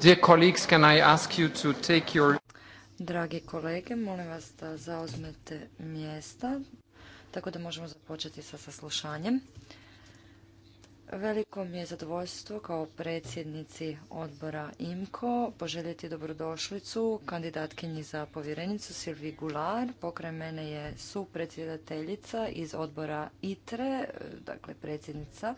Dear Dragi kolege, molim vas da zauzmete mjesta, tako da možemo započeti sa saslušanjem. Veliko mi je zadovoljstvo kao predsjednici odbora IMCO poželjeti dobrodošlicu kandidatkinji za povjerenicu Silvi Gular. Pokraj mene je supredsjedateljica iz odbora ITRE, dakle predsjednica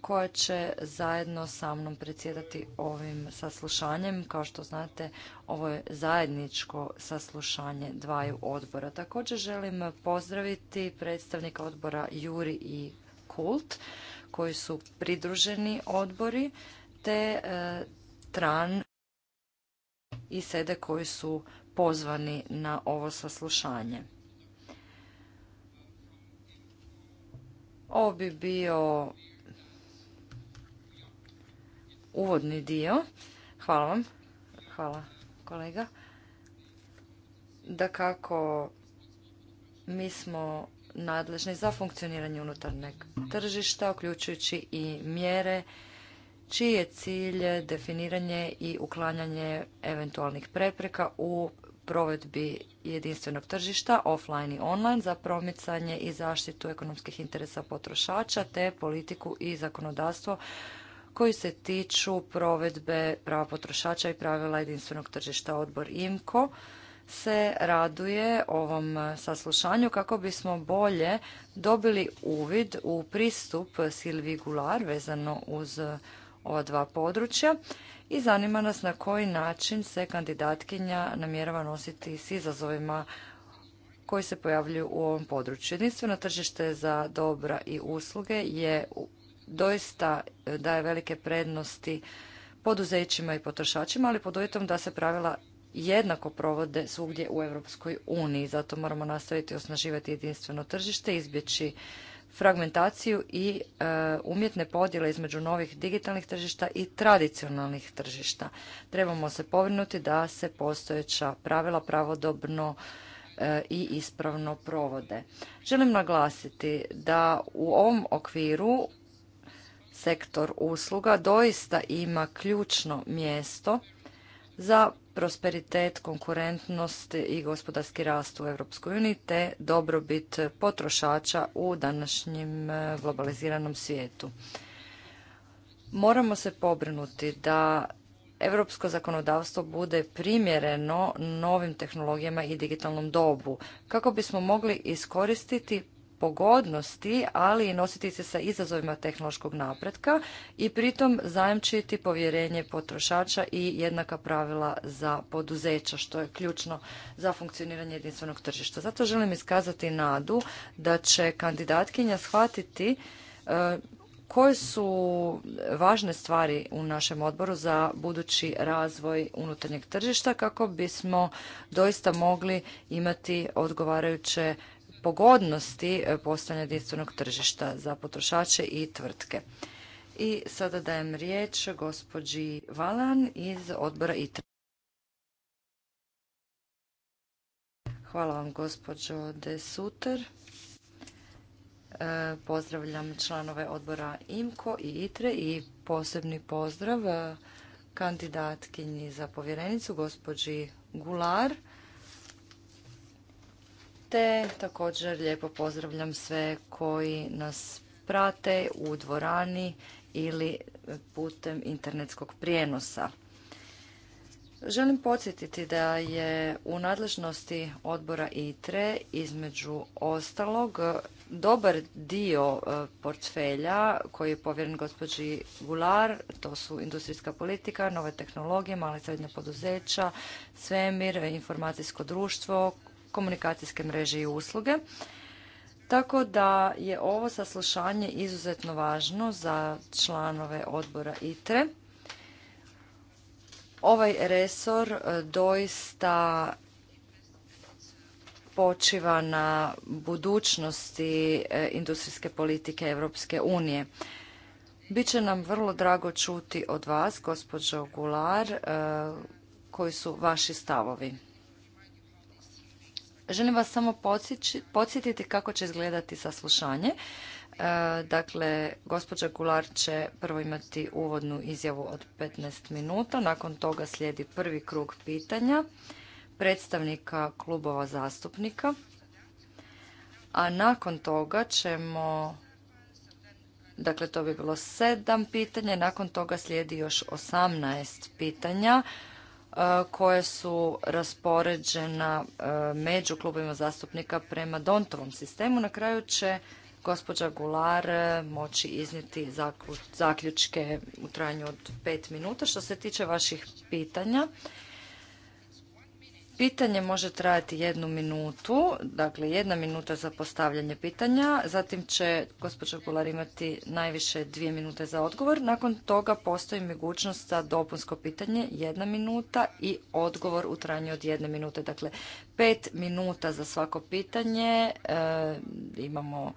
koja će zajedno sa mnom predsjedati ovim saslušanjem. Kao što znate, ovo je zajedničko saslušanje dvaju odbora. Također želim pozdraviti predstavnika odbora Juri i Kult, koji su pridruženi odbori, te e, Tran i Sede koji su pozvani na ovo saslušanje. Ovo bi bio uvodni dio. Hvala vam. Hvala kolega. Da kako mi smo nadležni za funkcioniranje unutarnjeg tržišta, uključujući i mjere čiji je cilj definiranje i uklanjanje eventualnih prepreka u provedbi jedinstvenog tržišta offline i online za promicanje i zaštitu ekonomskih interesa potrošača te politiku i zakonodavstvo koji se tiču provedbe prava potrošača i pravila jedinstvenog tržišta odbor IMKO se raduje ovom saslušanju kako bismo bolje dobili uvid u pristup Silvi Gular vezano uz ova dva područja i zanima nas na koji način se kandidatkinja namjerava nositi s izazovima koji se pojavljuju u ovom području. Jedinstveno tržište za dobra i usluge je doista e, daje velike prednosti poduzećima i potrošačima, ali pod uvjetom da se pravila jednako provode svugdje u Europskoj uniji. Zato moramo nastaviti osnaživati jedinstveno tržište, izbjeći fragmentaciju i e, umjetne podjele između novih digitalnih tržišta i tradicionalnih tržišta. Trebamo se povrnuti da se postojeća pravila pravodobno e, i ispravno provode. Želim naglasiti da u ovom okviru sektor usluga doista ima ključno mjesto za prosperitet, konkurentnost i gospodarski rast u EU te dobrobit potrošača u današnjem e, globaliziranom svijetu. Moramo se pobrinuti da europsko zakonodavstvo bude primjereno novim tehnologijama i digitalnom dobu kako bismo mogli iskoristiti pogodnosti, ali i nositi se sa izazovima tehnološkog napretka i pritom zajamčiti povjerenje potrošača i jednaka pravila za poduzeća, što je ključno za funkcioniranje jedinstvenog tržišta. Zato želim iskazati nadu da će kandidatkinja shvatiti e, koje su važne stvari u našem odboru za budući razvoj unutarnjeg tržišta kako bismo doista mogli imati odgovarajuće pogodnosti e, postojanja jedinstvenog tržišta za potrošače i tvrtke. I sada dajem riječ gospođi Valan iz odbora ITRA. Hvala vam gospođo De Suter. E, pozdravljam članove odbora IMKO i ITRE i posebni pozdrav e, kandidatkinji za povjerenicu gospođi Gular te također lijepo pozdravljam sve koji nas prate u dvorani ili putem internetskog prijenosa. Želim podsjetiti da je u nadležnosti odbora ITRE između ostalog dobar dio e, portfelja koji je povjeren gospođi Gular, to su industrijska politika, nove tehnologije, male i srednje poduzeća, svemir, informacijsko društvo, komunikacijske mreže i usluge. Tako da je ovo saslušanje izuzetno važno za članove odbora ITRE. Ovaj resor e, doista počiva na budućnosti e, industrijske politike Europske unije. Biće nam vrlo drago čuti od vas, gospođo Gular, e, koji su vaši stavovi. Želim vas samo podsjetiti kako će izgledati saslušanje. E, dakle, gospođa Gular će prvo imati uvodnu izjavu od 15 minuta, nakon toga slijedi prvi krug pitanja predstavnika klubova zastupnika, a nakon toga ćemo, dakle to bi bilo sedam pitanja, nakon toga slijedi još osamnaest pitanja E, koje su raspoređena e, među klubovima zastupnika prema Dontovom sistemu. Na kraju će gospođa Gular e, moći iznijeti zaključke u trajanju od pet minuta. Što se tiče vaših pitanja, Pitanje može trajati jednu minutu, dakle jedna minuta za postavljanje pitanja, zatim će gospođa Gular imati najviše dvije minute za odgovor. Nakon toga postoji mogućnost za dopunsko pitanje, jedna minuta i odgovor u trajanju od jedne minute. Dakle, pet minuta za svako pitanje. E, imamo,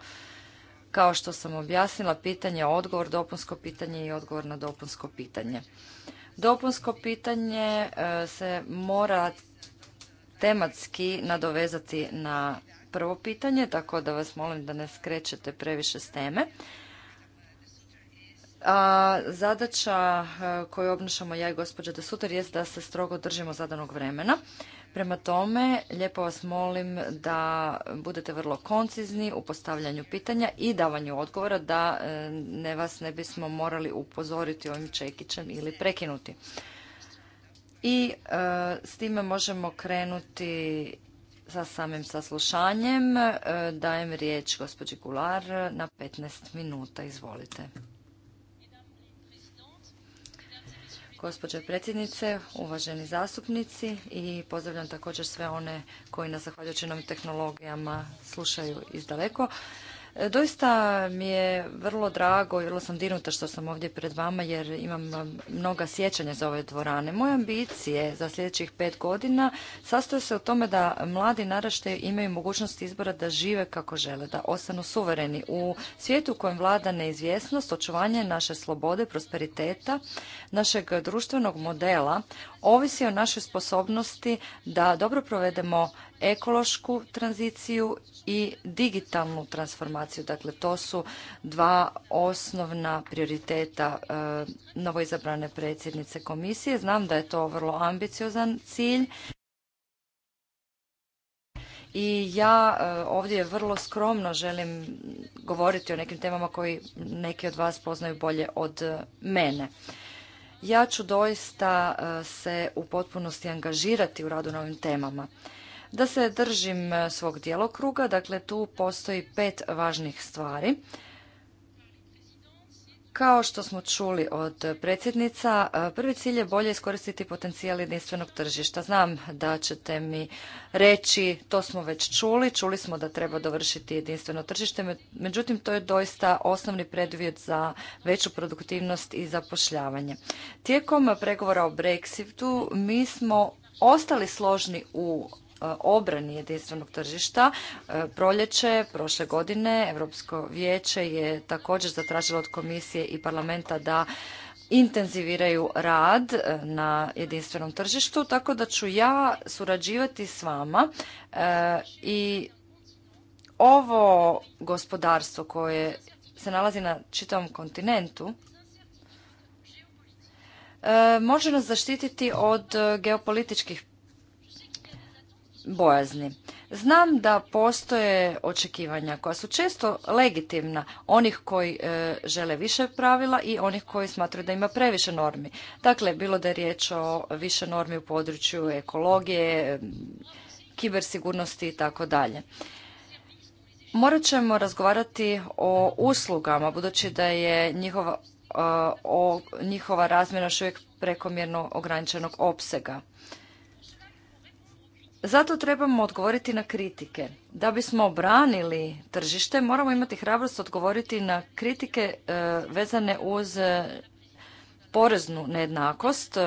kao što sam objasnila, pitanje, odgovor, dopunsko pitanje i odgovor na dopunsko pitanje. Dopunsko pitanje e, se mora tematski nadovezati na prvo pitanje, tako da vas molim da ne skrećete previše s teme. A zadaća e, koju obnašamo ja i gospođa Da Suter jest da se strogo držimo zadanog vremena. Prema tome, lijepo vas molim da budete vrlo koncizni u postavljanju pitanja i davanju odgovora da e, ne vas ne bismo morali upozoriti ovim čekićem ili prekinuti i e, s time možemo krenuti sa samim saslušanjem. E, dajem riječ gospođi Gular na 15 minuta. Izvolite. Gospođo predsjednice, uvaženi zastupnici i pozdravljam također sve one koji nas zahvaljujući novim tehnologijama slušaju izdaleko. E, doista mi je vrlo drago i vrlo sam dinuta što sam ovdje pred vama jer imam e, mnoga sjećanja za ove dvorane. Moje ambicije za sljedećih pet godina sastoje se u tome da mladi naraštaj imaju mogućnost izbora da žive kako žele, da ostanu suvereni. U svijetu u kojem vlada neizvjesnost, očuvanje naše slobode, prosperiteta, našeg društvenog modela ovisi o našoj sposobnosti da dobro provedemo ekološku tranziciju i digitalnu transformaciju. Dakle, to su dva osnovna prioriteta e, novoizabrane predsjednice komisije. Znam da je to vrlo ambiciozan cilj. I ja e, ovdje vrlo skromno želim govoriti o nekim temama koji neki od vas poznaju bolje od e, mene. Ja ću doista se u potpunosti angažirati u radu na ovim temama. Da se držim e, svog djelokruga, dakle tu postoji pet važnih stvari. Kao što smo čuli od predsjednica, e, prvi cilj je bolje iskoristiti potencijal jedinstvenog tržišta. Znam da ćete mi reći, to smo već čuli, čuli smo da treba dovršiti jedinstveno tržište, međutim to je doista osnovni preduvjet za veću produktivnost i zapošljavanje. Tijekom pregovora o Brexitu mi smo ostali složni u E, obrani jedinstvenog tržišta. E, proljeće prošle godine Europsko vijeće je također zatražilo od komisije i parlamenta da intenziviraju rad e, na jedinstvenom tržištu, tako da ću ja surađivati s vama i ovo gospodarstvo koje se nalazi na čitavom kontinentu može nas zaštititi od geopolitičkih bojazni. Znam da postoje očekivanja koja su često legitimna, onih koji e, žele više pravila i onih koji smatraju da ima previše normi. Dakle, bilo da je riječ o više normi u području ekologije, kibersigurnosti i tako dalje. Morat ćemo razgovarati o uslugama, budući da je njihova, e, njihova razmjena još uvijek prekomjerno ograničenog opsega. Zato trebamo odgovoriti na kritike. Da bismo obranili tržište, moramo imati hrabrost odgovoriti na kritike e, vezane uz e, poreznu nejednakost. E,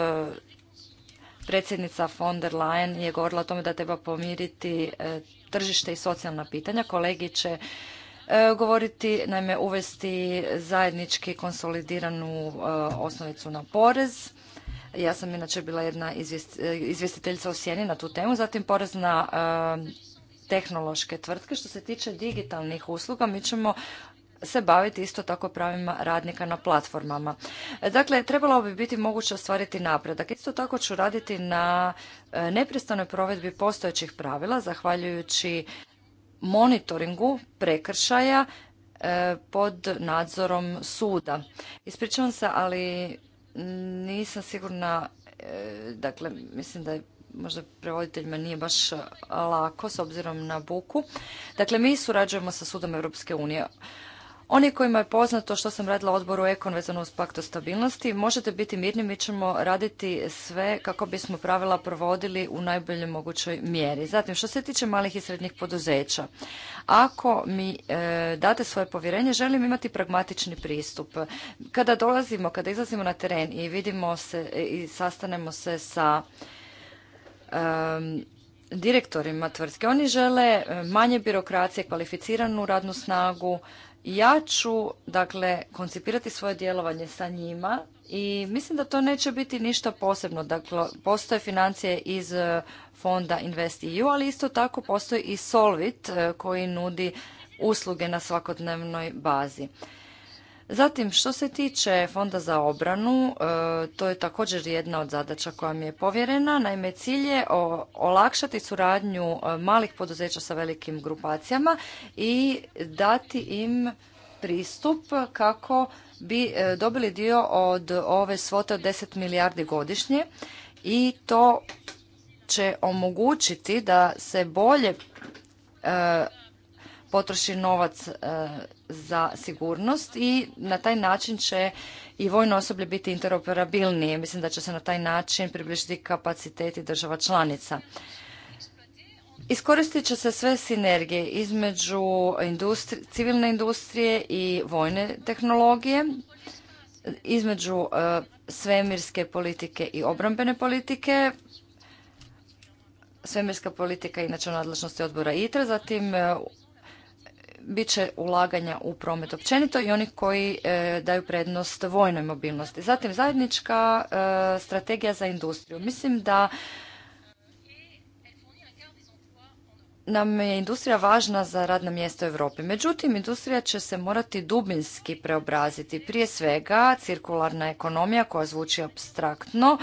predsjednica von der Leyen je govorila o tome da treba pomiriti tržište i socijalna pitanja. Kolegi će govoriti, naime uvesti zajednički konsolidiranu osnovicu na porez ja sam inače bila jedna e, izvjestiteljica u Sjeni na tu temu, zatim porez na e, tehnološke tvrtke. Što se tiče digitalnih usluga, mi ćemo se baviti isto tako pravima radnika na platformama. E, dakle, trebalo bi biti moguće ostvariti napredak. Isto tako ću raditi na nepristanoj provedbi postojećih pravila, zahvaljujući monitoringu prekršaja pod nadzorom suda. Ispričavam se, ali nisam sigurna, e, dakle, mislim da je možda prevoditeljima nije baš lako s obzirom na buku. Dakle, mi surađujemo sa Sudom Europske unije. Oni kojima je poznato što sam radila odboru Ekon vezano uz pakt o stabilnosti, možete biti mirni, mi ćemo raditi sve kako bismo pravila provodili u najboljoj mogućoj mjeri. Zatim, što se tiče malih i srednjih poduzeća, ako mi e, date svoje povjerenje, želim imati pragmatični pristup. Kada dolazimo, kada izlazimo na teren i vidimo se e, i sastanemo se sa direktorima tvrtke, oni žele e, manje birokracije, kvalificiranu radnu snagu, ja ću dakle koncipirati svoje djelovanje sa njima i mislim da to neće biti ništa posebno. Dakle, postoje financije iz e, fonda InvestEU, ali isto tako postoji i Solvit e, koji nudi usluge na svakodnevnoj bazi. Zatim, što se tiče Fonda za obranu, e, to je također jedna od zadaća koja mi je povjerena. Naime, cilj je olakšati suradnju e, malih poduzeća sa velikim grupacijama i dati im pristup kako bi e, dobili dio od ove svote od 10 milijardi godišnje i to će omogućiti da se bolje potroši novac za sigurnost i na taj način će i vojno osoblje biti interoperabilnije. Mislim da će se na taj način približiti kapaciteti država članica. Iskoristit će se sve sinergije između civilne industrije i vojne tehnologije, između e, svemirske politike i obrambene politike. Svemirska politika i inače u nadležnosti odbora ITRA, zatim e, bit će ulaganja u promet općenito i onih koji e, daju prednost vojnoj mobilnosti. Zatim zajednička e, strategija za industriju. Mislim da nam je industrija važna za radna mjesta u Europi. Međutim, industrija će se morati dubinski preobraziti. Prije svega, cirkularna ekonomija koja zvuči abstraktno,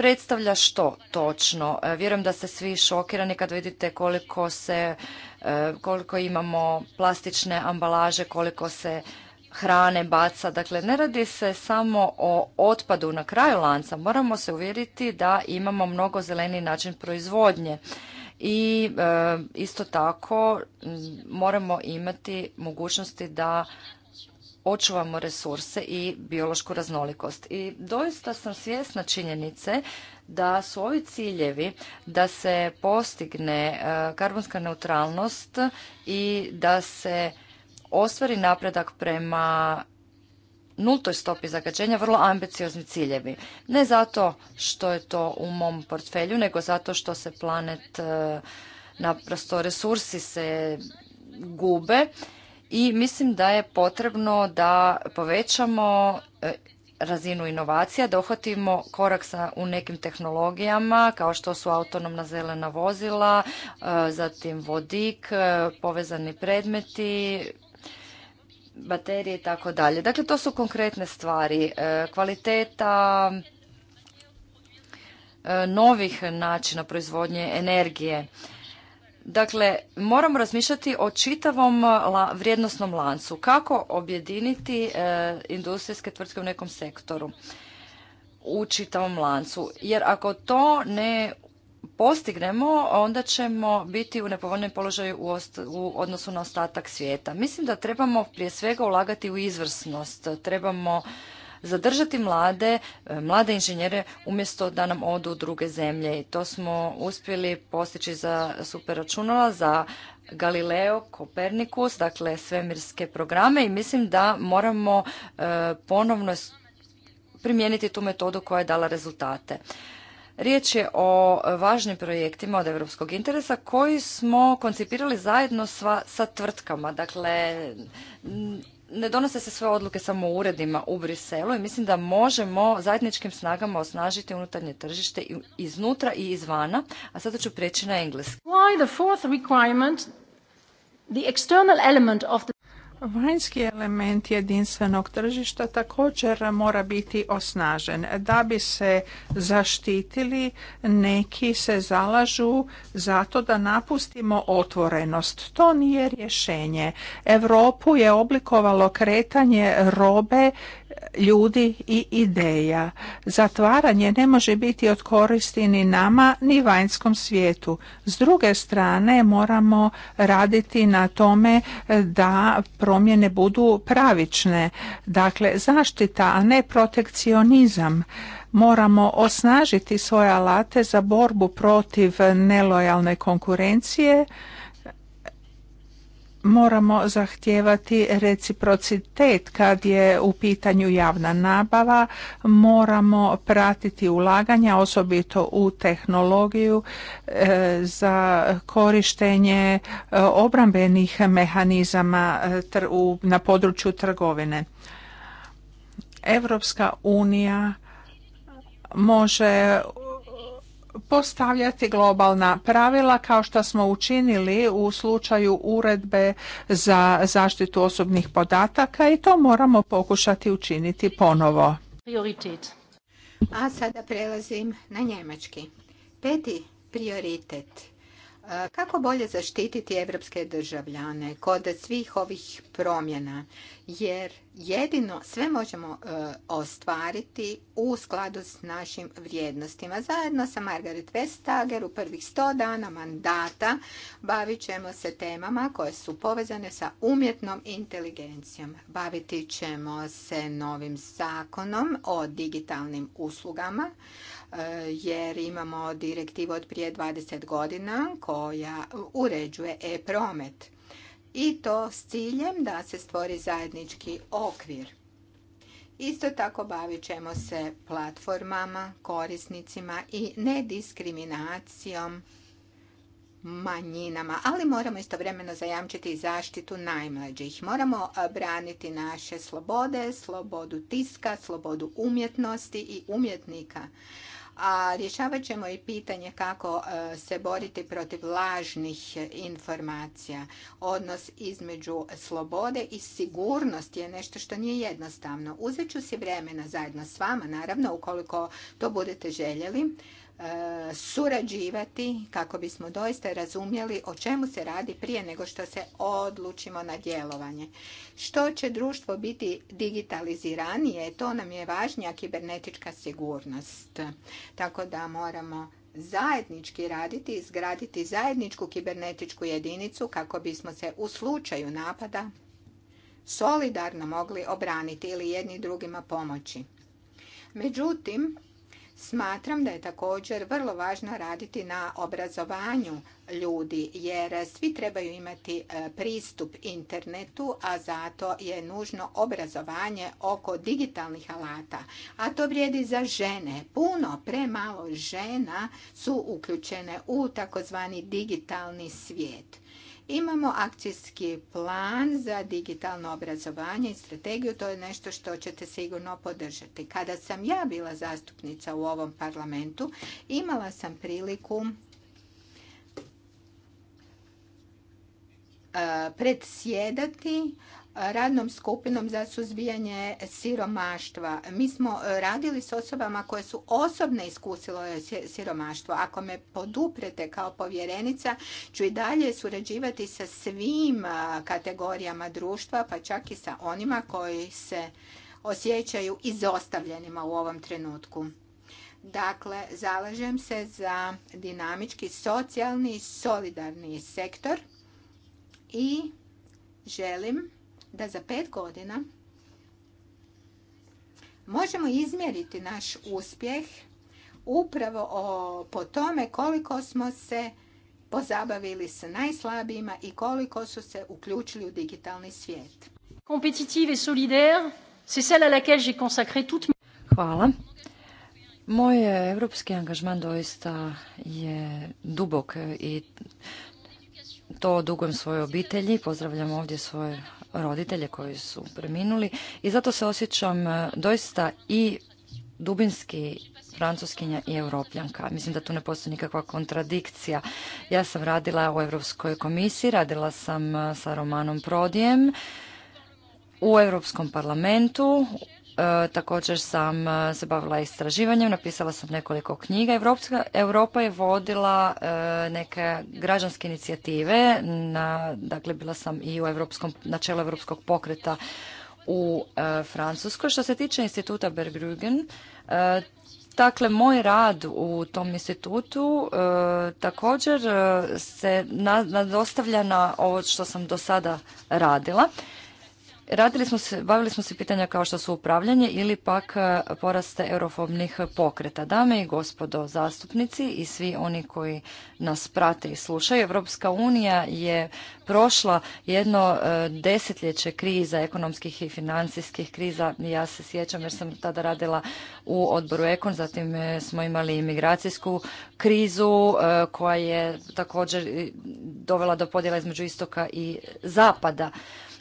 predstavlja što točno? E, vjerujem da ste svi šokirani kad vidite koliko se, e, koliko imamo plastične ambalaže, koliko se hrane baca. Dakle, ne radi se samo o otpadu na kraju lanca. Moramo se uvjeriti da imamo mnogo zeleniji način proizvodnje. I e, isto tako moramo imati mogućnosti da očuvamo resurse i biološku raznolikost. I doista sam svjesna činjenice da su ovi ciljevi da se postigne e, karbonska neutralnost i da se ostvari napredak prema nultoj stopi zagađenja vrlo ambiciozni ciljevi. Ne zato što je to u mom portfelju, nego zato što se planet e, naprosto resursi se gube i mislim da je potrebno da povećamo e, razinu inovacija, da uhvatimo korak sa, u nekim tehnologijama kao što su autonomna zelena vozila, e, zatim vodik, e, povezani predmeti, baterije i tako dalje. Dakle, to su konkretne stvari. Kvaliteta novih načina proizvodnje energije. Dakle, moramo razmišljati o čitavom eh, vrijednosnom lancu. Kako objediniti eh, industrijske tvrtke u nekom sektoru u čitavom lancu? Jer ako to ne postignemo, onda ćemo biti u nepovoljnom položaju u, u odnosu na ostatak svijeta. Mislim da trebamo prije svega ulagati u izvrsnost. Trebamo zadržati mlade, e, mlade inženjere umjesto da nam odu u druge zemlje. I to smo uspjeli postići za super računala, za Galileo, Kopernikus, dakle svemirske programe i mislim da moramo e, ponovno primijeniti tu metodu koja je dala rezultate. Riječ je o važnim projektima od europskog interesa koji smo koncipirali zajedno sva, sa tvrtkama. Dakle, ne donose se sve odluke samo u uredima u Briselu i mislim da možemo zajedničkim snagama osnažiti unutarnje tržište iznutra i izvana, a sada ću preći na engleski. Vanjski element jedinstvenog tržišta također mora biti osnažen. Da bi se zaštitili, neki se zalažu zato da napustimo otvorenost. To nije rješenje. Europu je oblikovalo kretanje robe ljudi i ideja. Zatvaranje ne može biti od koristi ni nama ni vanjskom svijetu. S druge strane moramo raditi na tome da promjene budu pravične. Dakle, zaštita, a ne protekcionizam. Moramo osnažiti svoje alate za borbu protiv nelojalne konkurencije, moramo zahtijevati reciprocitet kad je u pitanju javna nabava, moramo pratiti ulaganja osobito u tehnologiju e, za korištenje e, obrambenih mehanizama e, na području trgovine. Europska unija može postavljati globalna pravila kao što smo učinili u slučaju uredbe za zaštitu osobnih podataka i to moramo pokušati učiniti ponovo. Prioritet. A sada prelazim na njemački. Peti prioritet kako bolje zaštititi evropske državljane kod svih ovih promjena? Jer jedino sve možemo e, ostvariti u skladu s našim vrijednostima. Zajedno sa Margaret Vestager u prvih sto dana mandata bavit ćemo se temama koje su povezane sa umjetnom inteligencijom. Baviti ćemo se novim zakonom o digitalnim uslugama, Eh, jer imamo direktivu od prije 20 godina koja uređuje e-promet. I to s ciljem da se stvori zajednički okvir. Isto tako bavit ćemo se platformama, korisnicima i nediskriminacijom manjinama, ali moramo istovremeno zajamčiti zaštitu najmlađih. Moramo eh, braniti naše slobode, slobodu tiska, slobodu umjetnosti i umjetnika a rješavat ćemo i pitanje kako e, se boriti protiv lažnih informacija. Odnos između slobode i sigurnosti je nešto što nije jednostavno. Uzet ću si vremena zajedno s vama, naravno, ukoliko to budete željeli, E, surađivati kako bismo doista razumjeli o čemu se radi prije nego što se odlučimo na djelovanje. Što će društvo biti digitaliziranije, to nam je važnija kibernetička sigurnost. Tako da moramo zajednički raditi, izgraditi zajedničku kibernetičku jedinicu kako bismo se u slučaju napada solidarno mogli obraniti ili jedni drugima pomoći. Međutim, Smatram da je također vrlo važno raditi na obrazovanju ljudi jer svi trebaju imati e, pristup internetu, a zato je nužno obrazovanje oko digitalnih alata. A to vrijedi za žene. Puno premalo žena su uključene u takozvani digitalni svijet. Imamo akcijski plan za digitalno obrazovanje i strategiju, to je nešto što ćete sigurno podržati. Kada sam ja bila zastupnica u ovom parlamentu, imala sam priliku e, predsjedati radnom skupinom za suzbijanje siromaštva. Mi smo e, radili s osobama koje su osobno iskusile siromaštvo. Ako me poduprete kao povjerenica, ću i dalje surađivati sa svim kategorijama društva, pa čak i sa onima koji se osjećaju izostavljenima u ovom trenutku. Dakle, zalažem se za dinamički socijalni i solidarni sektor i želim da za pet godina možemo izmjeriti naš uspjeh upravo po tome koliko smo se pozabavili sa najslabijima i koliko su se uključili u digitalni svijet. Compétitive et solidaire, c'est celle à laquelle j'ai consacré Hvala. Moj evropski angažman doista je dubok i to dugujem svoje obitelji. Pozdravljam ovdje svoje roditelje koji su preminuli i zato se osjećam e, doista i dubinski francuskinja i europljanka. Mislim da tu ne postoji nikakva kontradikcija. Ja sam radila u Europskoj komisiji, radila sam e, sa Romanom Prodijem u Europskom parlamentu, E, također sam e, se bavila istraživanjem, napisala sam nekoliko knjiga. Evropska, Europa je vodila e, neke građanske inicijative, na, dakle bila sam i u Evropskom, na čelu Europskog pokreta u Francuskoj. Što se tiče instituta Bergrugen, Dakle, moj rad u tom institutu također se nadostavlja na ovo što sam do sada radila. Radili smo se, bavili smo se pitanja kao što su upravljanje ili pak e, poraste eurofobnih pokreta. Dame i gospodo zastupnici i svi oni koji nas prate i slušaju, Evropska unija je prošla jedno e, desetljeće kriza, ekonomskih i financijskih kriza. Ja se sjećam jer sam tada radila u odboru Ekon, zatim e, smo imali imigracijsku krizu koja je također dovela do podjela između istoka i zapada.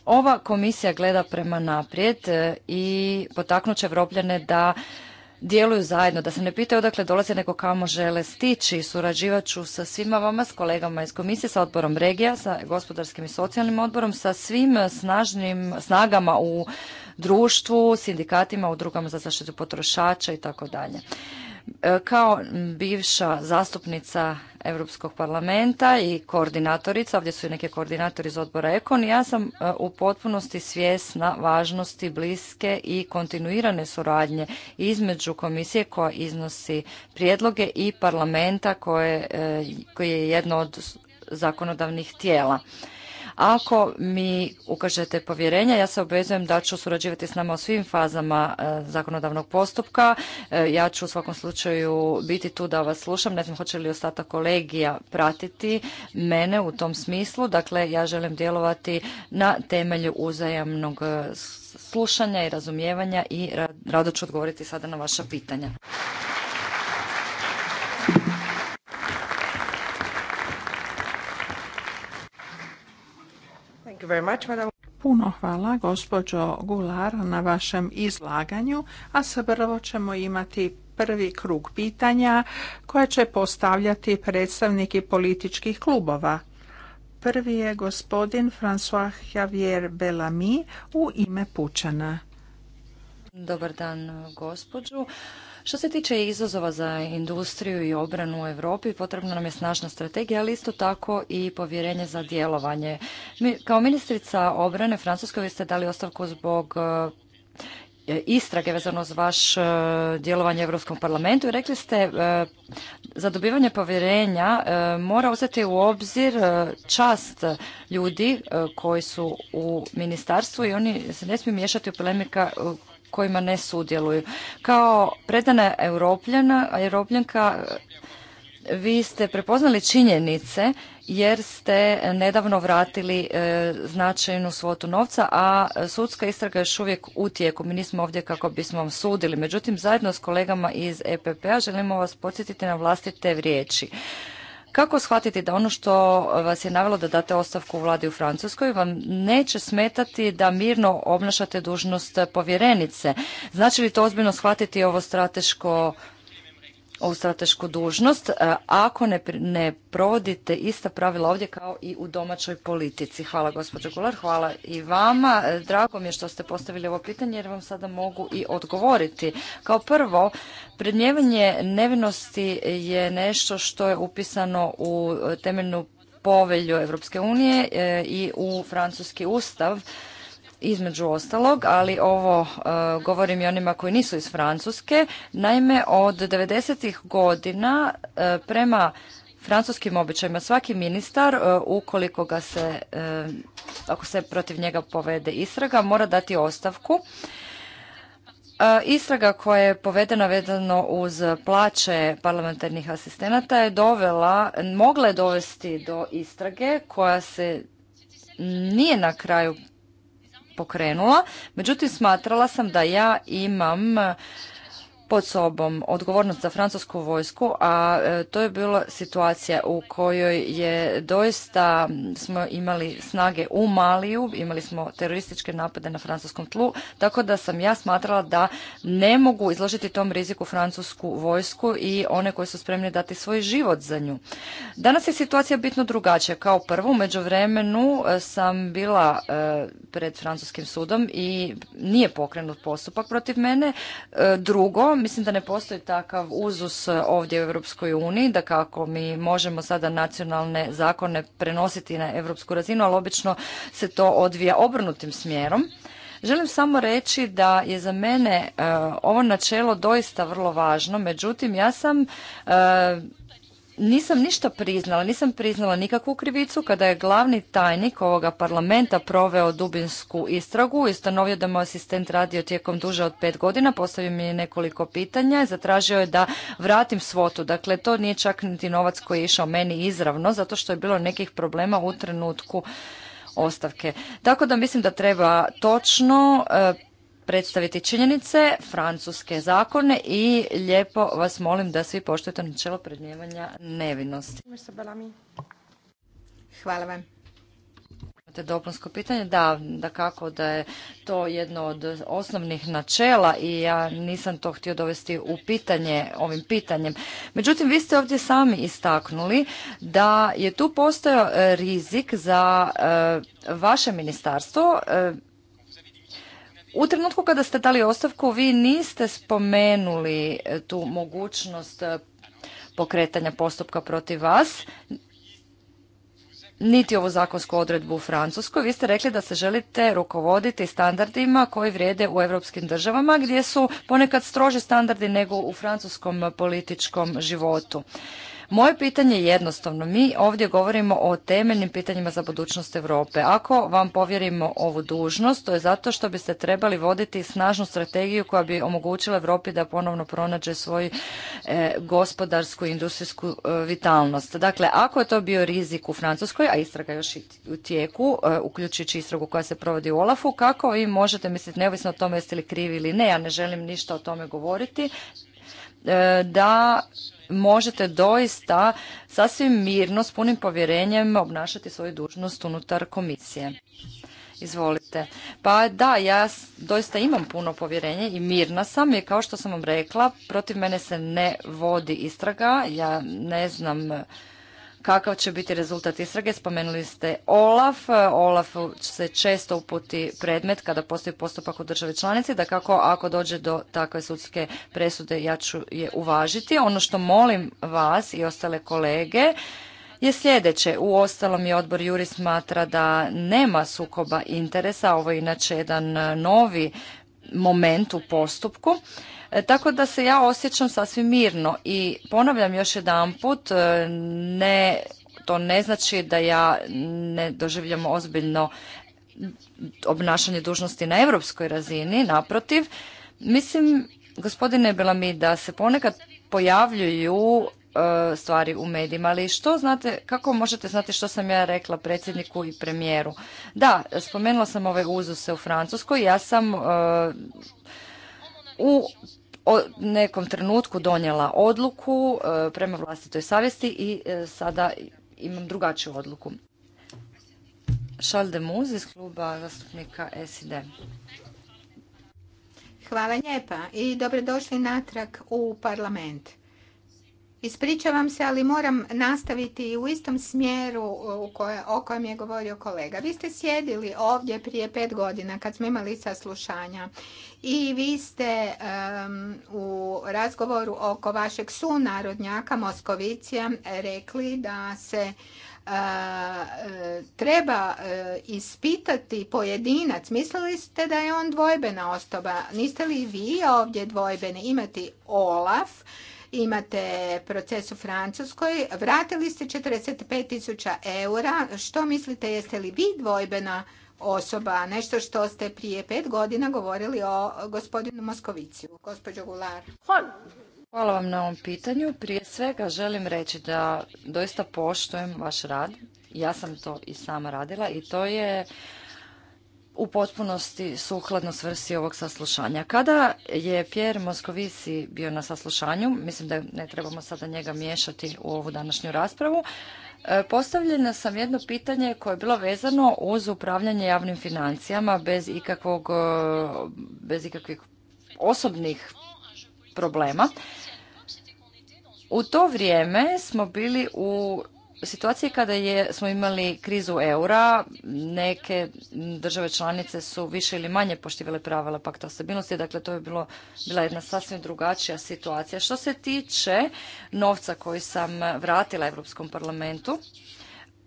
Ova komisija gleda prema naprijed e, i potaknut će Evropljane da djeluju zajedno, da se ne pitaju odakle dolaze, nego kamo žele stići. Surađivat ću sa svima vama, s kolegama iz komisije, sa odborom regija, sa gospodarskim i socijalnim odborom, sa svim snažnim snagama u društvu, sindikatima, udrugama za zaštitu potrošača i tako dalje. E, kao bivša zastupnica Europskog parlamenta i koordinatorica, ovdje su i neke koordinatori iz odbora Ekon, ja sam e, u potpunosti svjesna važnosti bliske i kontinuirane suradnje između komisije koja iznosi prijedloge i parlamenta koje, e, koji je jedno od zakonodavnih tijela. Ako mi ukažete povjerenja, ja se obvezujem da ću surađivati s nama u svim fazama e, zakonodavnog postupka. E, ja ću u svakom slučaju biti tu da vas slušam. Ne znam hoće li ostatak kolegija pratiti mene u tom smislu. Dakle, ja želim djelovati na temelju uzajamnog e, slušanja i razumijevanja i rado ću odgovoriti sada na vaša pitanja. Puno hvala gospođo Gular na vašem izlaganju, a se ćemo imati prvi krug pitanja koje će postavljati predstavniki političkih klubova. Prvi je gospodin François Javier Bellamy u ime Pučana. Dobar dan gospođu. Što se tiče izazova za industriju i obranu u Europi, potrebna nam je snažna strategija, ali isto tako i povjerenje za djelovanje. Mi, kao ministrica obrane Francuskoj vi ste dali ostavku zbog eh, istrage vezano za vaš eh, djelovanje u Europskom parlamentu i rekli ste eh, za dobivanje povjerenja mora uzeti u obzir čast ljudi koji su u ministarstvu i oni se ne smiju miješati u polemika kojima ne sudjeluju. Kao predana europljanka vi ste prepoznali činjenice jer ste nedavno vratili e, značajnu svotu novca, a sudska istraga je još uvijek u tijeku. Mi nismo ovdje kako bismo vam sudili. Međutim, zajedno s kolegama iz EPP-a želimo vas podsjetiti na vlastite riječi. Kako shvatiti da ono što vas je navelo da date ostavku u vladi u Francuskoj vam neće smetati da mirno obnašate dužnost povjerenice? Znači li to ozbiljno shvatiti ovo strateško ovu stratešku dužnost e, ako ne, ne provodite ista pravila ovdje kao i u domaćoj politici. Hvala gospođo Gular, hvala i vama. E, drago mi je što ste postavili ovo pitanje jer vam sada mogu i odgovoriti. Kao prvo, prednjevanje nevinosti je nešto što je upisano u temeljnu povelju Europske unije e, i u francuski ustav između ostalog, ali ovo e, govorim i onima koji nisu iz Francuske. Naime, od 90. godina e, prema francuskim običajima svaki ministar, e, ukoliko ga se, ako se protiv njega povede istraga, mora dati ostavku. Istraga koja je povedena vezano uz plaće parlamentarnih asistenata je dovela, mogla je dovesti do istrage koja se nije na kraju pokrenula, međutim smatrala sam da ja imam pod sobom odgovornost za francusku vojsku, a e, to je bila situacija u kojoj je doista smo imali snage u Maliju, imali smo terorističke napade na francuskom tlu, tako da sam ja smatrala da ne mogu izložiti tom riziku francusku vojsku i one koji su spremni dati svoj život za nju. Danas je situacija bitno drugačija. Kao prvo, među vremenu e, sam bila e, pred francuskim sudom i nije pokrenut postupak protiv mene. Drugo, Mislim da ne postoji takav uzus ovdje u Europskoj uniji, da kako mi možemo sada nacionalne zakone prenositi na europsku razinu, ali obično se to odvija obrnutim smjerom. Želim samo reći da je za mene e, ovo načelo doista vrlo važno, međutim ja sam e, nisam ništa priznala, nisam priznala nikakvu krivicu kada je glavni tajnik ovoga parlamenta proveo dubinsku istragu i stanovio da moj asistent radio tijekom duže od pet godina, postavio mi je nekoliko pitanja i zatražio je da vratim svotu. Dakle, to nije čak niti novac koji je išao meni izravno, zato što je bilo nekih problema u trenutku ostavke. Tako da mislim da treba točno e, predstaviti činjenice, francuske zakone i lijepo vas molim da svi poštujete načelo prednjevanja nevinosti. Hvala vam. Imate dopunsko pitanje? Da, da kako da je to jedno od osnovnih načela i ja nisam to htio dovesti u pitanje ovim pitanjem. Međutim, vi ste ovdje sami istaknuli da je tu postojao rizik za eh, vaše ministarstvo eh, u trenutku kada ste dali ostavku, vi niste spomenuli e, tu mogućnost e, pokretanja postupka protiv vas, niti ovu zakonsku odredbu u Francuskoj. Vi ste rekli da se želite rukovoditi standardima koji vrijede u europskim državama, gdje su ponekad stroži standardi nego u francuskom političkom životu. Moje pitanje je jednostavno. Mi ovdje govorimo o temeljnim pitanjima za budućnost Europe. Ako vam povjerimo ovu dužnost, to je zato što biste trebali voditi snažnu strategiju koja bi omogućila Europi da ponovno pronađe svoju e, gospodarsku i industrijsku e, vitalnost. Dakle, ako je to bio rizik u Francuskoj, a istraga još i u tijeku, e, uključujući istragu koja se provodi u Olafu, kako vi možete misliti, neovisno o tome jeste li krivi ili ne, ja ne želim ništa o tome govoriti, da možete doista sasvim mirno, s punim povjerenjem obnašati svoju dužnost unutar komisije. Izvolite. Pa da, ja doista imam puno povjerenje i mirna sam i kao što sam vam rekla, protiv mene se ne vodi istraga, ja ne znam kakav će biti rezultat istrage. Spomenuli ste OLAF. OLAF se često uputi predmet kada postoji postupak u državi članici, da kako ako dođe do takve sudske presude ja ću je uvažiti. Ono što molim vas i ostale kolege je sljedeće. U ostalom je odbor Juri smatra da nema sukoba interesa, ovo je inače jedan novi moment u postupku E, tako da se ja osjećam sasvim mirno i ponavljam još jedanput, e, ne, to ne znači da ja ne doživljam ozbiljno obnašanje dužnosti na europskoj razini, naprotiv. Mislim, gospodine Belami, da se ponekad pojavljuju e, stvari u medijima, ali što znate, kako možete znati što sam ja rekla predsjedniku i premijeru? Da, spomenula sam ove uzuse u Francuskoj, ja sam u nekom trenutku donijela odluku e, prema vlastitoj savjesti i e, sada imam drugačiju odluku. Charles de Muz iz kluba zastupnika SID. Hvala lijepa i dobrodošli natrag u parlament. Ispričavam se, ali moram nastaviti u istom smjeru o kojem je govorio kolega. Vi ste sjedili ovdje prije pet godina kad smo imali saslušanja i vi ste u razgovoru oko vašeg sunarodnjaka Moskovicija rekli da se e, treba e, ispitati pojedinac. Mislili ste da je on dvojbena osoba. Niste li vi ovdje dvojbeni? Imati Olaf imate proces u Francuskoj, vratili ste 45 tisuća eura. Što mislite, jeste li vi dvojbena osoba? Nešto što ste prije pet godina govorili o gospodinu Moskoviciju. Gospođo Gular. Hvala vam na ovom pitanju. Prije svega želim reći da doista poštujem vaš rad. Ja sam to i sama radila i to je u potpunosti sukladno svrsi ovog saslušanja. Kada je Pierre Moscovici bio na saslušanju, mislim da ne trebamo sada njega miješati u ovu današnju raspravu, e, postavljena sam jedno pitanje koje je bilo vezano uz upravljanje javnim financijama bez ikakvog, e, bez ikakvih osobnih problema. U to vrijeme smo bili u situaciji kada je, smo imali krizu eura, neke države članice su više ili manje poštivale pravila pakta o stabilnosti, dakle to je bilo, bila jedna sasvim drugačija situacija. Što se tiče novca koji sam vratila Europskom parlamentu,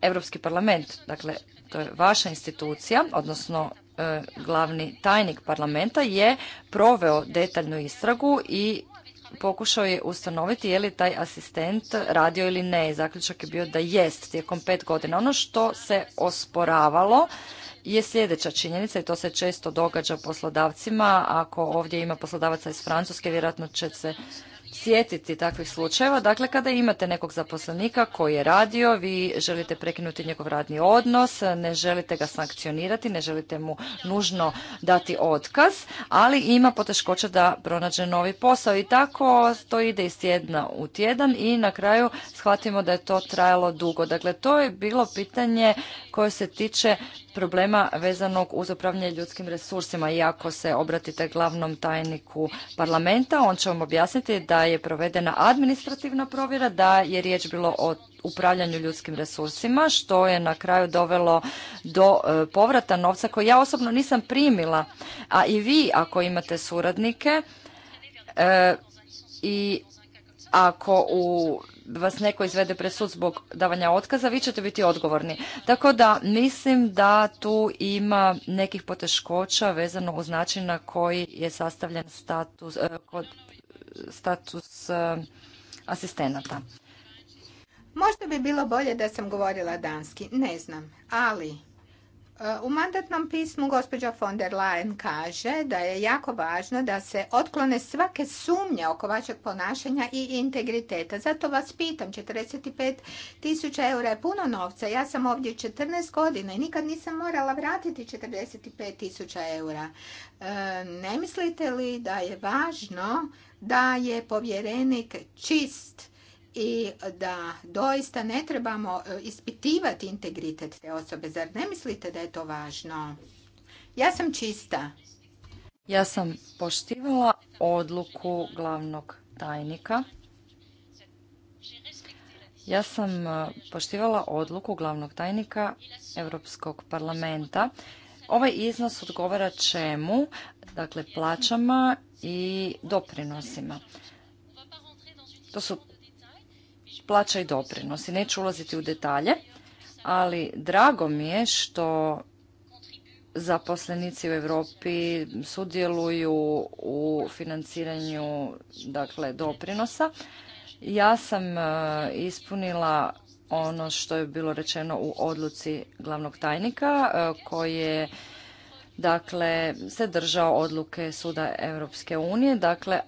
Europski parlament, dakle to je vaša institucija, odnosno e, glavni tajnik parlamenta je proveo detaljnu istragu i pokušao je ustanoviti je li taj asistent radio ili ne. Zaključak je bio da jest tijekom pet godina. Ono što se osporavalo je sljedeća činjenica i to se često događa poslodavcima. Ako ovdje ima poslodavaca iz Francuske, vjerojatno će se sjetiti takvih slučajeva. Dakle, kada imate nekog zaposlenika koji je radio, vi želite prekinuti njegov radni odnos, ne želite ga sankcionirati, ne želite mu nužno dati otkaz, ali ima poteškoća da pronađe novi posao. I tako to ide iz tjedna u tjedan i na kraju shvatimo da je to trajalo dugo. Dakle, to je bilo pitanje koje se tiče problema vezanog uz upravljanje ljudskim resursima i ako se obratite glavnom tajniku parlamenta, on će vam objasniti da je provedena administrativna provjera, da je riječ bilo o upravljanju ljudskim resursima, što je na kraju dovelo do e, povrata novca koji ja osobno nisam primila, a i vi ako imate suradnike e, i ako u vas neko izvede presud zbog davanja otkaza, vi ćete biti odgovorni. Tako da mislim da tu ima nekih poteškoća vezano uz način na koji je sastavljen status, eh, kod, status eh, asistenata. Možda bi bilo bolje da sam govorila danski, ne znam, ali u mandatnom pismu gospođa von der Leyen kaže da je jako važno da se otklone svake sumnje oko vašeg ponašanja i integriteta. Zato vas pitam, 45 tisuća eura je puno novca. Ja sam ovdje 14 godina i nikad nisam morala vratiti 45 tisuća eura. E, ne mislite li da je važno da je povjerenik čist? i da doista ne trebamo e, ispitivati integritet te osobe. Zar ne mislite da je to važno? Ja sam čista. Ja sam poštivala odluku glavnog tajnika. Ja sam e, poštivala odluku glavnog tajnika Europskog parlamenta. Ovaj iznos odgovara čemu? Dakle, plaćama i doprinosima. To su plaća i doprinosi. Neću ulaziti u detalje, ali drago mi je što zaposlenici u Europi sudjeluju u financiranju dakle doprinosa. Ja sam e, ispunila ono što je bilo rečeno u odluci glavnog tajnika e, koji je dakle se držao odluke suda Europske unije. Dakle,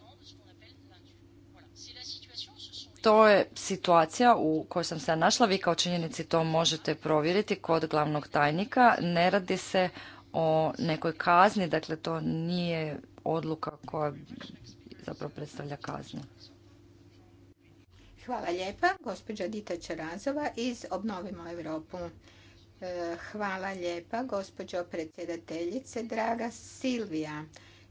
to je situacija u kojoj sam se našla. Vi kao činjenici to možete provjeriti kod glavnog tajnika. Ne radi se o nekoj kazni, dakle to nije odluka koja zapravo predstavlja kaznu. Hvala lijepa, gospođa Dita Čarazova iz Obnovimo Europu. E, hvala lijepa, gospođo predsjedateljice, draga Silvija.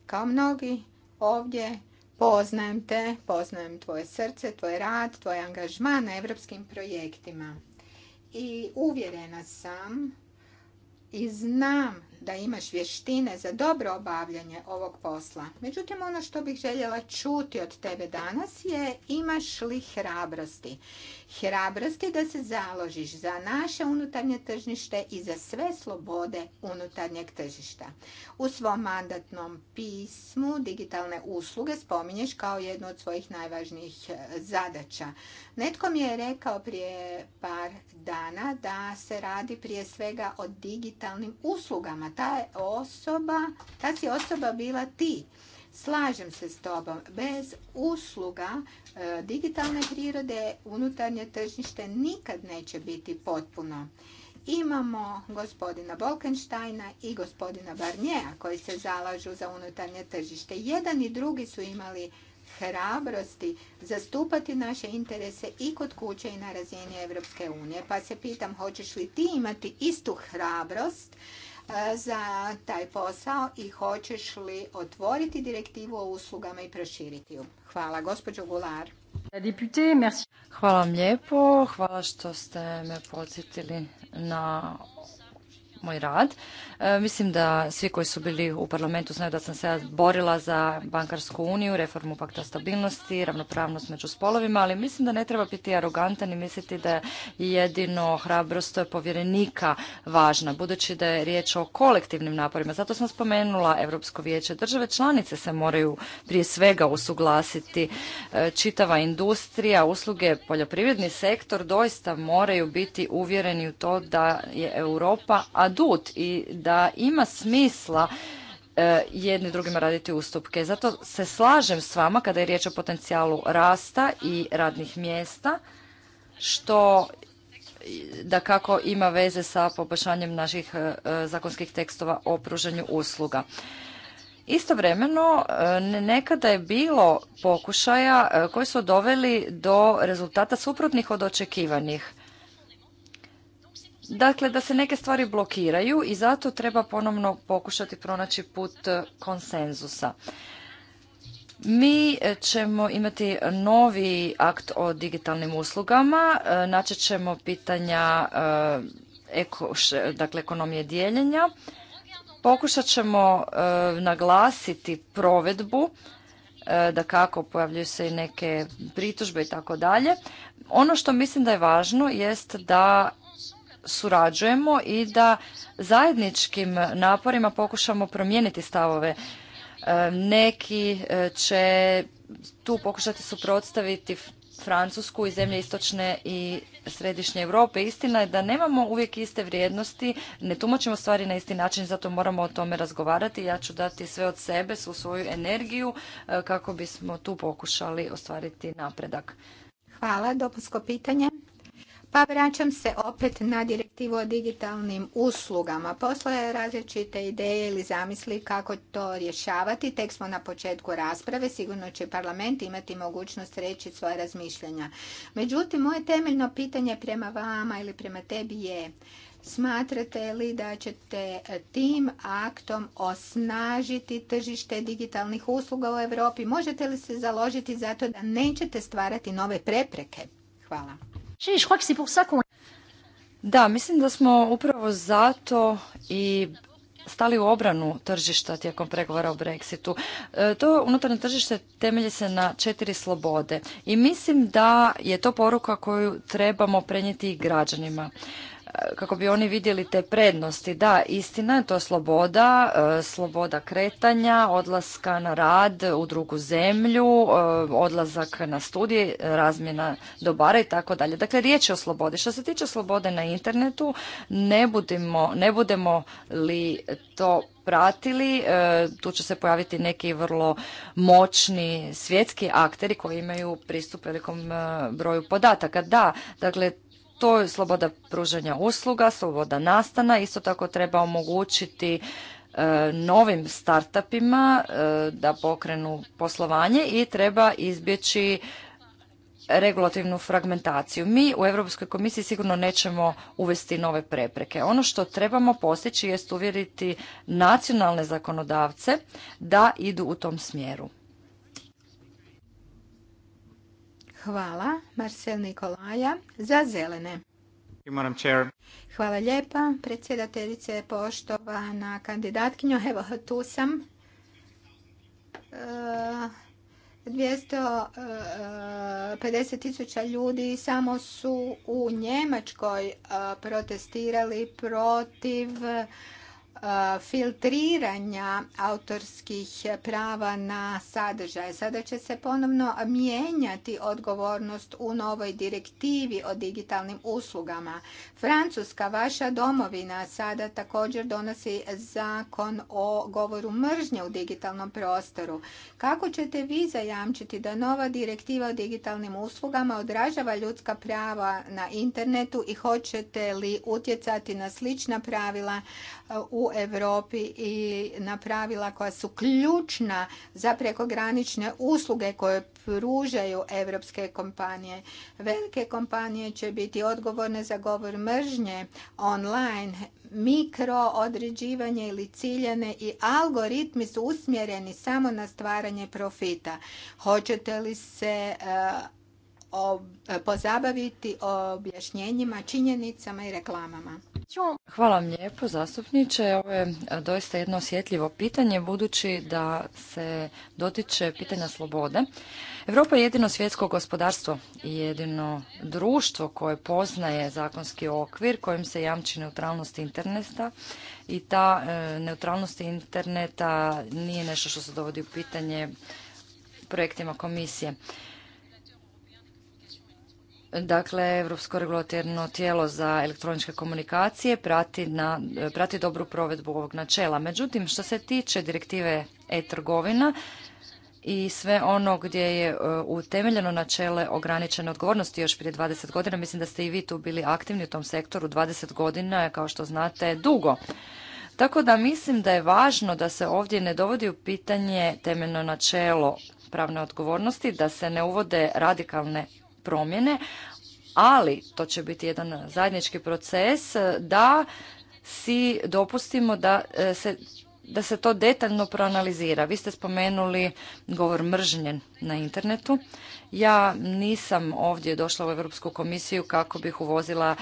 Kao mnogi ovdje Poznajem te, poznajem tvoje srce, tvoj rad, tvoj angažman na evropskim projektima. I uvjerena sam i znam da imaš vještine za dobro obavljanje ovog posla. Međutim, ono što bih željela čuti od tebe danas je imaš li hrabrosti? hrabrosti da se založiš za naše unutarnje tržište i za sve slobode unutarnjeg tržišta. U svom mandatnom pismu digitalne usluge spominješ kao jednu od svojih najvažnijih e, zadaća. Netko mi je rekao prije par dana da se radi prije svega o digitalnim uslugama. Ta osoba, ta si osoba bila ti. Slažem se s tobom, bez usluga e, digitalne prirode unutarnje tržište nikad neće biti potpuno. Imamo gospodina Bolkensteina i gospodina Barnjeja koji se zalažu za unutarnje tržište. Jedan i drugi su imali hrabrosti zastupati naše interese i kod kuće i na razini Europske unije. Pa se pitam, hoćeš li ti imati istu hrabrost E, za taj posao i hoćeš li otvoriti direktivu o uslugama i proširiti ju? Hvala, gospođo Gular. Hvala vam lijepo, hvala što ste me podsjetili na moj rad. E, mislim da svi koji su bili u parlamentu znaju da sam se borila za bankarsku uniju, reformu pakta stabilnosti, ravnopravnost među spolovima, ali mislim da ne treba biti arogantan i misliti da je jedino hrabrost povjerenika važna, budući da je riječ o kolektivnim naporima. Zato sam spomenula Europsko vijeće. Države članice se moraju prije svega usuglasiti. E, čitava industrija, usluge, poljoprivredni sektor doista moraju biti uvjereni u to da je Europa adut i da da ima smisla e, jedni drugima raditi ustupke. Zato se slažem s vama kada je riječ o potencijalu rasta i radnih mjesta, što da kako ima veze sa poboljšanjem naših e, zakonskih tekstova o pružanju usluga. Istovremeno, e, nekada je bilo pokušaja koji su doveli do rezultata suprotnih od očekivanih. Dakle, da se neke stvari blokiraju i zato treba ponovno pokušati pronaći put konsenzusa. Mi e, ćemo imati novi akt o digitalnim uslugama, e, naći ćemo pitanja e, dakle, ekonomije dijeljenja, pokušat ćemo naglasiti provedbu, da kako pojavljuju se i neke pritužbe i tako dalje. Ono što mislim da je važno jest da surađujemo i da zajedničkim naporima pokušamo promijeniti stavove. E, neki e, će tu pokušati suprotstaviti Francusku i zemlje istočne i središnje Europe. Istina je da nemamo uvijek iste vrijednosti, ne tumačimo stvari na isti način, zato moramo o tome razgovarati. Ja ću dati sve od sebe, svu svoju energiju e, kako bismo tu pokušali ostvariti napredak. Hvala. dopusko pitanje. Pa vraćam se opet na direktivu o digitalnim uslugama. Postoje različite ideje ili zamisli kako to rješavati. Tek smo na početku rasprave, sigurno će parlament imati mogućnost reći svoje razmišljanja. Međutim, moje temeljno pitanje prema vama ili prema tebi je Smatrate li da ćete tim aktom osnažiti tržište digitalnih usluga u Europi? Možete li se založiti za to da nećete stvarati nove prepreke? Hvala da, mislim da smo upravo zato i stali u obranu tržišta tijekom pregovora o Brexitu. E, to unutarnje tržište temelje se na četiri slobode i mislim da je to poruka koju trebamo prenijeti i građanima kako bi oni vidjeli te prednosti. Da, istina je to sloboda, e, sloboda kretanja, odlaska na rad u drugu zemlju, e, odlazak na studije, razmjena dobara i tako dalje. Dakle, riječ je o slobodi. Što se tiče slobode na internetu, ne budemo, ne budemo li to pratili, e, tu će se pojaviti neki vrlo moćni svjetski akteri koji imaju pristup velikom broju podataka. Da, dakle, to je sloboda pružanja usluga, sloboda nastana. Isto tako treba omogućiti e, novim startupima e, da pokrenu poslovanje i treba izbjeći regulativnu fragmentaciju. Mi u Europskoj komisiji sigurno nećemo uvesti nove prepreke. Ono što trebamo postići jest uvjeriti nacionalne zakonodavce da idu u tom smjeru. Hvala, Marcel Nikolaja, za zelene. Hvala lijepa, predsjedateljice, poštovana kandidatkinjo. Evo, tu sam. 250 e, e, tisuća ljudi samo su u Njemačkoj e, protestirali protiv E, filtriranja autorskih prava na sadržaje. Sada će se ponovno mijenjati odgovornost u novoj direktivi o digitalnim uslugama. Francuska, vaša domovina, sada također donosi zakon o govoru mržnje u digitalnom prostoru. Kako ćete vi zajamčiti da nova direktiva o digitalnim uslugama odražava ljudska prava na internetu i hoćete li utjecati na slična pravila e, u Europi i na pravila koja su ključna za prekogranične usluge koje pružaju europske kompanije. Velike kompanije će biti odgovorne za govor mržnje online, mikro određivanje ili ciljane i algoritmi su usmjereni samo na stvaranje profita. Hoćete li se eh, pozabaviti objašnjenjima, činjenicama i reklamama? Hvala vam lijepo zastupniče. Ovo je e, doista jedno osjetljivo pitanje budući da se dotiče pitanja slobode. Europa je jedino svjetsko gospodarstvo i jedino društvo koje poznaje zakonski okvir kojim se jamči neutralnost interneta i ta e, neutralnost interneta nije nešto što se dovodi u pitanje projektima komisije. Dakle, Europsko regulatorno tijelo za elektroničke komunikacije prati, na, prati dobru provedbu ovog načela. Međutim, što se tiče direktive e-trgovina, i sve ono gdje je e, utemeljeno načelo ograničene odgovornosti još prije 20 godina. Mislim da ste i vi tu bili aktivni u tom sektoru. 20 godina je, kao što znate, dugo. Tako da mislim da je važno da se ovdje ne dovodi u pitanje temeljno načelo pravne odgovornosti, da se ne uvode radikalne promjene, ali to će biti jedan zajednički proces e, da si dopustimo da e, se da se to detaljno proanalizira. Vi ste spomenuli govor mržnje na internetu. Ja nisam ovdje došla u Europsku komisiju kako bih uvozila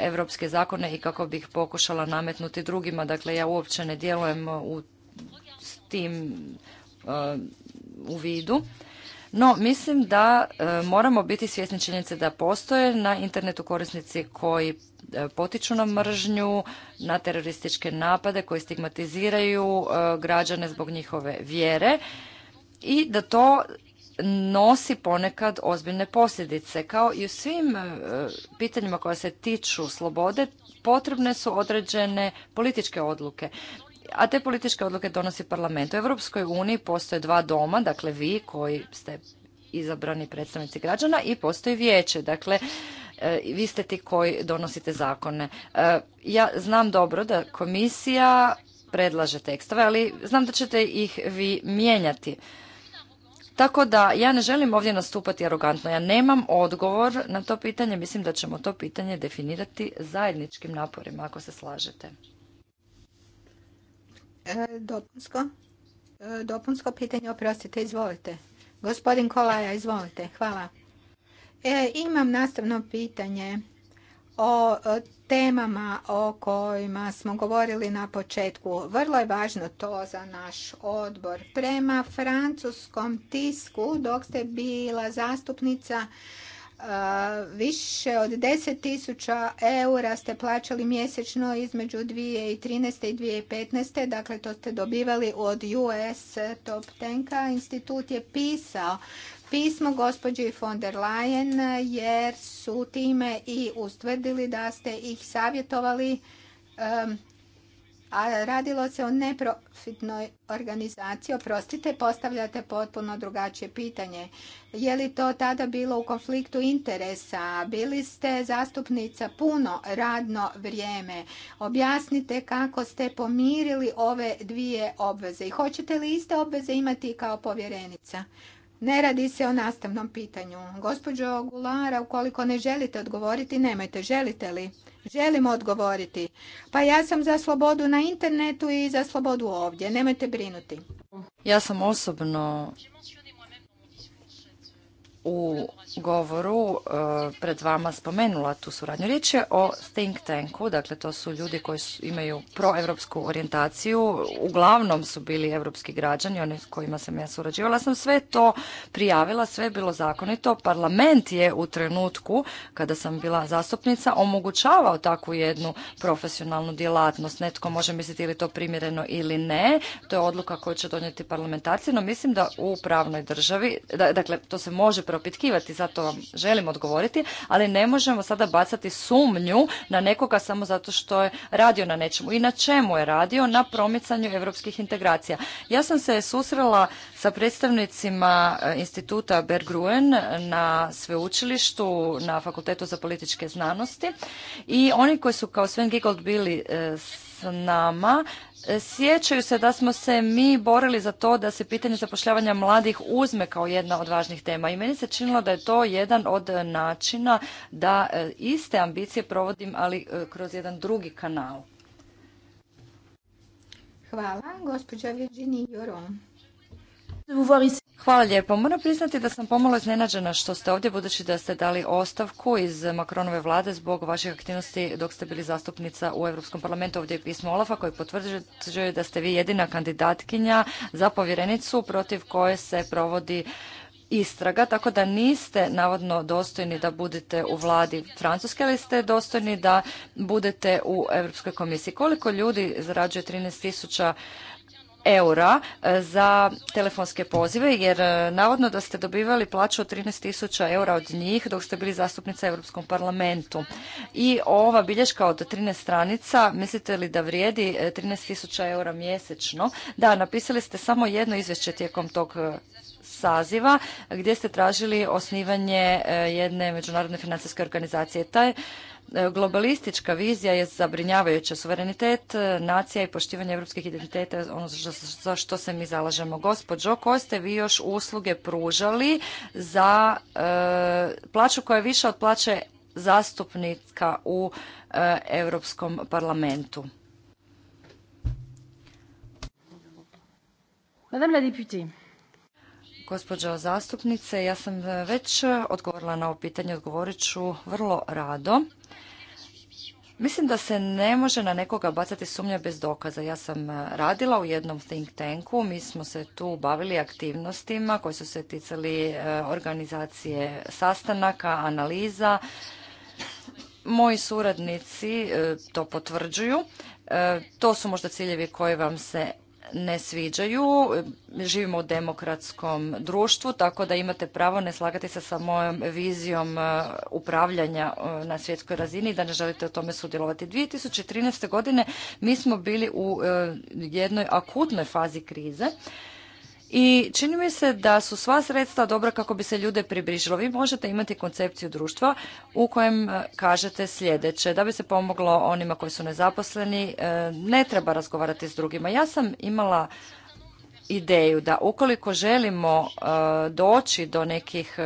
europske zakone i kako bih pokušala nametnuti drugima. Dakle, ja uopće ne djelujem u, s tim e, u vidu. No, mislim da e, moramo biti svjesni činjenice da postoje na internetu korisnici koji e, potiču na mržnju, na terorističke napade, koji stigmatiziraju e, građane zbog njihove vjere i da to nosi ponekad ozbiljne posljedice. Kao i u svim pitanjima koja se tiču slobode, potrebne su određene političke odluke a te političke odluke donosi parlament. U Europskoj uniji postoje dva doma, dakle vi koji ste izabrani predstavnici građana i postoji vijeće. Dakle, e, vi ste ti koji donosite zakone. E, ja znam dobro da komisija predlaže tekstove, ali znam da ćete ih vi mijenjati. Tako da ja ne želim ovdje nastupati arogantno. Ja nemam odgovor na to pitanje. Mislim da ćemo to pitanje definirati zajedničkim naporima, ako se slažete. E, dopunsko? E, dopunsko pitanje, oprostite, izvolite. Gospodin Kolaja, izvolite. Hvala. E, imam nastavno pitanje o temama o kojima smo govorili na početku. Vrlo je važno to za naš odbor. Prema francuskom tisku, dok ste bila zastupnica, Više od 10.000 eura ste plaćali mjesečno između 2013. i 2015. Dakle, to ste dobivali od US Top Tenka. Institut je pisao pismo gospođi von der Leyen jer su time i ustvrdili da ste ih savjetovali a radilo se o neprofitnoj organizaciji, oprostite, postavljate potpuno drugačije pitanje. Je li to tada bilo u konfliktu interesa? Bili ste zastupnica puno radno vrijeme. Objasnite kako ste pomirili ove dvije obveze i hoćete li iste obveze imati kao povjerenica? Ne radi se o nastavnom pitanju. Gospođo Gulara, ukoliko ne želite odgovoriti, nemojte. Želite li? Želim odgovoriti. Pa ja sam za slobodu na internetu i za slobodu ovdje. Nemojte brinuti. Ja sam osobno u govoru e, pred vama spomenula tu suradnju. Riječ je o think tanku, dakle to su ljudi koji imaju proevropsku orijentaciju, uglavnom su bili evropski građani, oni s kojima sam ja surađivala, sam sve to prijavila, sve je bilo zakonito. Parlament je u trenutku, kada sam bila zastupnica, omogućavao takvu jednu profesionalnu djelatnost. Netko može misliti ili to primjereno ili ne, to je odluka koju će donijeti parlamentarci, no mislim da u pravnoj državi, dakle to se može propitkivati zato vam želim odgovoriti, ali ne možemo sada bacati sumnju na nekoga samo zato što je radio na nečemu. I na čemu je radio? Na promicanju europskih integracija. Ja sam se susrela sa predstavnicima e, instituta Bergruen na sveučilištu, na Fakultetu za političke znanosti i oni koji su kao Sven Giegold bili e, s nama sjećaju se da smo se mi borili za to da se pitanje zapošljavanja mladih uzme kao jedna od važnih tema i meni se činilo da je to jedan od načina da e, iste ambicije provodim, ali e, kroz jedan drugi kanal. Hvala, gospođa Virginia Joron. Hvala lijepo. Moram priznati da sam pomalo iznenađena što ste ovdje budući da ste dali ostavku iz Makronove vlade zbog vaših aktivnosti dok ste bili zastupnica u Europskom parlamentu. Ovdje je pismo Olafa koji potvrđuje da ste vi jedina kandidatkinja za povjerenicu protiv koje se provodi istraga, tako da niste navodno dostojni da budete u vladi Francuske, ali ste dostojni da budete u Europskoj komisiji. Koliko ljudi zarađuje 13.000 eura e, za telefonske pozive jer e, navodno da ste dobivali plaću od 13.000 eura od njih dok ste bili zastupnica u Europskom parlamentu. I ova bilješka od 13 stranica, mislite li da vrijedi 13.000 e, eura mjesečno? Da, napisali ste samo jedno izvješće tijekom tog saziva gdje ste tražili osnivanje jedne međunarodne financijske organizacije. Taj E, globalistička vizija je zabrinjavajuća. Suverenitet, e, nacija i poštivanje europskih identiteta ono za što se mi zalažemo. Gospođo, koje ste vi još usluge pružali za e, plaću koja je više od plaće zastupnika u Europskom parlamentu? Madame la députée. Gospođo zastupnice, ja sam već odgovorila na ovo pitanje, odgovorit ću vrlo rado. Mislim da se ne može na nekoga bacati sumnja bez dokaza. Ja sam e, radila u jednom think tanku, mi smo se tu bavili aktivnostima koje su se ticali e, organizacije sastanaka, analiza. Moji suradnici e, to potvrđuju. To su možda ciljevi koji vam se ne sviđaju. Živimo u demokratskom društvu, tako da imate pravo ne slagati se sa mojom vizijom e, upravljanja e, na svjetskoj razini i da ne želite o tome sudjelovati. 2013. godine mi smo bili u e, jednoj akutnoj fazi krize i čini mi se da su sva sredstva dobra kako bi se ljude približilo. Vi možete imati koncepciju društva u kojem e, kažete sljedeće, da bi se pomoglo onima koji su nezaposleni, e, ne treba razgovarati s drugima. Ja sam imala ideju da ukoliko želimo e, doći do nekih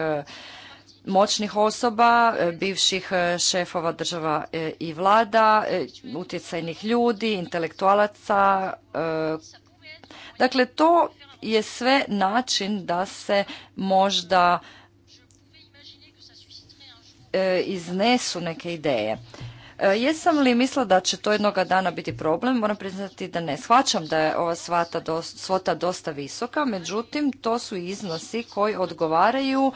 moćnih osoba, bivših šefova država i vlada, utjecajnih ljudi, intelektualaca, dakle to je sve način da se možda e, iznesu neke ideje. E, jesam li mislila da će to jednoga dana biti problem? Moram priznati da ne. Shvaćam da je ova svata dosta, svota dosta visoka, međutim to su iznosi koji odgovaraju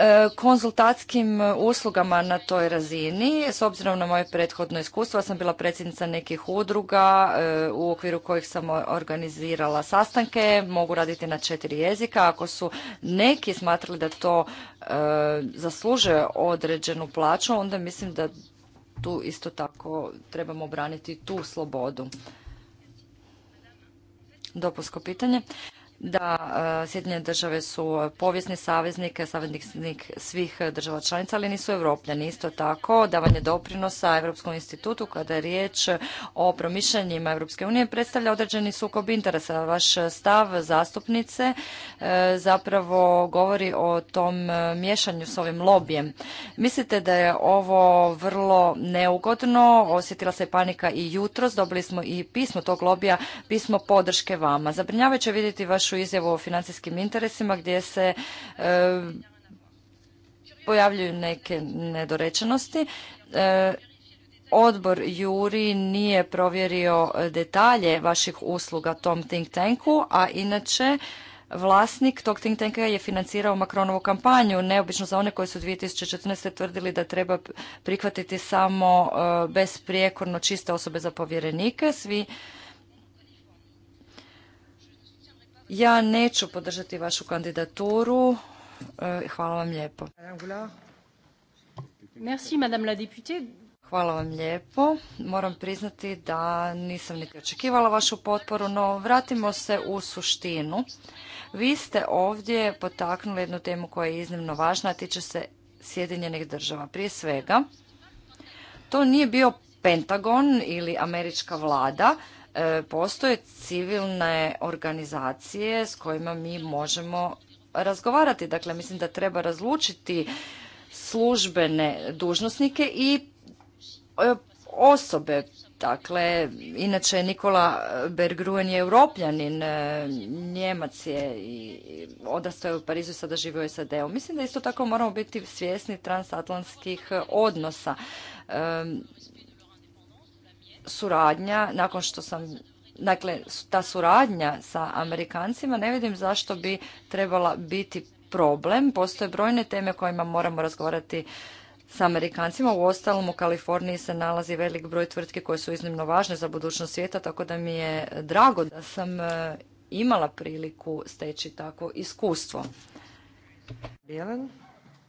E, konzultatskim uslugama na toj razini. S obzirom na moje prethodno iskustvo, ja sam bila predsjednica nekih udruga e, u okviru kojih sam organizirala sastanke, mogu raditi na četiri jezika. Ako su neki smatrali da to e, zasluže određenu plaću, onda mislim da tu isto tako trebamo obraniti tu slobodu. Dopusko pitanje da e, Sjedinjene države su povijesni saveznik, saveznik svih država članica, ali nisu evropljani. Isto tako, davanje doprinosa Europskom institutu kada je riječ o promišljanjima Europske unije predstavlja određeni sukob interesa. Vaš stav zastupnice e, zapravo govori o tom miješanju s ovim lobijem. Mislite da je ovo vrlo neugodno, osjetila se panika i jutros, dobili smo i pismo tog lobija, pismo podrške vama. Zabrinjavajuće vidjeti vaš vašu izjavu o financijskim interesima gdje se e, pojavljuju neke nedorečenosti. E, odbor Juri nije provjerio detalje vaših usluga tom think tanku, a inače vlasnik tog think tanka je financirao Macronovu kampanju, neobično za one koji su 2014. tvrdili da treba prihvatiti samo e, besprijekorno čiste osobe za povjerenike. Svi Ja neću podržati vašu kandidaturu. E, hvala vam lijepo. Merci, madame la députée. Hvala vam lijepo. Moram priznati da nisam niti očekivala vašu potporu, no vratimo se u suštinu. Vi ste ovdje potaknuli jednu temu koja je iznimno važna, a tiče se Sjedinjenih država. Prije svega, to nije bio Pentagon ili američka vlada, E, postoje civilne organizacije s kojima mi možemo razgovarati. Dakle, mislim da treba razlučiti službene dužnosnike i e, osobe. Dakle, inače Nikola Bergruen je europljanin, e, Njemac je i odrastao u Parizu i sada živi u SAD-u. Mislim da isto tako moramo biti svjesni transatlantskih odnosa suradnja, nakon što sam, dakle, ta suradnja sa Amerikancima, ne vidim zašto bi trebala biti problem. Postoje brojne teme kojima moramo razgovarati sa Amerikancima. U ostalom u Kaliforniji se nalazi velik broj tvrtke koje su iznimno važne za budućnost svijeta, tako da mi je drago da sam e, imala priliku steći takvo iskustvo.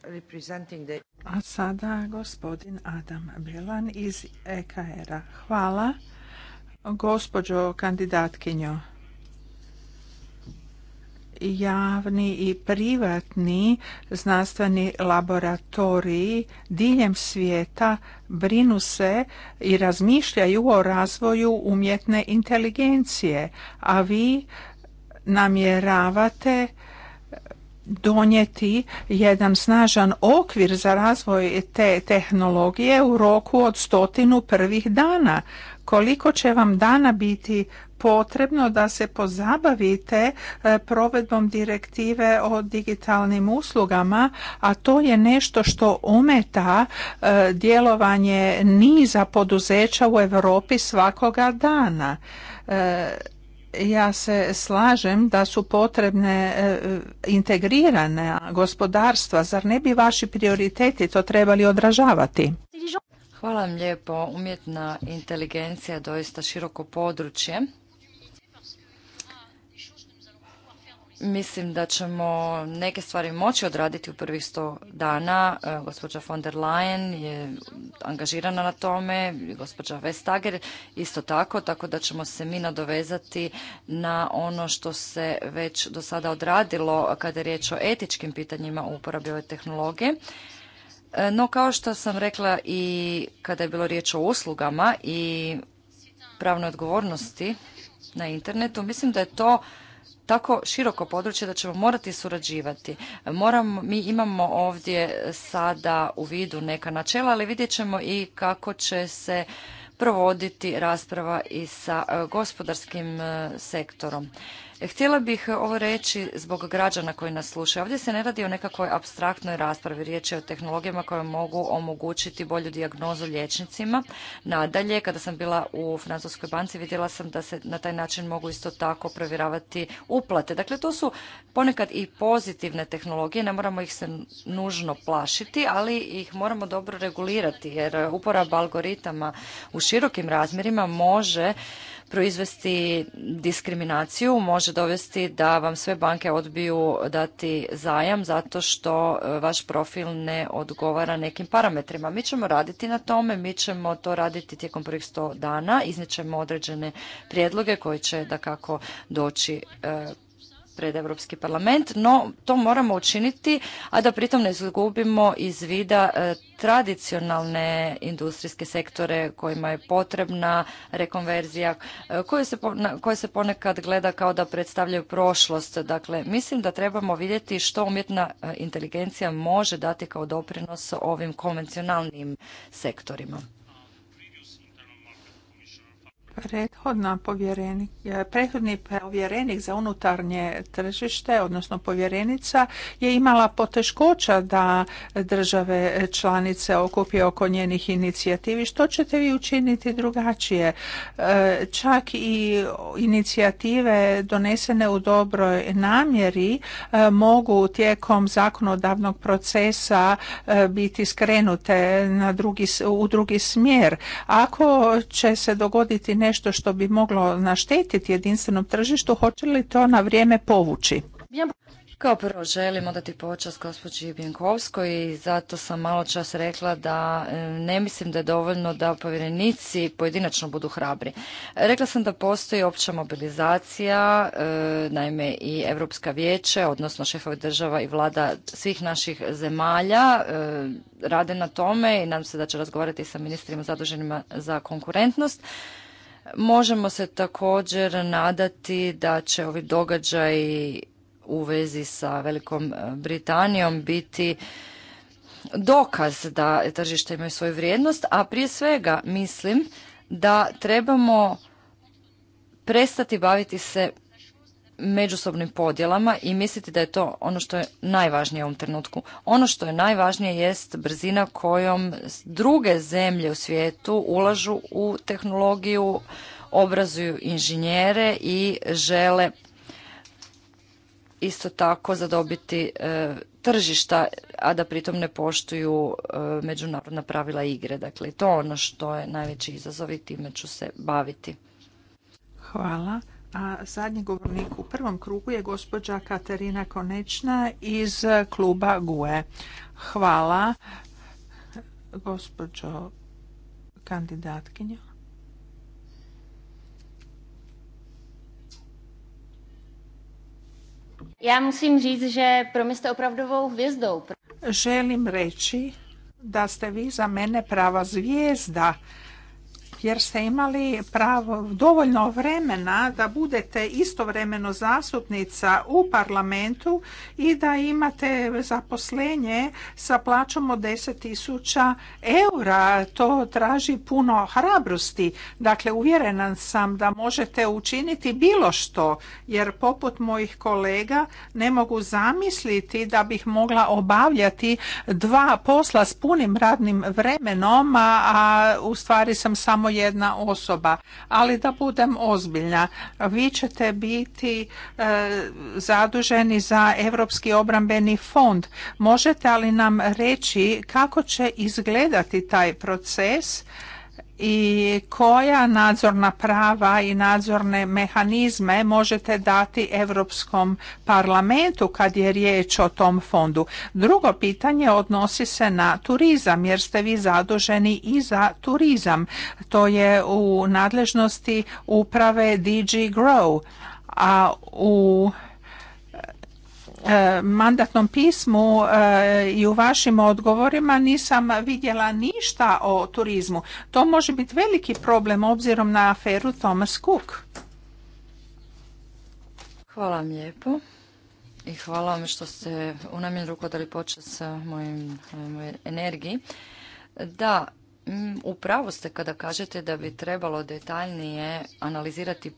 representing the... A sada gospodin Adam Bilan iz EKR-a. Hvala. Gospođo kandidatkinjo, javni i privatni znanstveni laboratoriji diljem svijeta brinu se i razmišljaju o razvoju umjetne inteligencije, a vi namjeravate donijeti jedan snažan okvir za razvoj te tehnologije u roku od stotinu prvih dana. Koliko će vam dana biti potrebno da se pozabavite e, provedbom direktive o digitalnim uslugama, a to je nešto što ometa e, djelovanje niza poduzeća u Europi svakoga dana e, ja se slažem da su potrebne e, integrirane gospodarstva. Zar ne bi vaši prioriteti to trebali odražavati? Hvala vam lijepo. Umjetna inteligencija doista široko područje Mislim da ćemo neke stvari moći odraditi u prvih sto dana. E, gospođa von der Leyen je angažirana na tome, gospođa Vestager isto tako, tako da ćemo se mi nadovezati na ono što se već do sada odradilo kada je riječ o etičkim pitanjima uporabe uporabi ove tehnologije. E, no, kao što sam rekla i kada je bilo riječ o uslugama i pravnoj odgovornosti na internetu, mislim da je to tako široko područje da ćemo morati surađivati. Moram, mi imamo ovdje sada u vidu neka načela, ali vidjet ćemo i kako će se provoditi rasprava i sa e, gospodarskim e, sektorom. Htjela bih ovo reći zbog građana koji nas slušaju. Ovdje se ne radi o nekakvoj abstraktnoj raspravi, riječ je o tehnologijama koje mogu omogućiti bolju dijagnozu liječnicima. Nadalje, kada sam bila u Francuskoj banci, vidjela sam da se na taj način mogu isto tako provjeravati uplate. Dakle, to su ponekad i pozitivne tehnologije, ne moramo ih se nužno plašiti, ali ih moramo dobro regulirati, jer uporaba algoritama u širokim razmjerima može proizvesti diskriminaciju, može dovesti da vam sve banke odbiju dati zajam zato što e, vaš profil ne odgovara nekim parametrima. Mi ćemo raditi na tome, mi ćemo to raditi tijekom prvih 100 dana, iznijet određene prijedloge koji će da kako doći e, pred Europski parlament, no to moramo učiniti, a da pritom ne izgubimo iz vida e, tradicionalne industrijske sektore kojima je potrebna rekonverzija, e, koje se, koje se ponekad gleda kao da predstavljaju prošlost. Dakle, mislim da trebamo vidjeti što umjetna e, inteligencija može dati kao doprinos ovim konvencionalnim sektorima. Prethodna povjerenik, e, prethodni povjerenik za unutarnje tržište, odnosno povjerenica, je imala poteškoća da države članice okupi oko njenih inicijativi. Što ćete vi učiniti drugačije? E, čak i inicijative donesene u dobroj namjeri e, mogu tijekom zakonodavnog procesa biti skrenute u drugi smjer. Ako će se dogoditi nešto što bi moglo naštetiti jedinstvenom tržištu, hoće li to na vrijeme povući? Kao prvo želim odati počast gospođi Bjenkovskoj i zato sam malo čas rekla da e, ne mislim da je dovoljno da povjerenici pojedinačno budu hrabri. Rekla sam da postoji opća mobilizacija, e, naime i Europska vijeće, odnosno šefovi država i vlada svih naših zemalja e, rade na tome i nadam se da će razgovarati sa ministrima zaduženima za konkurentnost. Možemo se također nadati da će ovi događaji u vezi sa Velikom e, Britanijom biti dokaz da tržište imaju svoju vrijednost, a prije svega mislim da trebamo prestati baviti se međusobnim podjelama i misliti da je to ono što je najvažnije u ovom trenutku. Ono što je najvažnije jest brzina kojom druge zemlje u svijetu ulažu u tehnologiju, obrazuju inženjere i žele isto tako zadobiti e, tržišta, a da pritom ne poštuju e, međunarodna pravila igre. Dakle, to je ono što je najveći izazov i time ću se baviti. Hvala. A zadnji govornik u prvom krugu je gospođa Katarina Konečna iz kluba GUE. Hvala, gospođo kandidatkinja. Ja musim říct, že pro opravdovou hvězdou. Želim reći da ste vi za mene prava zvijezda jer ste imali pravo dovoljno vremena da budete istovremeno zastupnica u parlamentu i da imate zaposlenje sa plaćom od 10.000 eura. To traži puno hrabrosti. Dakle, uvjerena sam da možete učiniti bilo što, jer poput mojih kolega ne mogu zamisliti da bih mogla obavljati dva posla s punim radnim vremenom, a u stvari sam samo jedna osoba, ali da budem ozbiljna. Vi ćete biti e, zaduženi za Europski obrambeni fond. Možete li nam reći kako će izgledati taj proces? i koja nadzorna prava i nadzorne mehanizme možete dati Europskom parlamentu kad je riječ o tom fondu? Drugo pitanje odnosi se na turizam jer ste vi zaduženi i za turizam. To je u nadležnosti uprave DG Grow, a u E, mandatnom pismu e, i u vašim odgovorima nisam vidjela ništa o turizmu. To može biti veliki problem obzirom na aferu Thomas Cook. Hvala vam lijepo i hvala vam što ste u namjeru kodali počet sa mojim, e, mojim energiji. Da, upravo ste kada kažete da bi trebalo detaljnije analizirati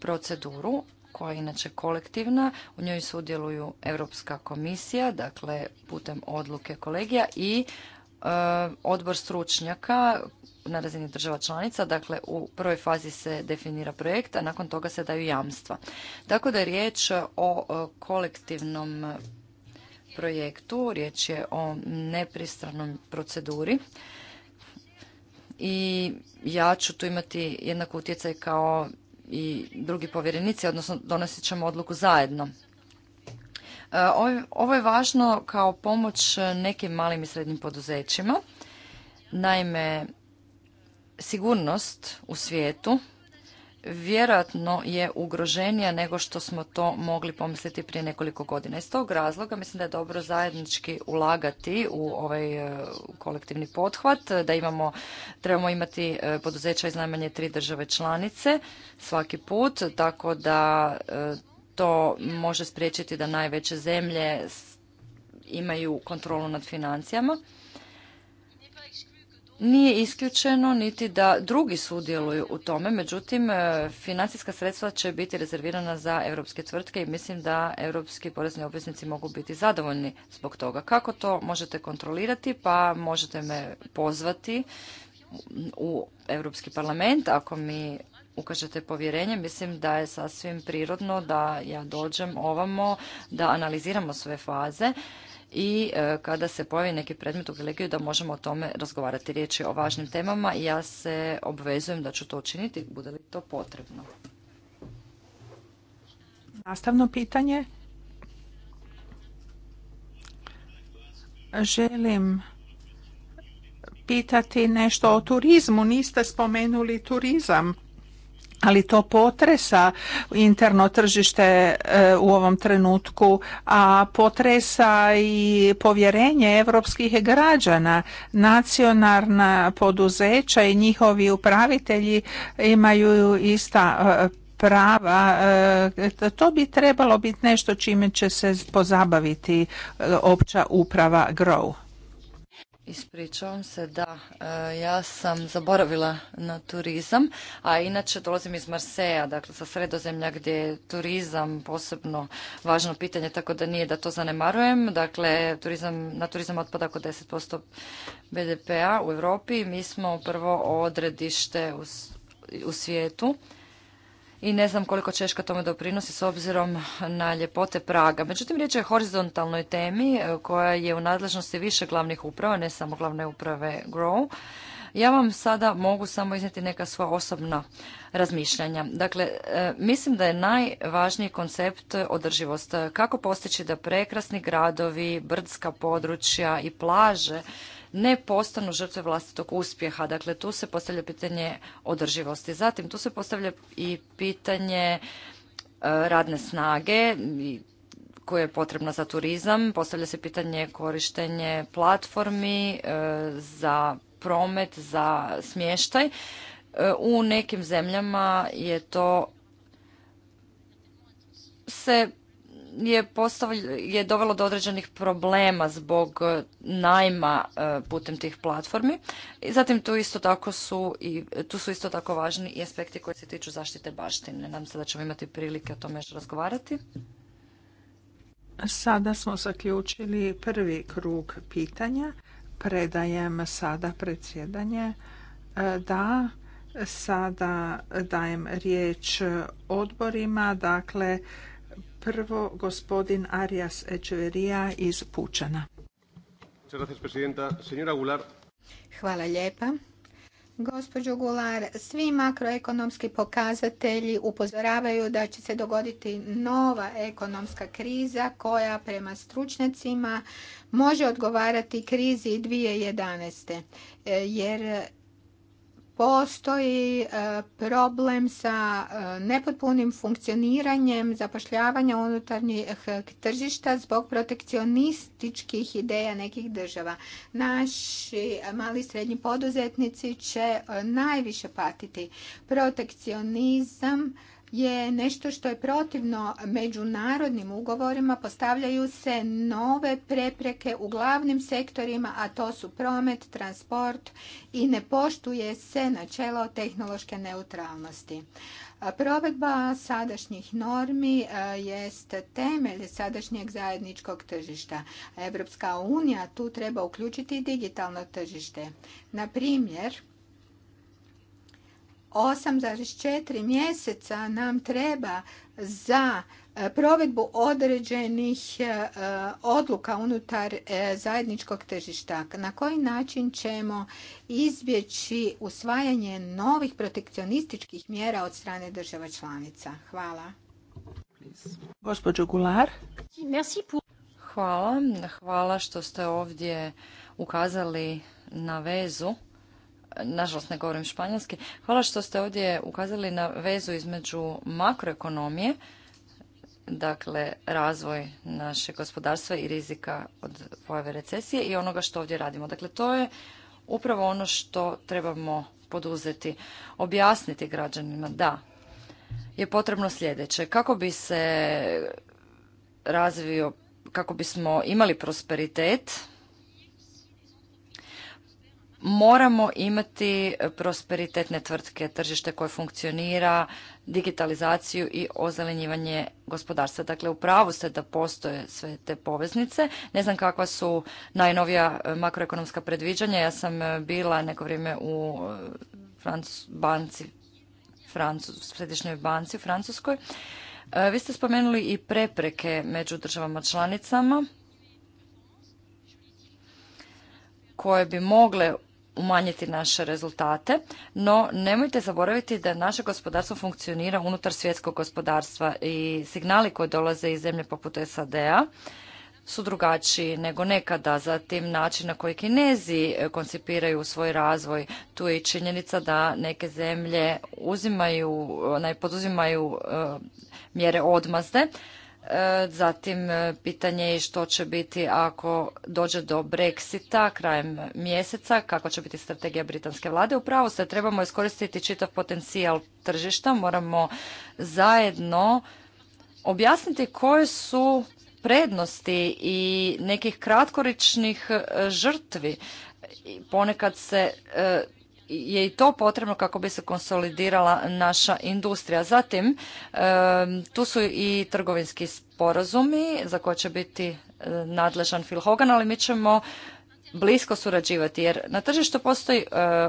proceduru, koja je inače kolektivna. U njoj sudjeluju Europska komisija, dakle putem odluke kolegija i e, odbor stručnjaka na razini država članica. Dakle, u prvoj fazi se definira projekt, a nakon toga se daju jamstva. Tako da je riječ o e, kolektivnom projektu, riječ je o nepristranoj proceduri i ja ću tu imati jednak utjecaj kao i drugi povjerenici, odnosno donosit ćemo odluku zajedno. E, ovaj, ovo je važno kao pomoć nekim malim i srednjim poduzećima. Naime, sigurnost u svijetu vjerojatno je ugroženija nego što smo to mogli pomisliti prije nekoliko godina. Iz tog razloga mislim da je dobro zajednički ulagati u ovaj e, kolektivni pothvat, da imamo, trebamo imati e, poduzeća iz najmanje tri države članice svaki put, tako da e, to može spriječiti da najveće zemlje imaju kontrolu nad financijama nije isključeno niti da drugi sudjeluju u tome, međutim e, financijska sredstva će biti rezervirana za europske tvrtke i mislim da europski porezni obveznici mogu biti zadovoljni zbog toga. Kako to možete kontrolirati? Pa možete me pozvati u Europski parlament ako mi ukažete povjerenje. Mislim da je sasvim prirodno da ja dođem ovamo, da analiziramo sve faze i e, kada se pojavi neki predmet u kolegiju da možemo o tome razgovarati. Riječ je o važnim temama i ja se obvezujem da ću to učiniti, bude li to potrebno. Nastavno pitanje. Želim pitati nešto o turizmu. Niste spomenuli turizam ali to potresa interno tržište eh, u ovom trenutku, a potresa i povjerenje europskih građana. Nacionalna poduzeća i njihovi upravitelji imaju ista eh, prava. Eh, to bi trebalo biti nešto čime će se pozabaviti opća uprava GROW. Ispričavam se, da, e, ja sam zaboravila na turizam, a inače dolazim iz Marseja, dakle sa sredozemlja gdje je turizam posebno važno pitanje, tako da nije da to zanemarujem. Dakle, turizam, na turizam otpada oko 10% BDP-a u Europi. Mi smo prvo odredište u svijetu i ne znam koliko Češka tome doprinosi s obzirom na ljepote Praga. Međutim, riječ je o horizontalnoj temi e, koja je u nadležnosti više glavnih uprava, ne samo glavne uprave GROW. Ja vam sada mogu samo iznijeti neka sva osobna razmišljanja. Dakle, e, mislim da je najvažniji koncept održivost. Kako postići da prekrasni gradovi, brdska područja i plaže ne postanu žrtve vlastitog uspjeha. Dakle, tu se postavlja pitanje održivosti. Zatim, tu se postavlja i pitanje e, radne snage koja je potrebna za turizam. Postavlja se pitanje korištenje platformi e, za promet, za smještaj. E, u nekim zemljama je to se je, je dovelo do određenih problema zbog e, najma e, putem tih platformi. I zatim tu isto tako su i tu su isto tako važni i aspekti koji se tiču zaštite baštine. Nadam se da ćemo imati prilike o tome razgovarati. Sada smo zaključili prvi krug pitanja. Predajem sada predsjedanje. E, da, sada dajem riječ odborima. Dakle, Prvo gospodin Arias Echeverija iz Pučana. Hvala lijepa. Gospođo Gular, svi makroekonomski pokazatelji upozoravaju da će se dogoditi nova ekonomska kriza koja prema stručnjacima može odgovarati krizi 2011. E, jer postoji e, problem sa e, nepotpunim funkcioniranjem zapošljavanja unutarnjih eh, tržišta zbog protekcionističkih ideja nekih država. Naši mali i srednji poduzetnici će e, najviše patiti. Protekcionizam je nešto što je protivno međunarodnim ugovorima. Postavljaju se nove prepreke u glavnim sektorima, a to su promet, transport i ne poštuje se načelo tehnološke neutralnosti. Provedba sadašnjih normi e, jest temelj sadašnjeg zajedničkog tržišta. Evropska unija tu treba uključiti digitalno tržište. Na primjer, 8,4 mjeseca nam treba za e, provedbu određenih e, odluka unutar e, zajedničkog tržišta. Na koji način ćemo izbjeći usvajanje novih protekcionističkih mjera od strane država članica? Hvala. Gospođo Gular. Hvala. Hvala što ste ovdje ukazali na vezu nažalost ne govorim španjolski. Hvala što ste ovdje ukazali na vezu između makroekonomije, dakle razvoj naše gospodarstva i rizika od pojave recesije i onoga što ovdje radimo. Dakle, to je upravo ono što trebamo poduzeti, objasniti građanima da je potrebno sljedeće. Kako bi se razvio, kako bismo imali prosperitet, moramo imati prosperitetne tvrtke, tržište koje funkcionira, digitalizaciju i ozelenjivanje gospodarstva. Dakle, u pravu ste da postoje sve te poveznice. Ne znam kakva su najnovija e, makroekonomska predviđanja. Ja sam e, bila neko vrijeme u e, banci, središnjoj banci u Francuskoj. Vi ste spomenuli i prepreke među državama članicama koje bi mogle umanjiti naše rezultate, no nemojte zaboraviti da naše gospodarstvo funkcionira unutar svjetskog gospodarstva i signali koji dolaze iz zemlje poput SAD-a su drugačiji nego nekada. Zatim način na koji Kinezi e, koncipiraju svoj razvoj. Tu je i činjenica da neke zemlje uzimaju, e, poduzimaju e, mjere odmazde Zatim e, pitanje je što će biti ako dođe do Brexita krajem mjeseca, kako će biti strategija britanske vlade. Upravo se trebamo iskoristiti čitav potencijal tržišta, moramo zajedno objasniti koje su prednosti i nekih kratkoričnih e, žrtvi. Ponekad se e, je i to potrebno kako bi se konsolidirala naša industrija. Zatim, e, tu su i trgovinski sporazumi za koje će biti e, nadležan Phil Hogan, ali mi ćemo blisko surađivati jer na tržištu postoji e,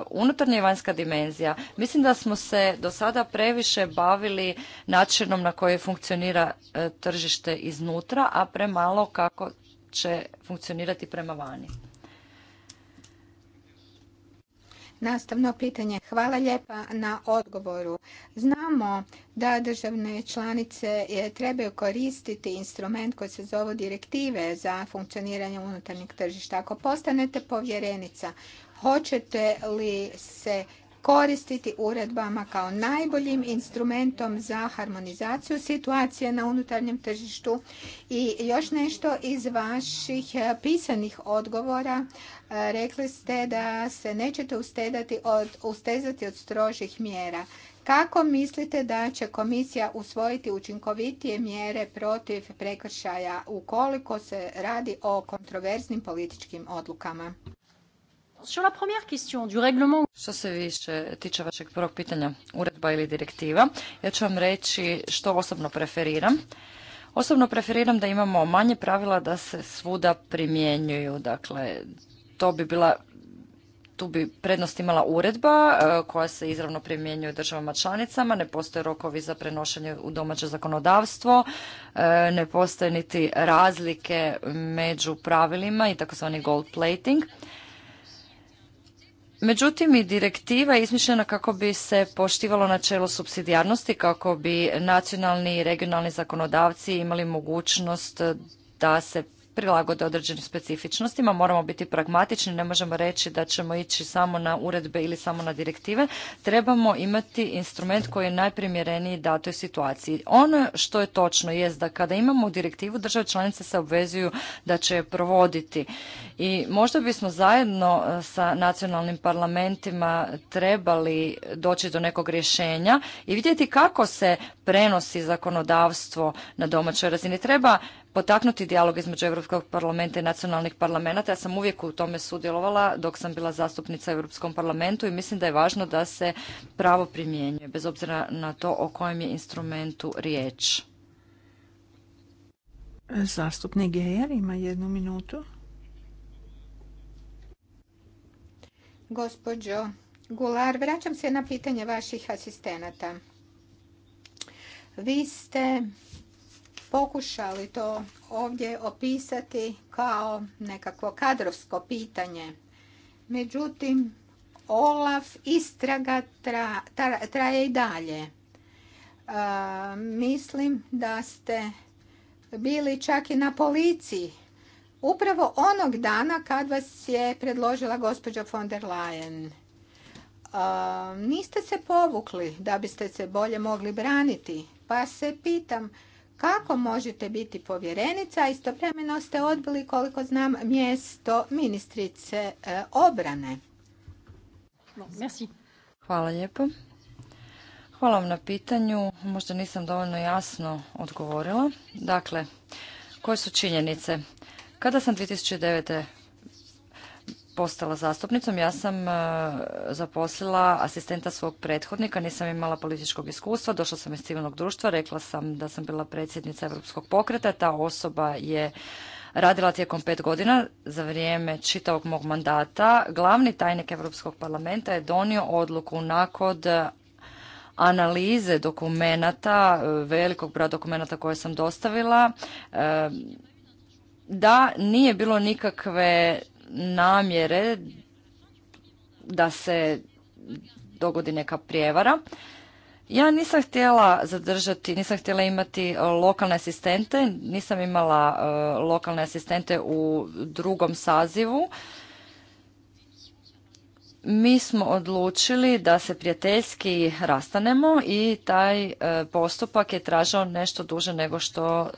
unutarnja i vanjska dimenzija. Mislim da smo se do sada previše bavili načinom na koji funkcionira tržište iznutra, a premalo kako će funkcionirati prema vani. Nastavno pitanje. Hvala lijepa na odgovoru. Znamo da državne članice e, trebaju koristiti instrument koji se zove direktive za funkcioniranje unutarnjeg tržišta. Ako postanete povjerenica, hoćete li se koristiti uredbama kao najboljim instrumentom za harmonizaciju situacije na unutarnjem tržištu. I još nešto iz vaših e, pisanih odgovora. E, rekli ste da se nećete od, ustezati od strožih mjera. Kako mislite da će komisija usvojiti učinkovitije mjere protiv prekršaja ukoliko se radi o kontroverznim političkim odlukama? Što se više tiče vašeg prvog pitanja, uredba ili direktiva, ja ću vam reći što osobno preferiram. Osobno preferiram da imamo manje pravila da se svuda primjenjuju. Dakle, to bi bila tu bi prednost imala uredba e, koja se izravno primjenjuje državama članicama, ne postoje rokovi za prenošenje u domaće zakonodavstvo, e, ne postoje niti razlike među pravilima i takozvani gold plating. Međutim, i direktiva je izmišljena kako bi se poštivalo načelo subsidijarnosti, kako bi nacionalni i regionalni zakonodavci imali mogućnost da se prilagode određenim specifičnostima, moramo biti pragmatični, ne možemo reći da ćemo ići samo na uredbe ili samo na direktive, trebamo imati instrument koji je najprimjereniji datoj situaciji. Ono što je točno jest da kada imamo direktivu, države članice se obvezuju da će je provoditi i možda bismo zajedno e, sa nacionalnim parlamentima trebali doći do nekog rješenja i vidjeti kako se prenosi zakonodavstvo na domaćoj razini. Treba potaknuti dijalog između Europskog parlamenta i nacionalnih parlamenta. Ja sam uvijek u tome sudjelovala dok sam bila zastupnica u Europskom parlamentu i mislim da je važno da se pravo primjenjuje, bez obzira na to o kojem je instrumentu riječ. Zastupnik Gejer ima jednu minutu. Gospođo Gular, vraćam se na pitanje vaših asistenata. Vi ste pokušali to ovdje opisati kao nekakvo kadrovsko pitanje. Međutim, Olaf istraga traje i dalje. E, mislim da ste bili čak i na policiji upravo onog dana kad vas je predložila gospođa von der Leyen. E, niste se povukli da biste se bolje mogli braniti, pa se pitam kako možete biti povjerenica, a istovremeno ste odbili, koliko znam, mjesto ministrice e, obrane? Hvala lijepo. Hvala vam na pitanju. Možda nisam dovoljno jasno odgovorila. Dakle, koje su činjenice? Kada sam 2009 postala zastupnicom, ja sam e, zaposlila asistenta svog prethodnika, nisam imala političkog iskustva, došla sam iz civilnog društva, rekla sam da sam bila predsjednica Europskog pokreta, ta osoba je radila tijekom pet godina za vrijeme čitavog mog mandata. Glavni tajnik Europskog parlamenta je donio odluku nakon analize dokumenata, velikog broja dokumenata koje sam dostavila, e, da nije bilo nikakve namjere da se dogodi neka prijevara. Ja nisam htjela zadržati, nisam htjela imati e, lokalne asistente, nisam imala e, lokalne asistente u drugom sazivu mi smo odlučili da se prijateljski rastanemo i taj e, postupak je tražao nešto duže nego što e,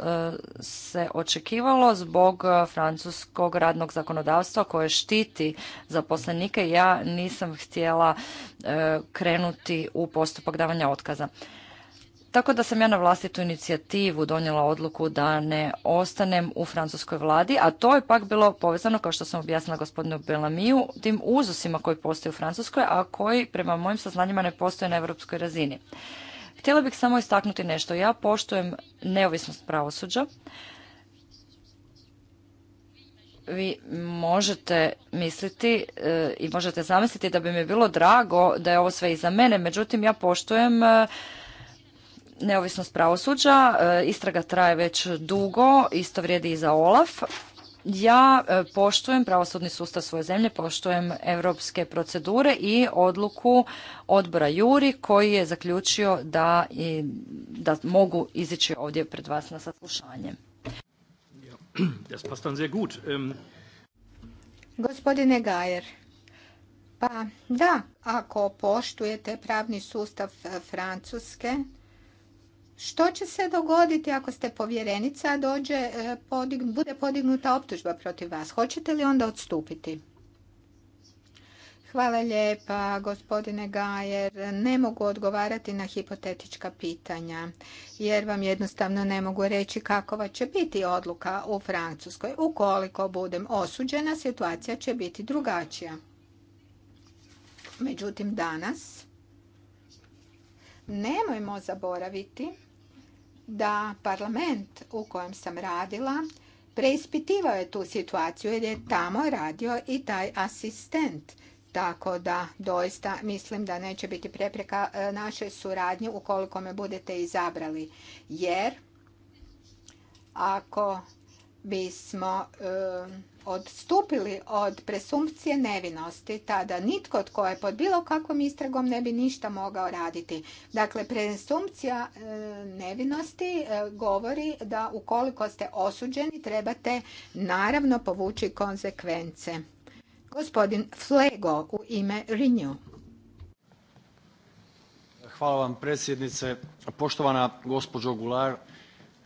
se očekivalo zbog e, francuskog radnog zakonodavstva koje štiti zaposlenike. Ja nisam htjela krenuti u postupak davanja otkaza. Tako da sam ja na vlastitu inicijativu donijela odluku da ne ostanem u francuskoj vladi, a to je pak bilo povezano, kao što sam objasnila gospodinu Belamiju, tim uzusima koji postoje u Francuskoj, a koji prema mojim saznanjima ne postoje na europskoj razini. Htjela bih samo istaknuti nešto. Ja poštujem neovisnost pravosuđa. Vi možete misliti eh, i možete zamisliti da bi mi bilo drago da je ovo sve iza mene, međutim ja poštujem eh, neovisnost pravosuđa. E, istraga traje već dugo, isto vrijedi i za OLAF. Ja e, poštujem pravosudni sustav svoje zemlje, poštujem europske procedure i odluku odbora Juri koji je zaključio da, da mogu izići ovdje pred vas na saslušanje. Das gut. Ähm, Gospodine Gajer, pa da, ako poštujete pravni sustav Francuske, što će se dogoditi ako ste povjerenica, dođe, e, bude podignuta optužba protiv vas? Hoćete li onda odstupiti? Hvala lijepa, gospodine Gajer. Ne mogu odgovarati na hipotetička pitanja, jer vam jednostavno ne mogu reći kakova će biti odluka u Francuskoj. Ukoliko budem osuđena, situacija će biti drugačija. Međutim, danas Nemojmo zaboraviti da parlament u kojem sam radila preispitivao je tu situaciju jer je tamo radio i taj asistent. Tako da doista mislim da neće biti prepreka e, našoj suradnje ukoliko me budete izabrali. Jer ako bismo e, odstupili od presumpcije nevinosti, tada nitko tko je pod bilo kakvom istragom ne bi ništa mogao raditi. Dakle, presumpcija e, nevinosti e, govori da ukoliko ste osuđeni trebate naravno povući konsekvence. Gospodin Flego u ime Renew. Hvala vam predsjednice. Poštovana gospođo Gular,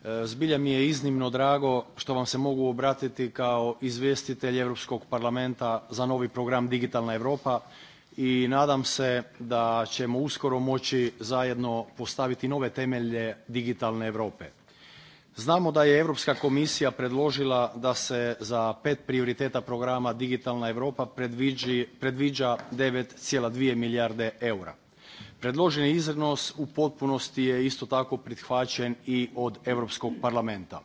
E, zbilja mi je iznimno drago što vam se mogu obratiti kao izvjestitelj Europskog parlamenta za novi program Digitalna Europa i nadam se da ćemo uskoro moći zajedno postaviti nove temelje digitalne Europe. Znamo da je Europska komisija predložila da se za pet prioriteta programa Digitalna Europa predviđa 9,2 milijarde eura. Predloženi iznos u potpunosti je isto tako prihvaćen i od Europskog parlamenta.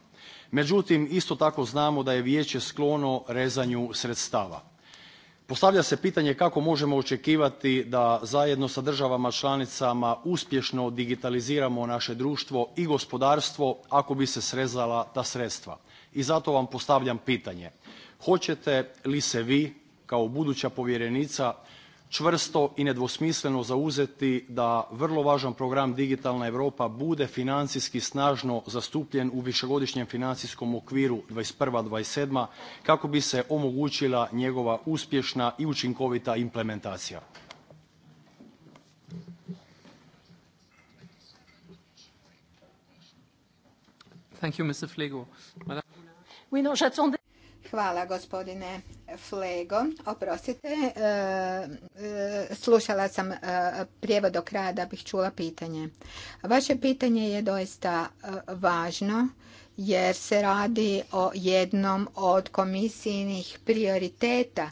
Međutim, isto tako znamo da je Vijeće sklono rezanju sredstava. Postavlja se pitanje kako možemo očekivati da zajedno sa državama članicama uspješno digitaliziramo naše društvo i gospodarstvo ako bi se srezala ta sredstva. I zato vam postavljam pitanje. Hoćete li se vi kao buduća povjerenica čvrsto i nedvosmisleno zauzeti da vrlo važan program digitalna Europa bude financijski snažno zastupljen u višegodišnjem financijskom okviru 2021.-2027. kako bi se omogućila njegova uspješna i učinkovita implementacija. Thank you, Mr. Hvala gospodine Flego. Oprostite, e, e, slušala sam e, prijevod do kraja da bih čula pitanje. Vaše pitanje je doista važno jer se radi o jednom od komisijnih prioriteta.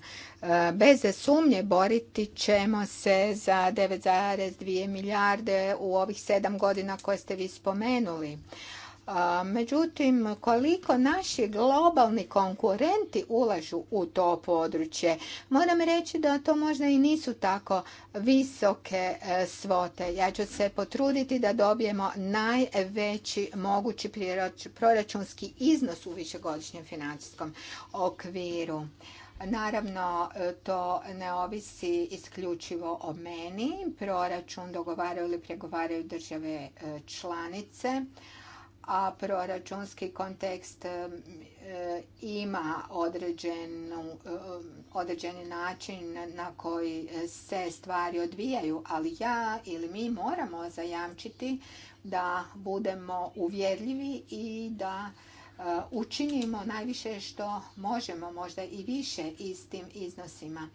Bez sumnje boriti ćemo se za 9,2 milijarde u ovih sedam godina koje ste vi spomenuli. Međutim, koliko naši globalni konkurenti ulažu u to područje, moram reći da to možda i nisu tako visoke e, svote. Ja ću se potruditi da dobijemo najveći mogući proračunski iznos u višegodišnjem financijskom okviru. Naravno, e, to ne ovisi isključivo o meni. Proračun dogovaraju ili pregovaraju države e, članice a proračunski kontekst um, e, ima određenu, um, određeni način na koji se stvari odvijaju, ali ja ili mi moramo zajamčiti da budemo uvjerljivi i da e, učinimo najviše što možemo, možda i više istim tim iznosima.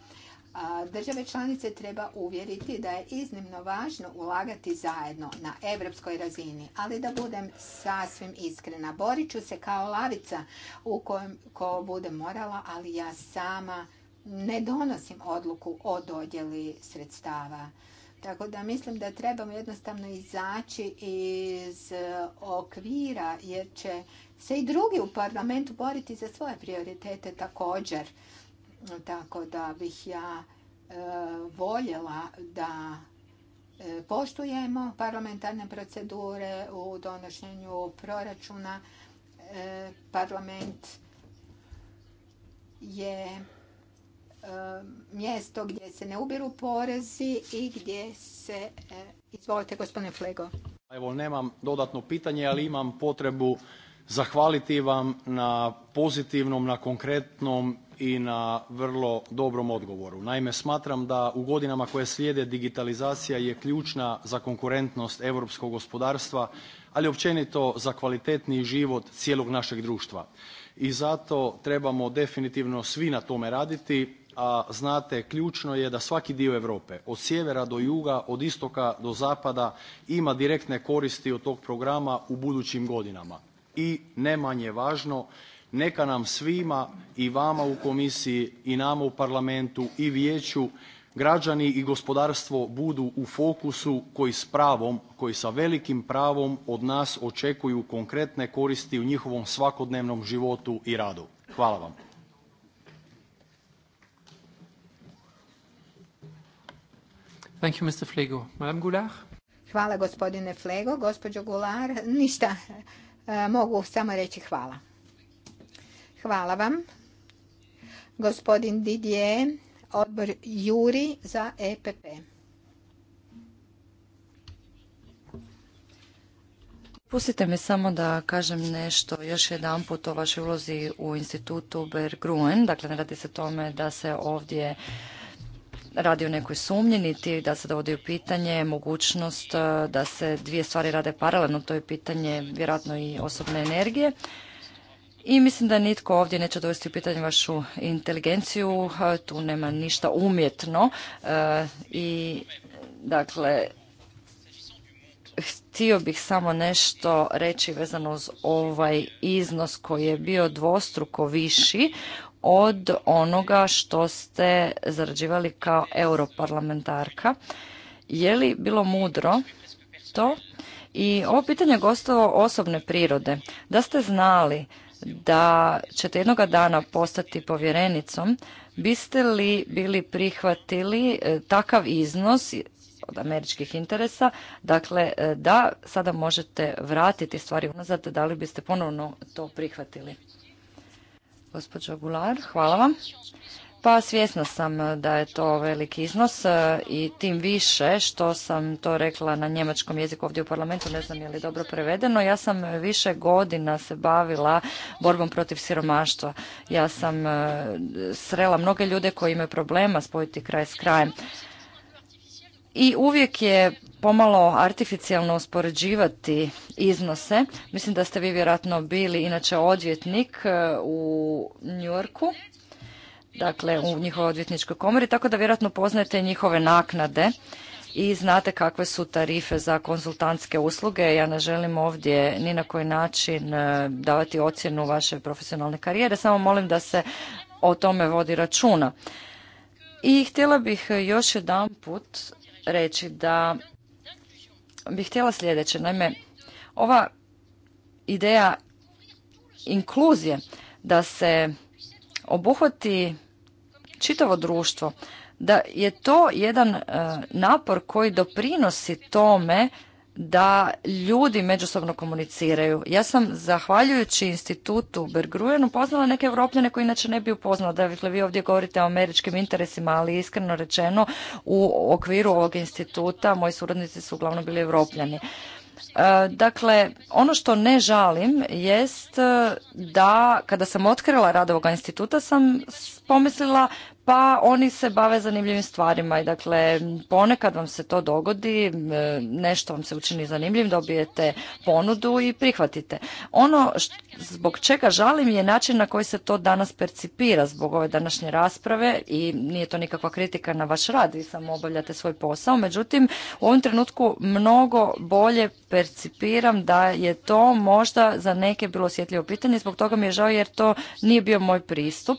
Države članice treba uvjeriti da je iznimno važno ulagati zajedno na evropskoj razini, ali da budem sasvim iskrena. Borit ću se kao lavica u kojem ko bude morala, ali ja sama ne donosim odluku o dodjeli sredstava. Tako da mislim da trebamo jednostavno izaći iz e, okvira jer će se i drugi u parlamentu boriti za svoje prioritete također. Tako da bih ja e, voljela da e, poštujemo parlamentarne procedure u donošenju proračuna. E, parlament je mjesto gdje se ne ubiru porezi i gdje se... Izvolite, gospodine Flego. Evo, nemam dodatno pitanje, ali imam potrebu zahvaliti vam na pozitivnom, na konkretnom i na vrlo dobrom odgovoru. Naime, smatram da u godinama koje slijede digitalizacija je ključna za konkurentnost europskog gospodarstva, ali općenito za kvalitetniji život cijelog našeg društva. I zato trebamo definitivno svi na tome raditi, a znate ključno je da svaki dio Europe od sjevera do juga, od istoka do zapada ima direktne koristi od tog programa u budućim godinama. I ne manje važno neka nam svima i vama u komisiji i nama u parlamentu i vijeću građani i gospodarstvo budu u fokusu koji s pravom, koji sa velikim pravom od nas očekuju konkretne koristi u njihovom svakodnevnom životu i radu. Hvala vam. Thank you, Mr. Flego. Hvala gospodine Flego. Gospođo Gular, ništa. E, mogu samo reći hvala. Hvala vam. Gospodin Didier, odbor Juri za EPP. Pustite mi samo da kažem nešto još jedan put o vašoj ulozi u institutu Bergruen. Dakle, ne radi se tome da se ovdje radi o nekoj sumnji, niti da se dovodi u pitanje mogućnost eh, da se dvije stvari rade paralelno. To je pitanje vjerojatno i osobne energije. I mislim da nitko ovdje neće dovesti u pitanje vašu inteligenciju, tu nema ništa umjetno. E, I dakle, htio bih samo nešto reći vezano uz ovaj iznos koji je bio dvostruko viši od onoga što ste zarađivali kao europarlamentarka. Je li bilo mudro to? I ovo pitanje je gostovo osobne prirode. Da ste znali da ćete jednoga dana postati povjerenicom, biste li bili prihvatili e, takav iznos od američkih interesa, dakle e, da sada možete vratiti stvari unazad, da li biste ponovno to prihvatili? Gospođo Gular, hvala vam. Pa svjesna sam e, da je to veliki iznos e, i tim više što sam to rekla na njemačkom jeziku ovdje u parlamentu, ne znam je li dobro prevedeno. Ja sam e, više godina se bavila borbom protiv siromaštva. Ja sam srela mnoge ljude koji imaju problema spojiti kraj s krajem. I uvijek je pomalo artificijalno uspoređivati iznose. Mislim da ste vi vjerojatno bili inače odvjetnik u Njorku dakle u njihovoj odvjetničkoj komori, tako da vjerojatno poznajete njihove naknade i znate kakve su tarife za konzultantske usluge. Ja ne želim ovdje ni na koji način e, davati ocjenu vaše profesionalne karijere, samo molim da se o tome vodi računa. I htjela bih još jedan put reći da bih htjela sljedeće. Naime, ova ideja inkluzije da se obuhvati čitavo društvo, da je to jedan e, napor koji doprinosi tome da ljudi međusobno komuniciraju. Ja sam, zahvaljujući institutu bergruenu upoznala neke Evropljane koji inače ne bi upoznala. Dakle, vi ovdje govorite o američkim interesima, ali iskreno rečeno, u okviru ovog instituta moji suradnici su uglavnom bili Evropljani. E, dakle, ono što ne žalim jest e, da kada sam otkrila rad ovoga instituta sam pomislila pa oni se bave zanimljivim stvarima i dakle ponekad vam se to dogodi, e, nešto vam se učini zanimljivim, dobijete ponudu i prihvatite. Ono zbog čega žalim je način na koji se to danas percipira zbog ove današnje rasprave i nije to nikakva kritika na vaš rad, vi samo obavljate svoj posao, međutim u ovom trenutku mnogo bolje percipiram da je to možda za neke bilo osjetljivo pitanje, zbog toga mi je žao jer to nije bio moj pristup.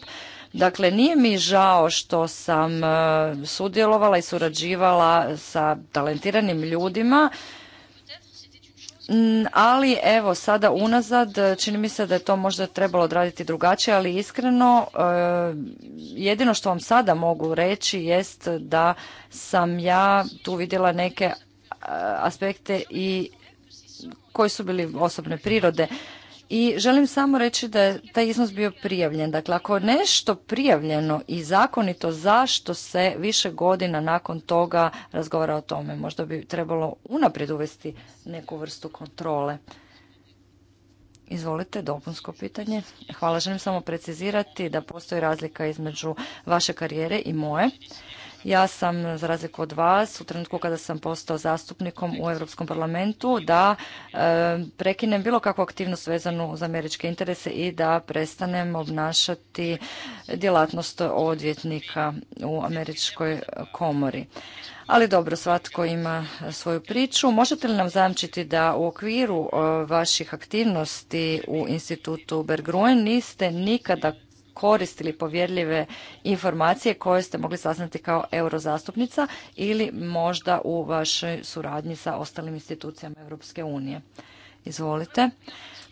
Dakle, nije mi žao što sam e, sudjelovala i surađivala sa talentiranim ljudima, ali evo sada unazad e, čini mi se da je to možda trebalo odraditi drugačije, ali iskreno e, jedino što vam sada mogu reći jest da sam ja tu vidjela neke aspekte i koji su bili osobne prirode. I želim samo reći da je taj iznos bio prijavljen. Dakle, ako je nešto prijavljeno i zakonito, zašto se više godina nakon toga razgovara o tome? Možda bi trebalo unaprijed uvesti neku vrstu kontrole. Izvolite, dopunsko pitanje. Hvala, želim samo precizirati da postoji razlika između vaše karijere i moje. Ja sam, za razliku od vas, u trenutku kada sam postao zastupnikom u Europskom parlamentu, da e, prekinem bilo kakvu aktivnost vezanu za američke interese i da prestanem obnašati djelatnost odvjetnika u američkoj komori. Ali dobro, svatko ima svoju priču. Možete li nam zamčiti da u okviru e, vaših aktivnosti u institutu Bergruen niste nikada koristili povjerljive informacije koje ste mogli saznati kao eurozastupnica ili možda u vašoj suradnji sa ostalim institucijama Europske unije. Izvolite.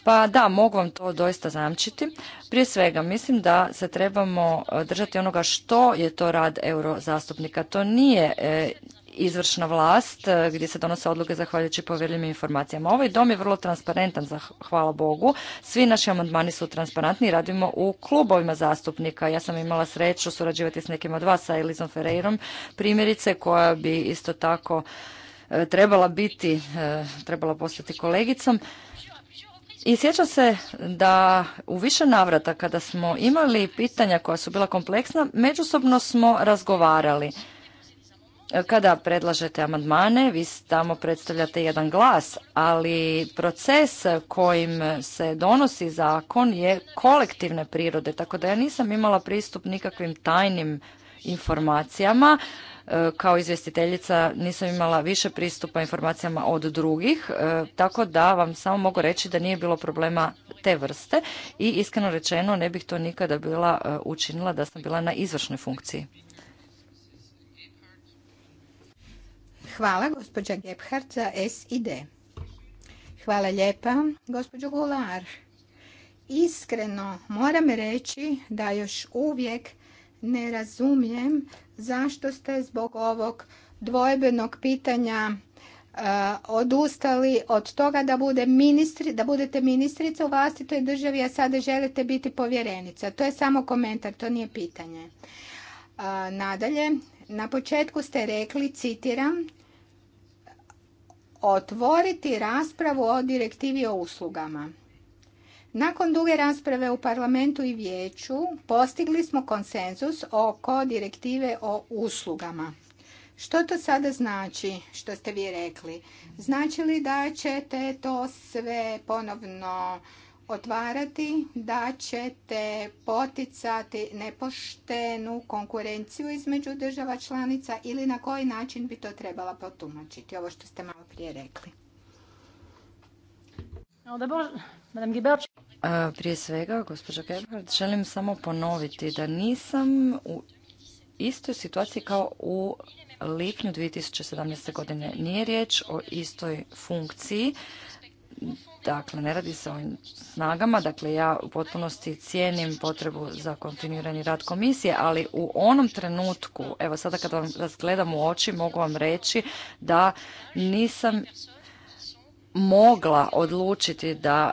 Pa da, mogu vam to doista zamčiti. Prije svega, mislim da se trebamo držati onoga što je to rad eurozastupnika. To nije e, izvršna vlast e, gdje se donose odluke zahvaljujući povjerljivim informacijama. Ovaj dom je vrlo transparentan, hvala Bogu. Svi naši amandmani su transparentni i radimo u klubovima zastupnika. Ja sam imala sreću surađivati s nekim od vas, sa Elizom Ferreirom, primjerice koja bi isto tako e, trebala biti, e, trebala postati kolegicom. I sjećam se da u više navrata kada smo imali pitanja koja su bila kompleksna, međusobno smo razgovarali kada predlažete amandmane, vi tamo predstavljate jedan glas, ali proces kojim se donosi zakon je kolektivne prirode, tako da ja nisam imala pristup nikakvim tajnim informacijama. E, kao izvjestiteljica nisam imala više pristupa informacijama od drugih, e, tako da vam samo mogu reći da nije bilo problema te vrste i iskreno rečeno ne bih to nikada bila e, učinila da sam bila na izvršnoj funkciji. Hvala, gospođa Gebhardt za D. Hvala lijepa, gospođo Gular. Iskreno moram reći da još uvijek ne razumijem zašto ste zbog ovog dvojbenog pitanja e, odustali od toga da, ministri, da budete ministrica u vlastitoj državi, a sada želite biti povjerenica. To je samo komentar, to nije pitanje. E, nadalje, na početku ste rekli, citiram, otvoriti raspravu o direktivi o uslugama. Nakon duge rasprave u parlamentu i vijeću postigli smo konsenzus oko direktive o uslugama. Što to sada znači, što ste vi rekli? Znači li da ćete to sve ponovno otvarati, da ćete poticati nepoštenu konkurenciju između država članica ili na koji način bi to trebala potumačiti? Ovo što ste malo prije rekli. Prije svega, gospođa Gebhardt, želim samo ponoviti da nisam u istoj situaciji kao u lipnju 2017. godine. Nije riječ o istoj funkciji. Dakle, ne radi se o ovim snagama, dakle ja u potpunosti cijenim potrebu za kontinuirani rad komisije, ali u onom trenutku, evo sada kad vam razgledam u oči, mogu vam reći da nisam mogla odlučiti da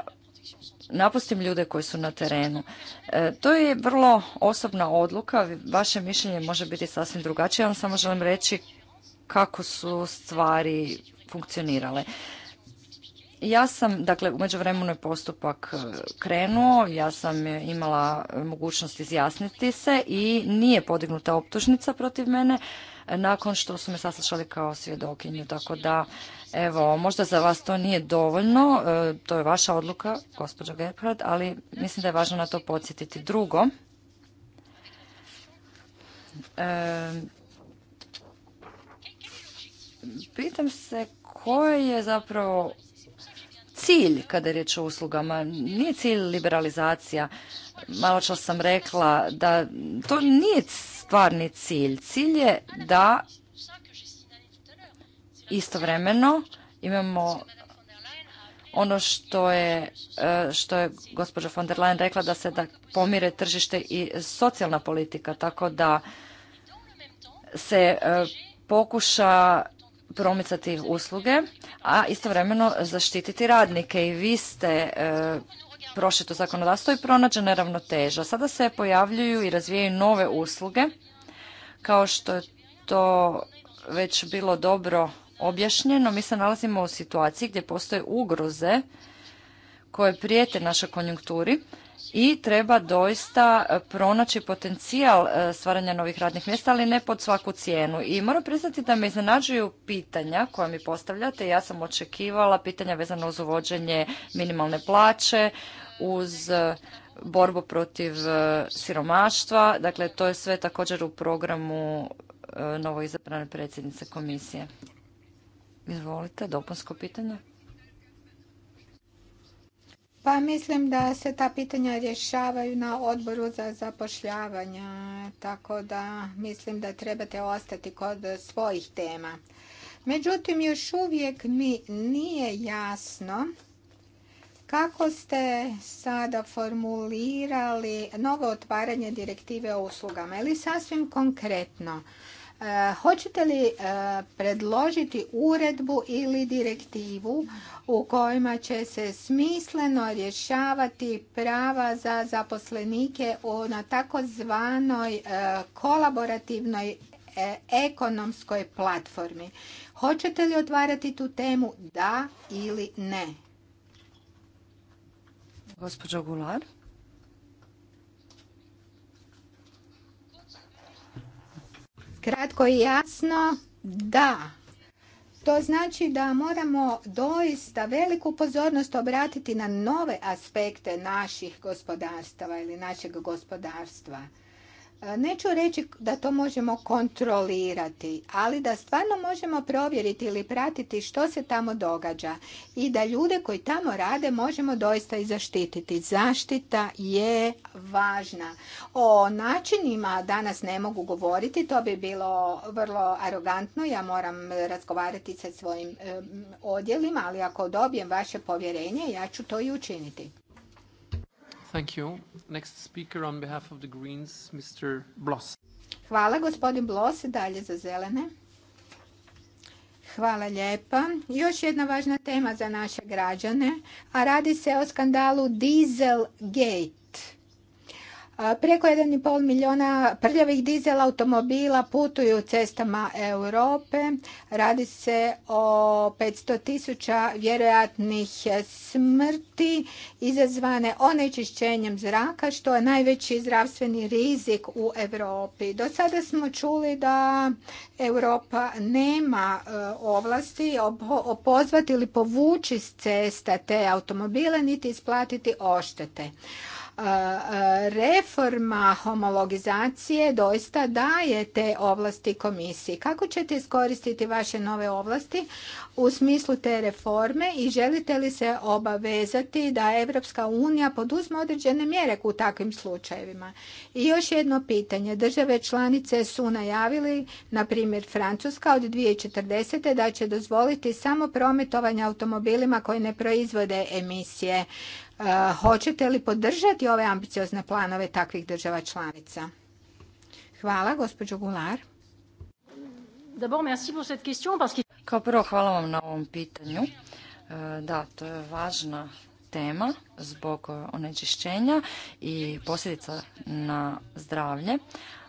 napustim ljude koji su na terenu. E, to je vrlo osobna odluka, vaše mišljenje može biti sasvim drugačije, ja vam samo želim reći kako su stvari funkcionirale. Ja sam, dakle, u međuvremenu je postupak e, krenuo, ja sam imala e, mogućnost izjasniti se i nije podignuta optužnica protiv mene e, nakon što su me saslušali kao svjedokinju. Tako da, evo, možda za vas to nije dovoljno, to je vaša odluka, gospođo Gerhard, ali mislim da je važno na to podsjetiti. Drugo, pitam se koje je zapravo cilj kada je riječ o uslugama. Nije cilj liberalizacija. Malo čas sam rekla da to nije stvarni cilj. Cilj je da istovremeno imamo ono što je, e, što je gospođa von der Leyen rekla da se da pomire tržište i socijalna politika, tako da se e, pokuša promicati usluge, a istovremeno zaštititi radnike. I vi ste e, prošli to zakonodavstvo i pronađena ravnoteža. Sada se pojavljuju i razvijaju nove usluge, kao što je to već bilo dobro objašnjeno. Mi se nalazimo u situaciji gdje postoje ugroze koje prijete našoj konjunkturi i treba doista e, pronaći potencijal e, stvaranja novih radnih mjesta, ali ne pod svaku cijenu. I moram priznati da me iznenađuju pitanja koja mi postavljate. Ja sam očekivala pitanja vezano uz uvođenje minimalne plaće, uz e, borbu protiv siromaštva. Dakle, to je sve također u programu novoizabrane predsjednice komisije. Izvolite, dopunsko pitanje. Pa mislim da se ta pitanja rješavaju na odboru za zapošljavanje, tako da mislim da trebate ostati kod svojih tema. Međutim, još uvijek mi nije jasno kako ste sada formulirali novo otvaranje direktive o uslugama ili sasvim konkretno E, hoćete li e, predložiti uredbu ili direktivu u kojima će se smisleno rješavati prava za zaposlenike na takozvanoj e, kolaborativnoj ekonomskoj platformi? Hoćete li otvarati tu temu da ili ne? Gospođo Gular. Kratko i jasno, da. To znači da moramo doista veliku pozornost obratiti na nove aspekte naših gospodarstava ili našeg gospodarstva. E, neću reći da to možemo kontrolirati, ali da stvarno možemo provjeriti ili pratiti što se tamo događa i da ljude koji tamo rade možemo doista i zaštititi. Zaštita je važna. O načinima danas ne mogu govoriti, to bi bilo vrlo arogantno. Ja moram razgovarati sa svojim e, odjelima, ali ako dobijem vaše povjerenje, ja ću to i učiniti. Thank you. Next speaker on behalf of the Greens, Mr. Bloss. Hvala, gospodin Bloss, dalje za zelene. Hvala lijepa. Još jedna važna tema za naše građane, a radi se o skandalu Dieselgate. Preko 1,5 milijuna prljavih dizel automobila putuju cestama Europe. Radi se o 500 tisuća vjerojatnih smrti izazvane onečišćenjem zraka, što je najveći zdravstveni rizik u Europi. Do sada smo čuli da Europa nema e, ovlasti opozvati ili povući s cesta te automobile, niti isplatiti oštete reforma homologizacije doista daje te ovlasti komisiji. Kako ćete iskoristiti vaše nove ovlasti u smislu te reforme i želite li se obavezati da Evropska unija poduzme određene mjere u takvim slučajevima? I još jedno pitanje. Države članice su najavili, na primjer Francuska od 2040. da će dozvoliti samo prometovanje automobilima koji ne proizvode emisije E, hoćete li podržati ove ambiciozne planove takvih država članica? Hvala, gospođo Gular. Kao prvo hvala vam na ovom pitanju. E, da, to je važna tema zbog e, onečišćenja i posljedica na zdravlje.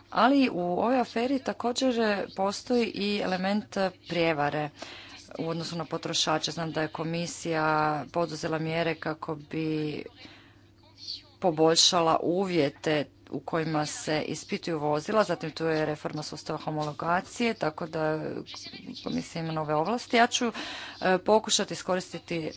Ali u ovoj aferi također postoji i element prijevare u odnosu na potrošače. Znam da je komisija poduzela mjere kako bi poboljšala uvjete u kojima se ispituju vozila, zatim tu je reforma sustava homologacije, tako da komisija ima nove ovlasti. Ja ću e, pokušati iskoristiti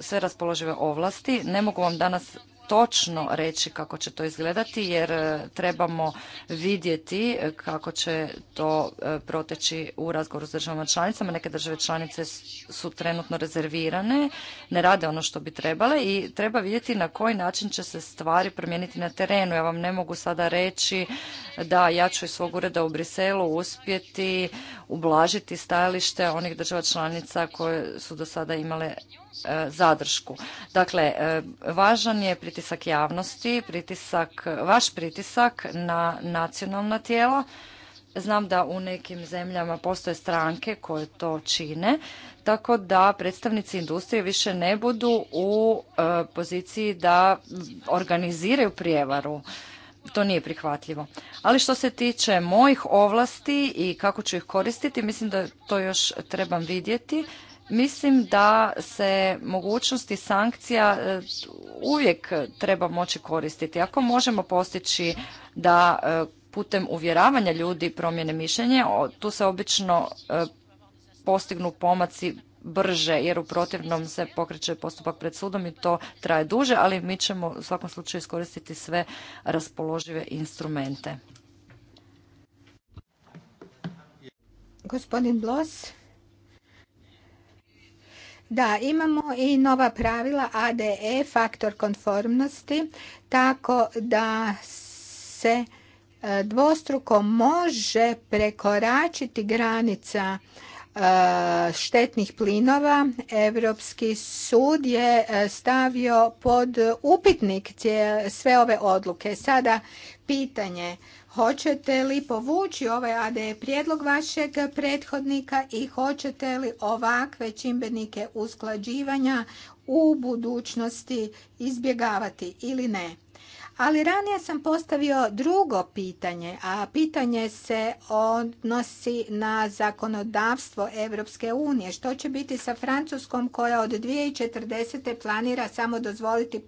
sve raspoložive ovlasti. Ne mogu vam danas točno reći kako će to izgledati jer e, trebamo vidjeti e, kako će to e, proteći u razgovoru s državama članicama. Neke države članice su trenutno rezervirane, ne rade ono što bi trebale i treba vidjeti na koji način će se stvari promijeniti na terenu. Ja vam ne mogu sada reći da ja ću iz svog ureda u Briselu uspjeti ublažiti stajalište onih država članica koje su do sada imale E, zadršku. Dakle, e, važan je pritisak javnosti, pritisak, vaš pritisak na nacionalna tijela. Znam da u nekim zemljama postoje stranke koje to čine, tako da predstavnici industrije više ne budu u e, poziciji da organiziraju prijevaru. To nije prihvatljivo. Ali što se tiče mojih ovlasti i kako ću ih koristiti, mislim da to još trebam vidjeti. Mislim da se mogućnosti sankcija e, uvijek treba moći koristiti. Ako možemo postići da e, putem uvjeravanja ljudi promjene mišljenje, tu se obično e, postignu pomaci brže, jer u protivnom se pokreće postupak pred sudom i to traje duže, ali mi ćemo u svakom slučaju iskoristiti sve raspoložive instrumente. Gospodin Blos. Da, imamo i nova pravila ADE, faktor konformnosti, tako da se e, dvostruko može prekoračiti granica e, štetnih plinova. Europski sud je e, stavio pod upitnik sve ove odluke. Sada pitanje, Hoćete li povući ovaj AD prijedlog vašeg prethodnika i hoćete li ovakve čimbenike usklađivanja u budućnosti izbjegavati ili ne? Ali ranije sam postavio drugo pitanje, a pitanje se odnosi na zakonodavstvo Europske unije. Što će biti sa Francuskom koja od 2040. planira samo dozvoliti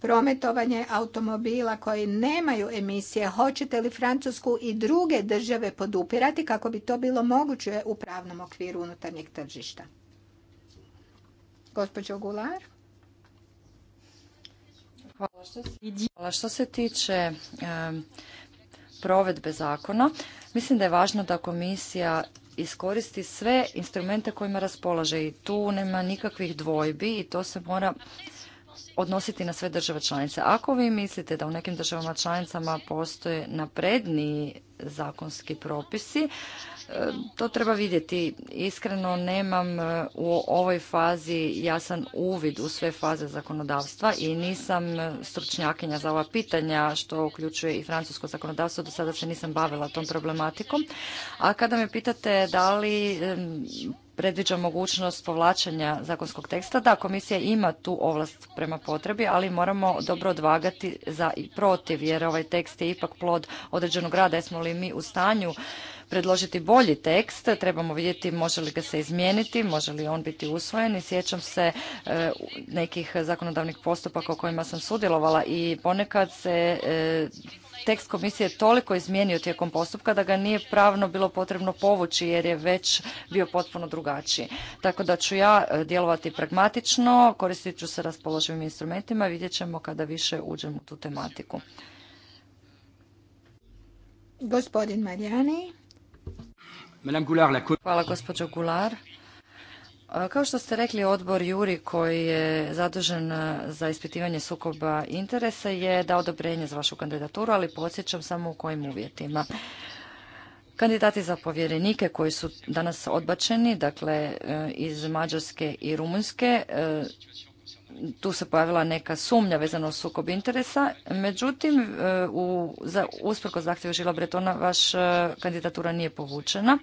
prometovanje automobila koji nemaju emisije? Hoćete li Francusku i druge države podupirati kako bi to bilo moguće u pravnom okviru unutarnjeg tržišta? Gospođo Gular? Što se tiče provedbe zakona, mislim da je važno da komisija iskoristi sve instrumente kojima raspolaže i tu nema nikakvih dvojbi i to se mora odnositi na sve države članice. Ako vi mislite da u nekim državama članicama postoje napredniji zakonski propisi, e, to treba vidjeti. Iskreno nemam e, u ovoj fazi jasan uvid u sve faze zakonodavstva i nisam e, stručnjakinja za ova pitanja što uključuje i francusko zakonodavstvo. Do sada se nisam bavila tom problematikom. A kada me pitate da li predviđa mogućnost povlačenja zakonskog teksta. Da, komisija ima tu ovlast prema potrebi, ali moramo dobro odvagati za i protiv, jer ovaj tekst je ipak plod određenog rada. Jesmo li mi u stanju predložiti bolji tekst, trebamo vidjeti može li ga se izmijeniti, može li on biti usvojen i sjećam se e, nekih zakonodavnih postupaka u kojima sam sudjelovala i ponekad se e, tekst komisije toliko izmijenio tijekom postupka da ga nije pravno bilo potrebno povući jer je već bio potpuno drugačiji. Tako da ću ja e, djelovati pragmatično, koristit ću se raspoloživim instrumentima, vidjet ćemo kada više uđem u tu tematiku. Gospodin Marijani. Hvala gospođo Gular. Kao što ste rekli, odbor Juri koji je zadužen za ispitivanje sukoba interesa je dao odobrenje za vašu kandidaturu, ali podsjećam samo u kojim uvjetima. Kandidati za povjerenike koji su danas odbačeni, dakle e, iz Mađarske i Rumunjske, e, tu se pojavila neka sumnja vezana uz sukob interesa. Međutim, e, u, za, usprko zahtjevu Žila Bretona, vaša kandidatura nije povučena.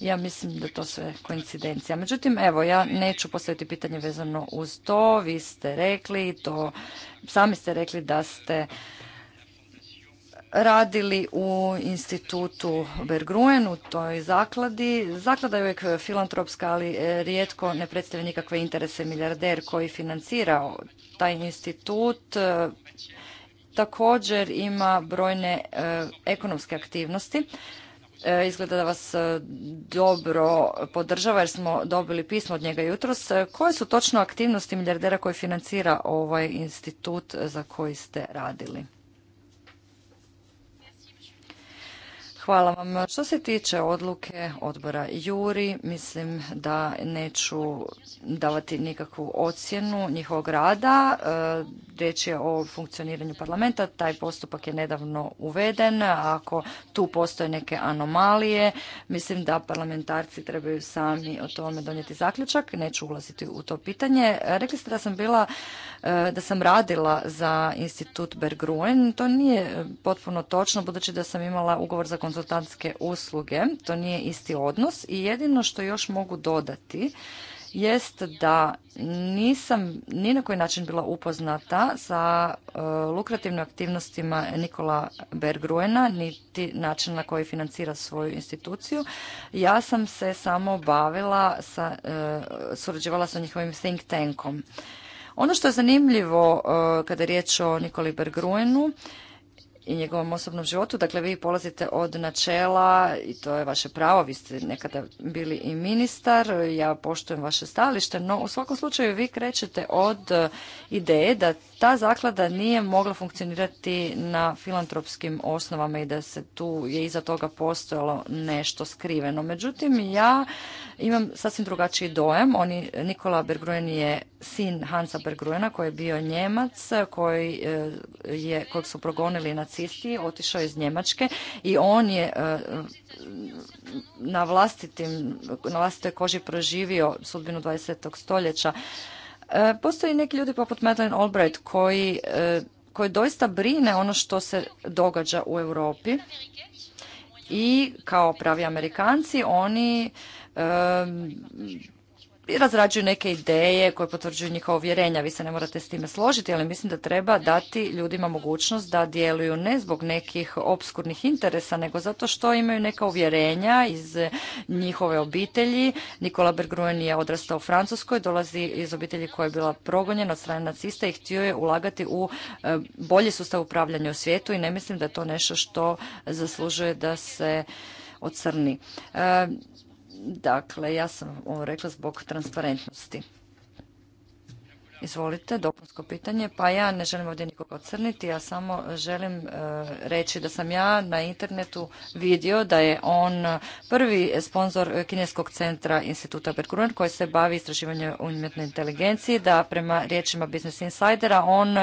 Ja mislim da to sve koincidencija. Međutim, evo, ja neću postaviti pitanje vezano uz to. Vi ste rekli to, sami ste rekli da ste radili u institutu Bergruen, u toj zakladi. Zaklada je uvijek filantropska, ali e, rijetko ne predstavlja nikakve interese milijarder koji financira taj institut. E, također ima brojne e, ekonomske aktivnosti. E, izgleda da vas e, dobro podržava jer smo dobili pismo od njega jutros. E, koje su točno aktivnosti milijardera koji financira ovaj institut za koji ste radili? Hvala vam. Što se tiče odluke odbora Juri, mislim da neću davati nikakvu ocjenu njihovog rada. E, riječ je o funkcioniranju parlamenta. Taj postupak je nedavno uveden. Ako tu postoje neke anomalije, mislim da parlamentarci trebaju sami o tome donijeti zaključak. Neću ulaziti u to pitanje. Rekli ste da sam bila, e, da sam radila za institut Bergruen. To nije potpuno točno, budući da sam imala ugovor za konzultantske usluge, to nije isti odnos i jedino što još mogu dodati jest da nisam ni na koji način bila upoznata sa e, lukrativnim aktivnostima Nikola Bergruena, niti način na koji financira svoju instituciju. Ja sam se samo bavila, sa, e, surađivala sa njihovim think tankom. Ono što je zanimljivo e, kada je riječ o Nikoli Bergruenu i njegovom osobnom životu. Dakle, vi polazite od načela i to je vaše pravo. Vi ste nekada bili i ministar. Ja poštujem vaše stalište, no u svakom slučaju vi krećete od ideje da ta zaklada nije mogla funkcionirati na filantropskim osnovama i da se tu je iza toga postojalo nešto skriveno. Međutim, ja imam sasvim drugačiji dojam. Oni, Nikola Bergruen je sin Hansa Bergruena koji je bio Njemac, koji eh, je, kojeg su progonili na otišao otišao iz Njemačke i on je e, na, vlastitim, na vlastitoj koži proživio sudbinu 20. stoljeća. E, postoji neki ljudi poput Madeleine Albright koji, e, koji doista brine ono što se događa u Europi i kao pravi Amerikanci oni razrađuju neke ideje koje potvrđuju njihova uvjerenja. Vi se ne morate s time složiti, ali mislim da treba dati ljudima mogućnost da djeluju ne zbog nekih obskurnih interesa, nego zato što imaju neka uvjerenja iz njihove obitelji. Nikola Bergruen je odrastao u Francuskoj, dolazi iz obitelji koja je bila progonjena od strane nacista i htio je ulagati u e, bolji sustav upravljanja u svijetu i ne mislim da je to nešto što zaslužuje da se ocrni. E, Dakle, ja sam ovo rekla zbog transparentnosti. Izvolite, dopunsko pitanje. Pa ja ne želim ovdje nikoga ocrniti, ja samo želim e, reći da sam ja na internetu vidio da je on prvi sponzor Kineskog centra instituta Berggruen koji se bavi istraživanjem umjetne inteligencije, da prema riječima Business Insidera on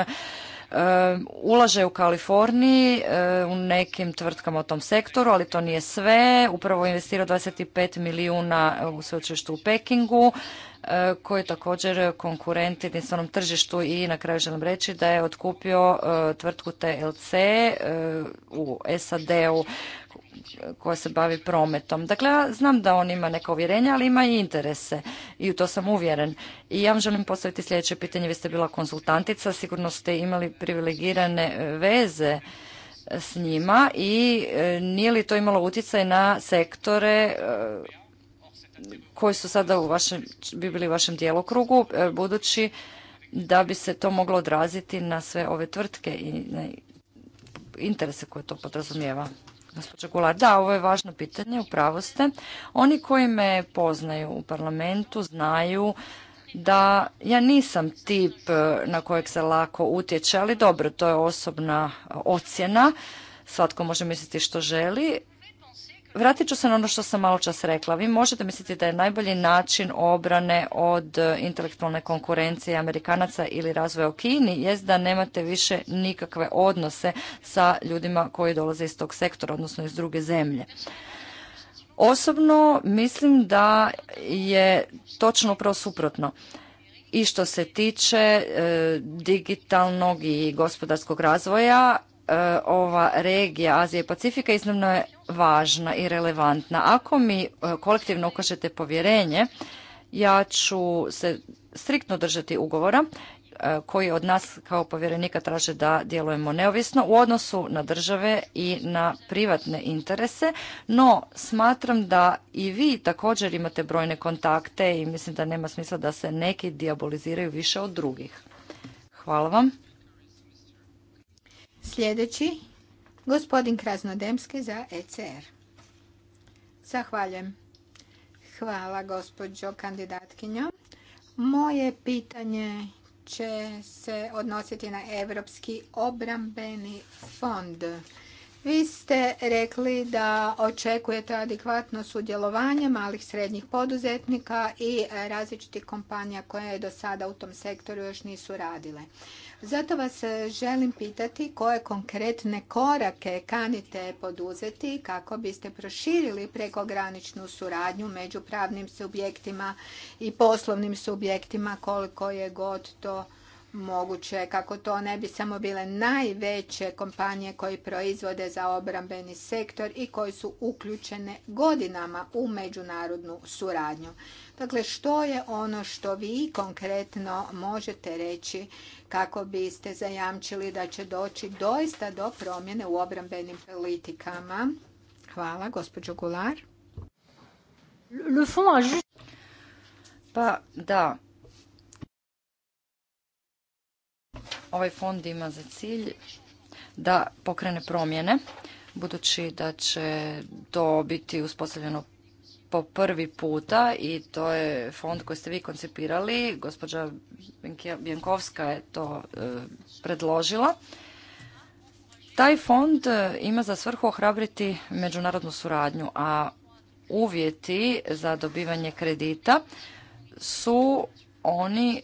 ulaže u Kaliforniji u nekim tvrtkama u tom sektoru, ali to nije sve. Upravo investira 25 milijuna u sveučilištu u Pekingu koji je također konkurent jedinstvenom tržištu i na kraju želim reći da je otkupio tvrtku TLC u SAD-u koja se bavi prometom. Dakle, ja znam da on ima neka uvjerenja, ali ima i interese i u to sam uvjeren. I ja vam želim postaviti sljedeće pitanje. Vi ste bila konzultantica, sigurno ste imali privilegirane e, veze e, s njima i e, nije li to imalo utjecaj na sektore koji su sada u vašem, bi bili u vašem djelokrugu, budući da bi se to moglo odraziti na sve ove tvrtke i interese koje to podrazumijeva gospođa Gular. Da, ovo je važno pitanje, upravo ste. Oni koji me poznaju u parlamentu znaju da ja nisam tip e, na kojeg se lako utječe, ali dobro, to je osobna e, ocjena. Svatko može misliti što želi. Vratit ću se na ono što sam malo čas rekla. Vi možete misliti da je najbolji način obrane od intelektualne konkurencije Amerikanaca ili razvoja u Kini jest da nemate više nikakve odnose sa ljudima koji dolaze iz tog sektora, odnosno iz druge zemlje. Osobno mislim da je točno upravo suprotno i što se tiče e, digitalnog i gospodarskog razvoja, e, ova regija Azije i Pacifika iznimno je važna i relevantna. Ako mi e, kolektivno ukažete povjerenje, ja ću se striktno držati ugovora e, koji od nas kao povjerenika traže da djelujemo neovisno u odnosu na države i na privatne interese, no smatram da i vi također imate brojne kontakte i mislim da nema smisla da se neki diaboliziraju više od drugih. Hvala vam. Sljedeći Gospodin Krasnodemski za ECR. Zahvaljujem. Hvala gospođo kandidatkinjo. Moje pitanje će se odnositi na Europski obrambeni fond. Vi ste rekli da očekujete adekvatno sudjelovanje malih srednjih poduzetnika i različitih kompanija koje do sada u tom sektoru još nisu radile. Zato vas e, želim pitati koje konkretne korake kanite poduzeti kako biste proširili prekograničnu suradnju među pravnim subjektima i poslovnim subjektima koliko je god to moguće kako to ne bi samo bile najveće kompanije koji proizvode za obrambeni sektor i koji su uključene godinama u međunarodnu suradnju. Dakle, što je ono što vi konkretno možete reći kako biste zajamčili da će doći doista do promjene u obrambenim politikama? Hvala, gospođo Gular. Pa da, Ovaj fond ima za cilj da pokrene promjene, budući da će to biti uspostavljeno po prvi puta i to je fond koji ste vi koncipirali. Gospođa Bjenkovska je to e, predložila. Taj fond e, ima za svrhu ohrabriti međunarodnu suradnju, a uvjeti za dobivanje kredita su oni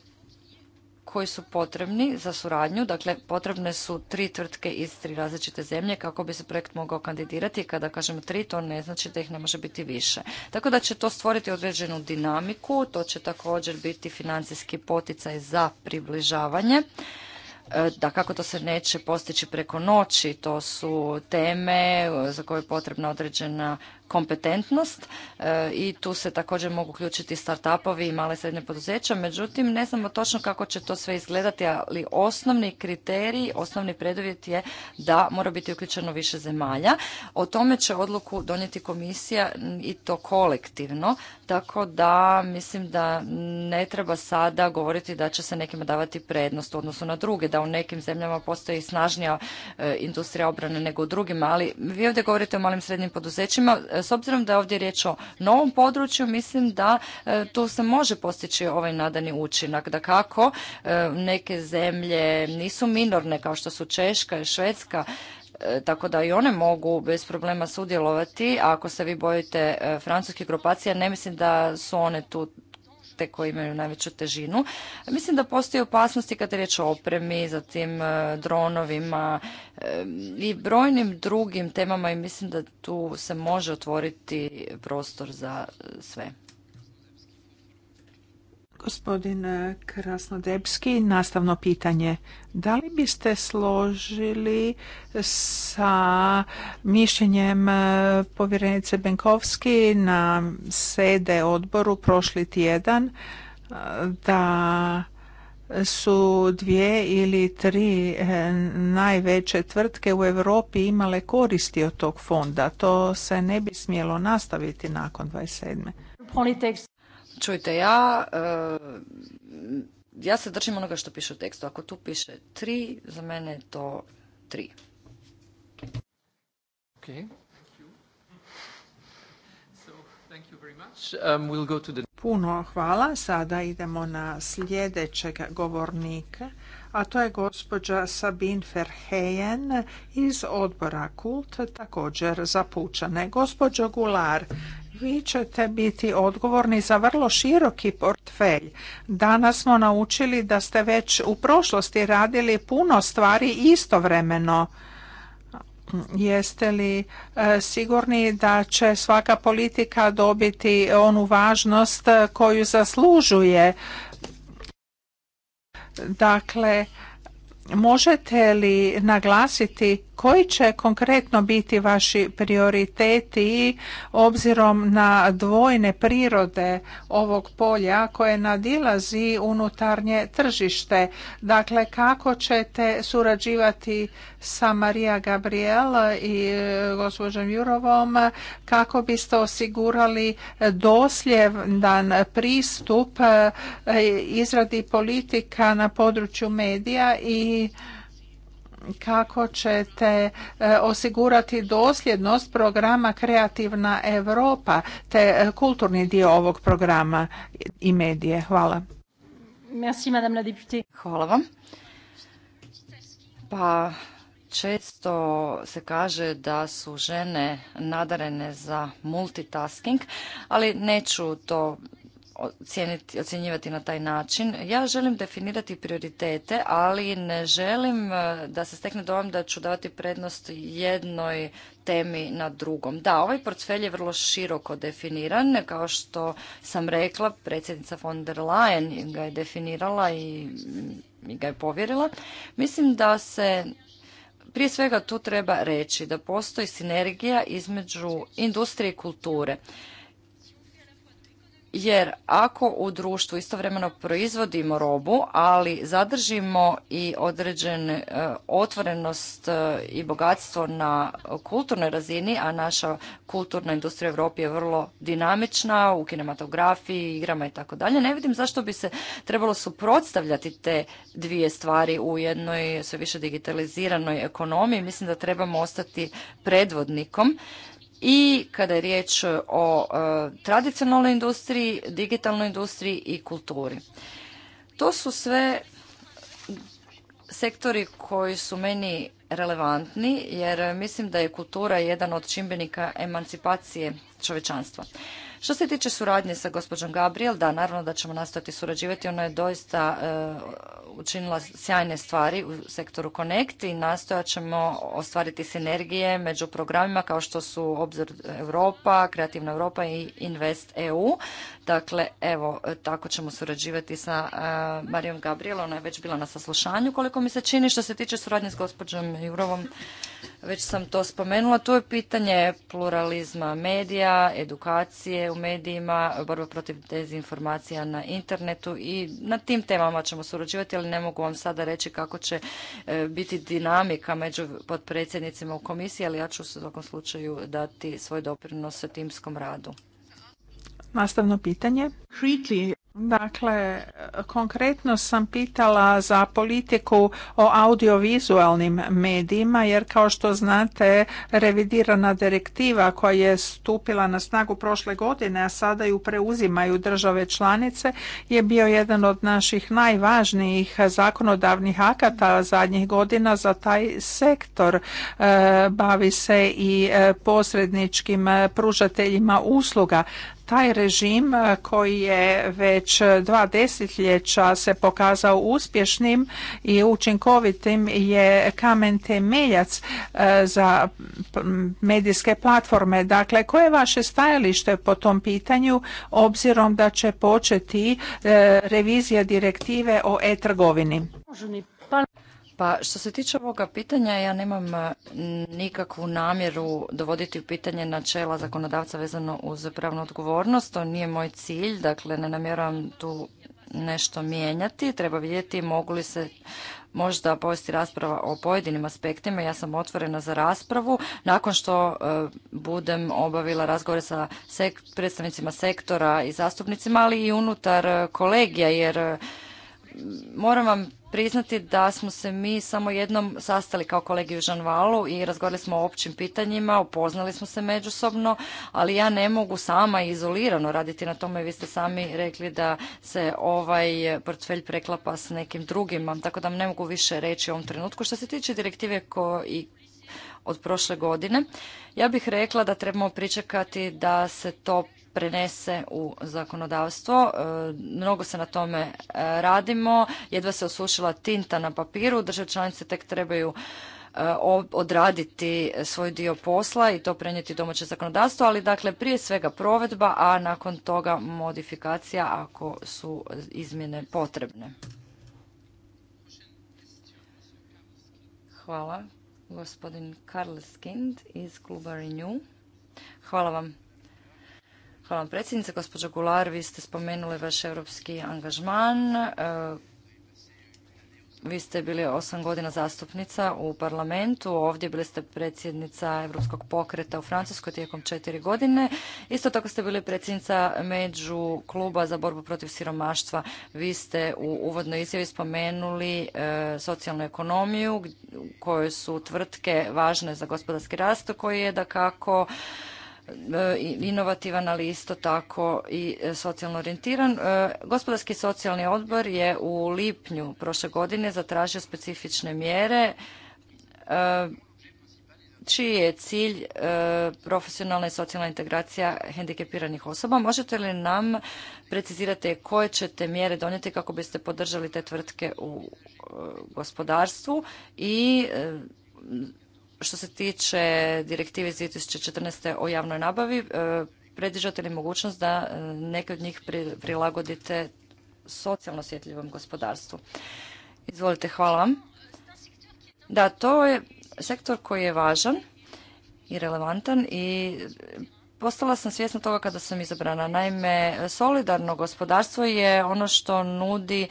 koji su potrebni za suradnju. Dakle, potrebne su tri tvrtke iz tri različite zemlje kako bi se projekt mogao kandidirati. Kada kažemo tri, to ne znači da ih ne može biti više. Tako da će to stvoriti određenu dinamiku. To će također biti financijski poticaj za približavanje e, da kako to se neće postići preko noći, to su teme za koje je potrebna određena kompetentnost e, i tu se također mogu uključiti startupovi i male srednje poduzeća. Međutim, ne znamo točno kako će to sve izgledati, ali osnovni kriterij, osnovni preduvjet je da mora biti uključeno više zemalja. O tome će odluku donijeti komisija i to kolektivno, tako da mislim da ne treba sada govoriti da će se nekima davati prednost u odnosu na druge, da u nekim zemljama postoji snažnija e, industrija obrane nego u drugima, ali vi ovdje govorite o malim srednjim poduzećima, E, s obzirom da je ovdje riječ o novom području, mislim da e, tu se može postići ovaj nadani učinak. Da kako e, neke zemlje nisu minorne kao što su Češka i Švedska, tako da i one mogu bez problema sudjelovati. A ako se vi bojite francuskih grupacija, ne mislim da su one tu te koje imaju najveću težinu. Mislim da postoji opasnosti kada je riječ o opremi, zatim e, dronovima e, i brojnim drugim temama i mislim da tu se može otvoriti prostor za sve. Gospodin e, Krasnodebski, nastavno pitanje. Da li biste složili sa mišljenjem e, povjerenice Benkovski na sede odboru prošli tjedan e, da su dvije ili tri najveće tvrtke u Europi imale koristi od tog fonda. To se ne bi smjelo nastaviti nakon 27. Čujte, ja, e, ja se držim onoga što piše u tekstu. Ako tu piše tri, za mene je to tri. Puno hvala. Sada idemo na sljedećeg govornika, a to je gospođa Sabine Verheyen iz odbora Kult, također za pučane. Gospođo Gular, vi ćete biti odgovorni za vrlo široki portfelj. Danas smo naučili da ste već u prošlosti radili puno stvari istovremeno. Jeste li e, sigurni da će svaka politika dobiti onu važnost koju zaslužuje? Dakle, Možete li naglasiti koji će konkretno biti vaši prioriteti obzirom na dvojne prirode ovog polja koje nadilazi unutarnje tržište? Dakle, kako ćete surađivati sa Marija Gabriel i e, gospođom Jurovom kako biste osigurali dosljedan pristup e, izradi politika na području medija i kako ćete e, osigurati dosljednost programa Kreativna Europa te e, kulturni dio ovog programa i medije. Hvala. Merci, madame la députée. Hvala vam. Pa često se kaže da su žene nadarene za multitasking, ali neću to ocijeniti, ocjenjivati na taj način. Ja želim definirati prioritete, ali ne želim e, da se stekne dojam da ću davati prednost jednoj temi na drugom. Da, ovaj portfelj je vrlo široko definiran, kao što sam rekla, predsjednica von der Leyen ga je definirala i ga je povjerila. Mislim da se prije svega tu treba reći da postoji sinergija između industrije i kulture jer ako u društvu istovremeno proizvodimo robu, ali zadržimo i određen e, otvorenost e, i bogatstvo na kulturnoj razini, a naša kulturna industrija u Europi je vrlo dinamična u kinematografiji, igrama i tako dalje, ne vidim zašto bi se trebalo suprotstavljati te dvije stvari u jednoj sve više digitaliziranoj ekonomiji. Mislim da trebamo ostati predvodnikom i kada je riječ o e, tradicionalnoj industriji, digitalnoj industriji i kulturi. To su sve sektori koji su meni relevantni jer mislim da je kultura jedan od čimbenika emancipacije čovečanstva. Što se tiče suradnje sa gospođom Gabriel, da, naravno da ćemo nastojati surađivati. Ona je doista e, učinila sjajne stvari u sektoru Connect i nastojat ćemo ostvariti sinergije među programima kao što su Obzor Europa, Kreativna Europa i Invest EU. Dakle, evo, tako ćemo surađivati sa e, Marijom Gabriel, ona je već bila na saslušanju, koliko mi se čini. Što se tiče suradnje s gospođom Jurovom, već sam to spomenula, tu je pitanje pluralizma medija, edukacije u medijima, borba protiv dezinformacija na internetu i na tim temama ćemo surađivati, ali ne mogu vam sada reći kako će e, biti dinamika među podpredsjednicima u komisiji, ali ja ću u svakom slučaju dati svoj doprinos timskom radu nastavno pitanje. Dakle, konkretno sam pitala za politiku o audiovizualnim medijima, jer kao što znate, revidirana direktiva koja je stupila na snagu prošle godine, a sada ju preuzimaju države članice, je bio jedan od naših najvažnijih zakonodavnih akata zadnjih godina za taj sektor. E, bavi se i e, posredničkim e, pružateljima usluga taj režim e, koji je već dva desetljeća se pokazao uspješnim i učinkovitim je kamen temeljac e, za medijske platforme. Dakle, koje je vaše stajalište po tom pitanju obzirom da će početi e, revizija direktive o e-trgovini? Pa što se tiče ovoga pitanja, ja nemam e, nikakvu namjeru dovoditi u pitanje načela zakonodavca vezano uz pravnu odgovornost. To nije moj cilj, dakle ne namjeravam tu nešto mijenjati. Treba vidjeti mogu li se možda povesti rasprava o pojedinim aspektima. Ja sam otvorena za raspravu. Nakon što e, budem obavila razgovore sa predstavnicima sektora i zastupnicima, ali i unutar e, kolegija, jer moram vam priznati da smo se mi samo jednom sastali kao kolegi u Žanvalu i razgovarali smo o općim pitanjima, upoznali smo se međusobno, ali ja ne mogu sama izolirano raditi na tome. Vi ste sami rekli da se ovaj portfelj preklapa s nekim drugima, tako da ne mogu više reći u ovom trenutku. Što se tiče direktive ko i od prošle godine, ja bih rekla da trebamo pričekati da se to prenese u zakonodavstvo. E, mnogo se na tome e, radimo. Jedva se osušila tinta na papiru. Države članice tek trebaju e, odraditi svoj dio posla i to prenijeti domaće zakonodavstvo, ali dakle prije svega provedba, a nakon toga modifikacija ako su izmjene potrebne. Hvala. Gospodin Karl Skind iz kluba Renew. Hvala vam. Hvala vam predsjednice. Gospođo Gular, vi ste spomenuli vaš europski angažman. E, vi ste bili osam godina zastupnica u parlamentu, ovdje bili ste predsjednica Europskog pokreta u Francuskoj tijekom četiri godine. Isto tako ste bili predsjednica među kluba za borbu protiv siromaštva. Vi ste u uvodnoj izjavi spomenuli e, socijalnu ekonomiju koje su tvrtke važne za gospodarski rast koji je da kako E, inovativan, ali isto tako i e, socijalno orijentiran. E, gospodarski socijalni odbor je u lipnju prošle godine zatražio specifične mjere čiji je cilj profesionalna i socijalna integracija hendikepiranih osoba. Možete li nam precizirati koje ćete mjere donijeti kako biste podržali te tvrtke u gospodarstvu i što se tiče direktive iz 2014. o javnoj nabavi, e, predviđate li mogućnost da e, neke od njih prilagodite socijalno osjetljivom gospodarstvu? Izvolite, hvala vam. Da, to je sektor koji je važan i relevantan i postala sam svjesna toga kada sam izabrana. Naime, solidarno gospodarstvo je ono što nudi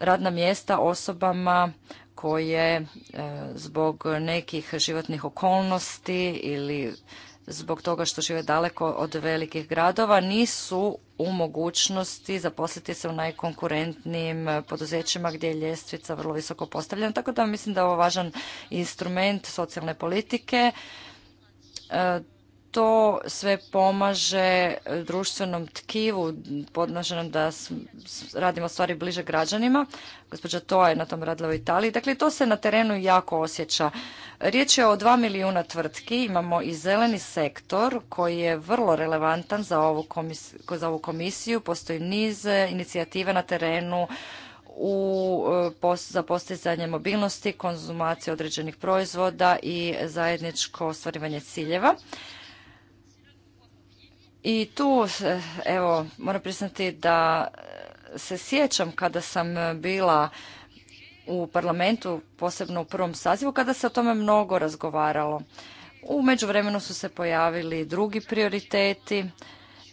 radna mjesta osobama koje e, zbog nekih životnih okolnosti ili zbog toga što žive daleko od velikih gradova nisu u mogućnosti zaposliti se u najkonkurentnijim poduzećima gdje je ljestvica vrlo visoko postavljena. Tako da mislim da je ovo važan instrument socijalne politike e, to sve pomaže društvenom tkivu, podnaže da radimo stvari bliže građanima. Gospođa Toa je na tom radila u Italiji. Dakle, to se na terenu jako osjeća. Riječ je o dva milijuna tvrtki. Imamo i zeleni sektor koji je vrlo relevantan za ovu komisiju. Za ovu komisiju. Postoji niz e, inicijativa na terenu u, e, za postizanje mobilnosti, konzumacije određenih proizvoda i zajedničko ostvarivanje ciljeva. I tu, e, evo, moram priznati da e, se sjećam kada sam e, bila u parlamentu, posebno u prvom sazivu, kada se o tome mnogo razgovaralo. U međuvremenu su se pojavili drugi prioriteti,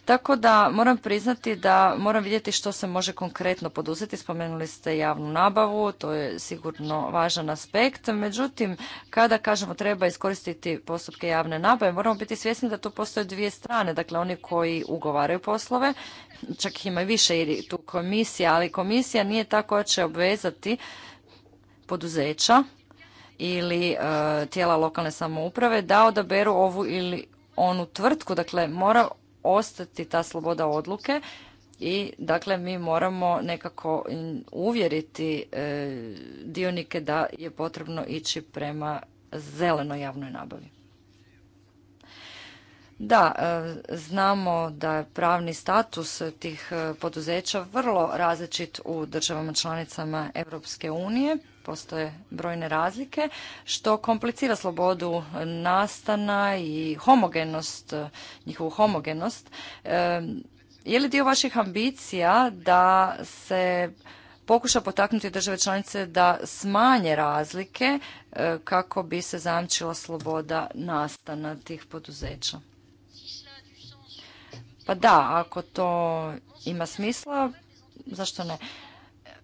tako da moram priznati da moram vidjeti što se može konkretno poduzeti. Spomenuli ste javnu nabavu, to je sigurno važan aspekt. Međutim, kada kažemo treba iskoristiti postupke javne nabave, moramo biti svjesni da tu postoje dvije strane. Dakle, oni koji ugovaraju poslove, čak ih ima više i tu komisija, ali komisija nije ta koja će obvezati poduzeća ili e, tijela lokalne samouprave da odaberu ovu ili onu tvrtku. Dakle, mora ostati ta sloboda odluke i dakle mi moramo nekako uvjeriti e, dionike da je potrebno ići prema zelenoj javnoj nabavi. Da, e, znamo da je pravni status tih e, poduzeća vrlo različit u državama članicama Europske unije. Postoje brojne razlike, što komplicira slobodu nastana i homogenost, njihovu homogenost. E, je li dio vaših ambicija da se pokuša potaknuti države članice da smanje razlike kako bi se zamčila sloboda nastana tih poduzeća? Pa da, ako to ima smisla, zašto ne?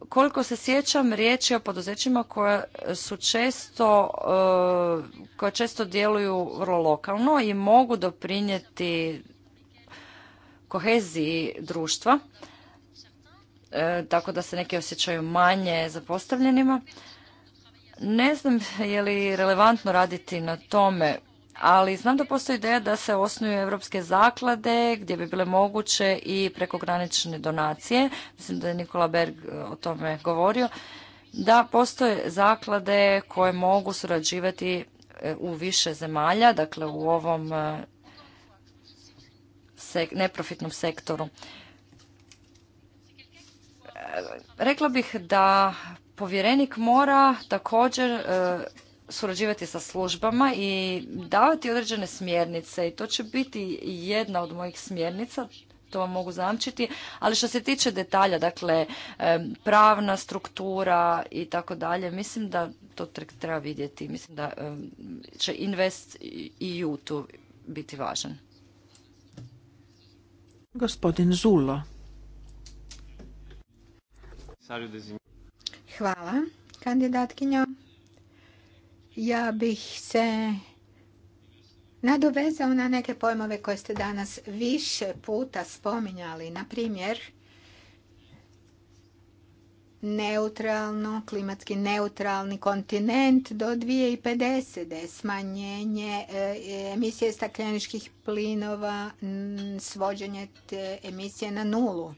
Koliko se sjećam, riječ je o poduzećima koja su često, e, koja često djeluju vrlo lokalno i mogu doprinijeti koheziji društva, e, tako da se neki osjećaju manje zapostavljenima. Ne znam je li relevantno raditi na tome ali znam da postoji ideja da se osnuju evropske zaklade gdje bi bile moguće i prekogranične donacije. Mislim da je Nikola Berg e, o tome govorio. Da postoje zaklade koje mogu surađivati e, u više zemalja, dakle u ovom e, neprofitnom sektoru. Rekla bih da povjerenik mora također surađivati sa službama i davati određene smjernice i to će biti jedna od mojih smjernica to vam mogu zamčiti, ali što se tiče detalja, dakle pravna struktura i tako dalje, mislim da to treba vidjeti. Mislim da će Invest i EU biti važan. Gospodin Zulo. Hvala, kandidatkinja. Ja bih se nadovezao na neke pojmove koje ste danas više puta spominjali. Na primjer, neutralno, klimatski neutralni kontinent do 2050. Smanjenje e, emisije stakleničkih plinova, svođenje te emisije na nulu.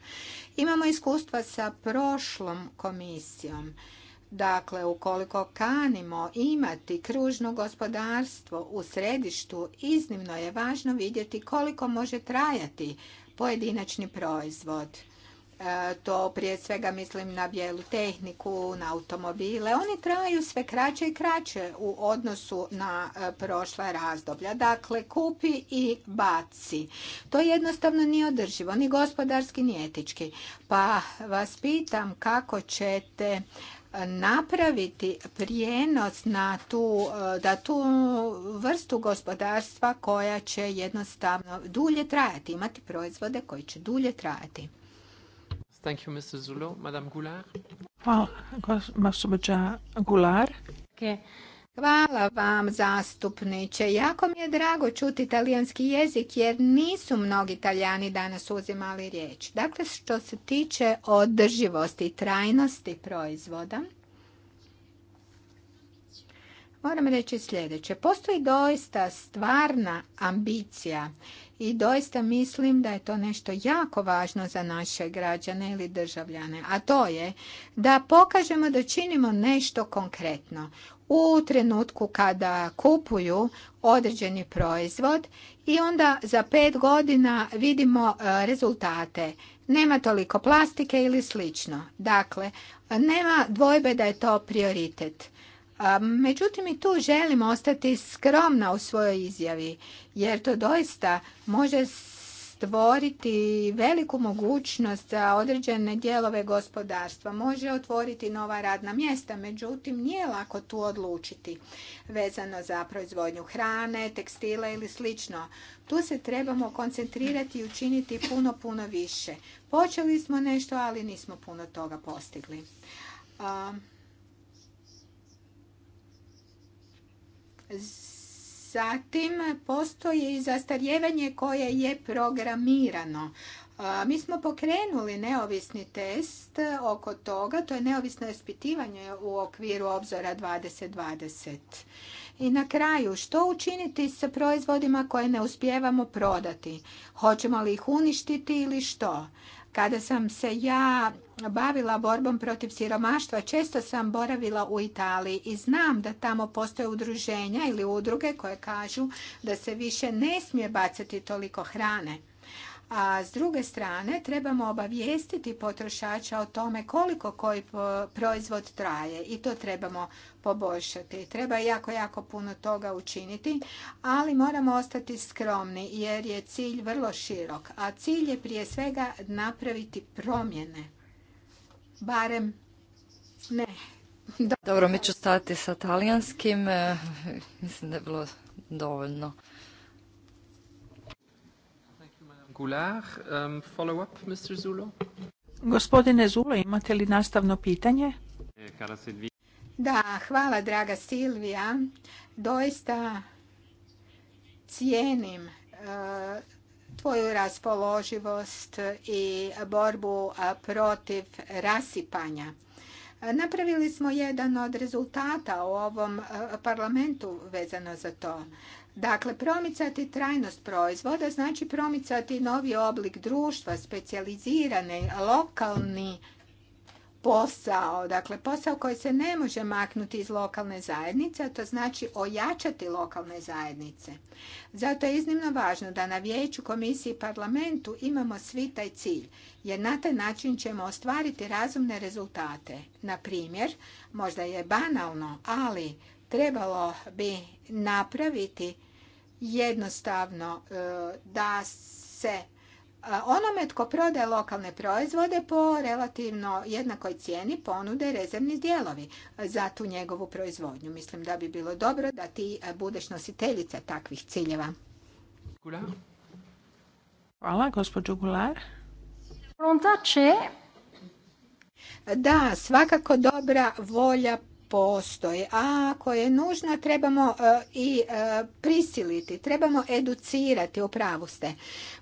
Imamo iskustva sa prošlom komisijom Dakle, ukoliko kanimo imati kružno gospodarstvo u središtu, iznimno je važno vidjeti koliko može trajati pojedinačni proizvod. E, to prije svega mislim na bijelu tehniku, na automobile. Oni traju sve kraće i kraće u odnosu na e, prošla razdoblja. Dakle, kupi i baci. To jednostavno nije održivo, ni gospodarski, ni etički. Pa vas pitam kako ćete napraviti prijenos na tu, eh, da tu vrstu gospodarstva koja će jednostavno dulje trajati, imati proizvode koji će dulje trajati. Thank you, Mr. zulu Madame Hvala, gospođa Hvala vam zastupniče. Jako mi je drago čuti talijanski jezik jer nisu mnogi Talijani danas uzimali riječ. Dakle, što se tiče održivosti i trajnosti proizvoda, moram reći sljedeće. Postoji doista stvarna ambicija i doista mislim da je to nešto jako važno za naše građane ili državljane, a to je da pokažemo da činimo nešto konkretno u trenutku kada kupuju određeni proizvod i onda za pet godina vidimo e, rezultate. Nema toliko plastike ili slično. Dakle, nema dvojbe da je to prioritet. Međutim, i tu želim ostati skromna u svojoj izjavi, jer to doista može stvoriti veliku mogućnost za određene dijelove gospodarstva. Može otvoriti nova radna mjesta, međutim nije lako tu odlučiti vezano za proizvodnju hrane, tekstila ili slično. Tu se trebamo koncentrirati i učiniti puno, puno više. Počeli smo nešto, ali nismo puno toga postigli. Zatim postoji i zastarjevanje koje je programirano. Mi smo pokrenuli neovisni test oko toga, to je neovisno ispitivanje u okviru obzora 2020. I na kraju, što učiniti sa proizvodima koje ne uspijevamo prodati? Hoćemo li ih uništiti ili što? Kada sam se ja bavila borbom protiv siromaštva, često sam boravila u Italiji i znam da tamo postoje udruženja ili udruge koje kažu da se više ne smije bacati toliko hrane a s druge strane trebamo obavijestiti potrošača o tome koliko koji proizvod traje i to trebamo poboljšati. Treba jako, jako puno toga učiniti, ali moramo ostati skromni jer je cilj vrlo širok, a cilj je prije svega napraviti promjene. Barem ne. Dobro, mi ću stati sa talijanskim. Mislim da je bilo dovoljno. Um, Gospodine Zulo, imate li nastavno pitanje? Da, hvala draga Silvija. Doista cijenim uh, tvoju raspoloživost i borbu uh, protiv rasipanja. Napravili smo jedan od rezultata u ovom uh, parlamentu vezano za to. Dakle, promicati trajnost proizvoda znači promicati novi oblik društva, specijalizirani, lokalni posao, dakle posao koji se ne može maknuti iz lokalne zajednice, a to znači ojačati lokalne zajednice. Zato je iznimno važno da na vijeću, komisiji i parlamentu imamo svi taj cilj, jer na taj način ćemo ostvariti razumne rezultate. Na primjer, možda je banalno, ali trebalo bi napraviti jednostavno e, da se e, onome tko prodaje lokalne proizvode po relativno jednakoj cijeni ponude rezervni dijelovi e, za tu njegovu proizvodnju. Mislim da bi bilo dobro da ti budeš nositeljica takvih ciljeva. Hvala, gospođo Gular. Da, svakako dobra volja postoji, a ako je nužno trebamo e, i e, prisiliti, trebamo educirati, u pravu ste.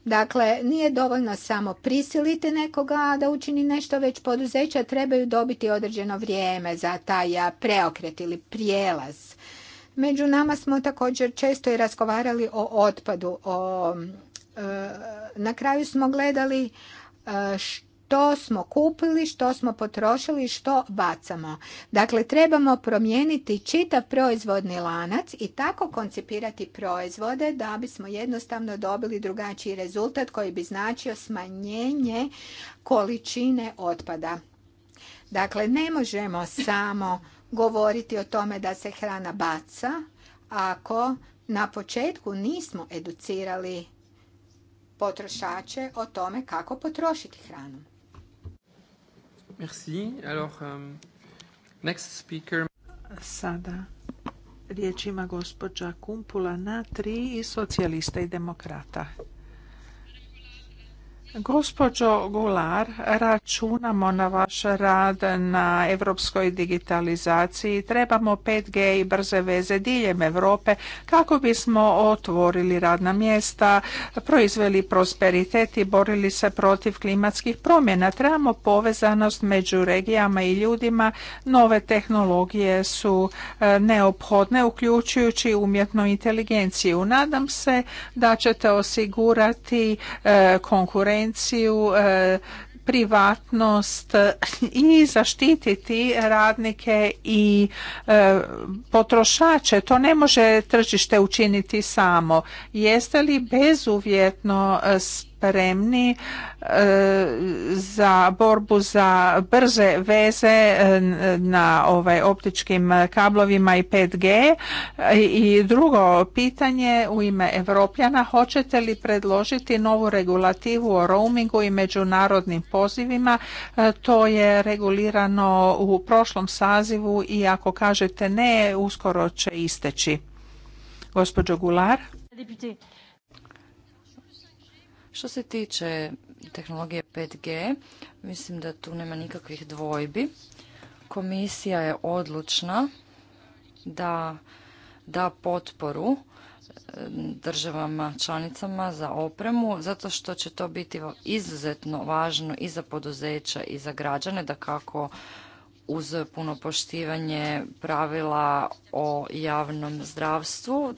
Dakle, nije dovoljno samo prisiliti nekoga da učini nešto, već poduzeća trebaju dobiti određeno vrijeme za taj e, preokret ili prijelaz. Među nama smo također često i razgovarali o otpadu. na kraju smo gledali što što smo kupili, što smo potrošili, što bacamo. Dakle, trebamo promijeniti čitav proizvodni lanac i tako koncipirati proizvode da bismo jednostavno dobili drugačiji rezultat koji bi značio smanjenje količine otpada. Dakle, ne možemo samo govoriti o tome da se hrana baca ako na početku nismo educirali potrošače o tome kako potrošiti hranu. Merci. Alors, um, next speaker. Sada riječ ima gospođa Kumpula na tri i socijalista i demokrata. Gospođo Gular, računamo na vaš rad na europskoj digitalizaciji. Trebamo 5G i brze veze diljem Europe kako bismo otvorili radna mjesta, proizveli prosperitet i borili se protiv klimatskih promjena. Trebamo povezanost među regijama i ljudima. Nove tehnologije su e, neophodne, uključujući umjetnu inteligenciju. Nadam se da ćete osigurati e, konkurenciju konkurenciju, e, privatnost i zaštititi radnike i e, potrošače. To ne može tržište učiniti samo. Jeste li bezuvjetno spremni e, za borbu za brze veze e, na ovaj optičkim kablovima i 5G. E, I drugo pitanje u ime Evropljana, hoćete li predložiti novu regulativu o roamingu i međunarodnim pozivima? To je regulirano u prošlom sazivu i ako kažete ne, uskoro će isteći. Gospođo Gular. Što se tiče tehnologije 5G, mislim da tu nema nikakvih dvojbi. Komisija je odlučna da da potporu e, državama članicama za opremu zato što će to biti izuzetno važno i za poduzeća i za građane da kako uz puno poštivanje pravila o javnom zdravstvu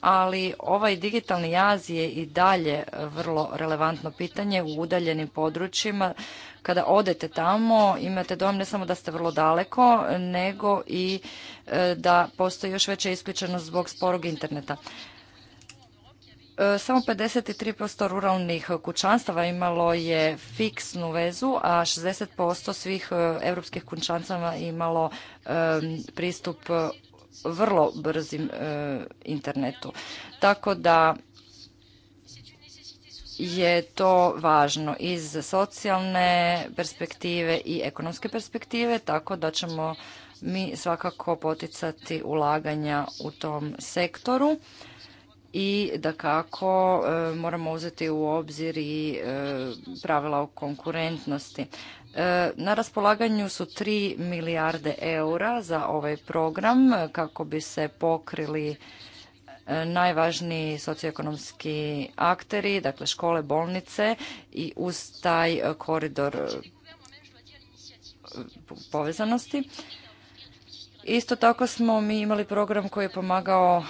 ali ovaj digitalni jaz je i dalje vrlo relevantno pitanje u udaljenim područjima. Kada odete tamo imate dojam ne samo da ste vrlo daleko, nego i e, da postoji još veća isključenost zbog sporog interneta. E, samo 53% ruralnih kućanstava imalo je fiksnu vezu, a 60% svih e, evropskih kućanstava imalo pristup vrlo brzim e, internetu. Tako da je to važno iz socijalne perspektive i ekonomske perspektive, tako da ćemo mi svakako poticati ulaganja u tom sektoru i da kako e, moramo uzeti u obzir i e, pravila o konkurentnosti. E, na raspolaganju su 3 milijarde eura za ovaj program kako bi se pokrili e, najvažniji socioekonomski akteri, dakle škole, bolnice i uz taj koridor e, povezanosti. Isto tako smo mi imali program koji je pomagao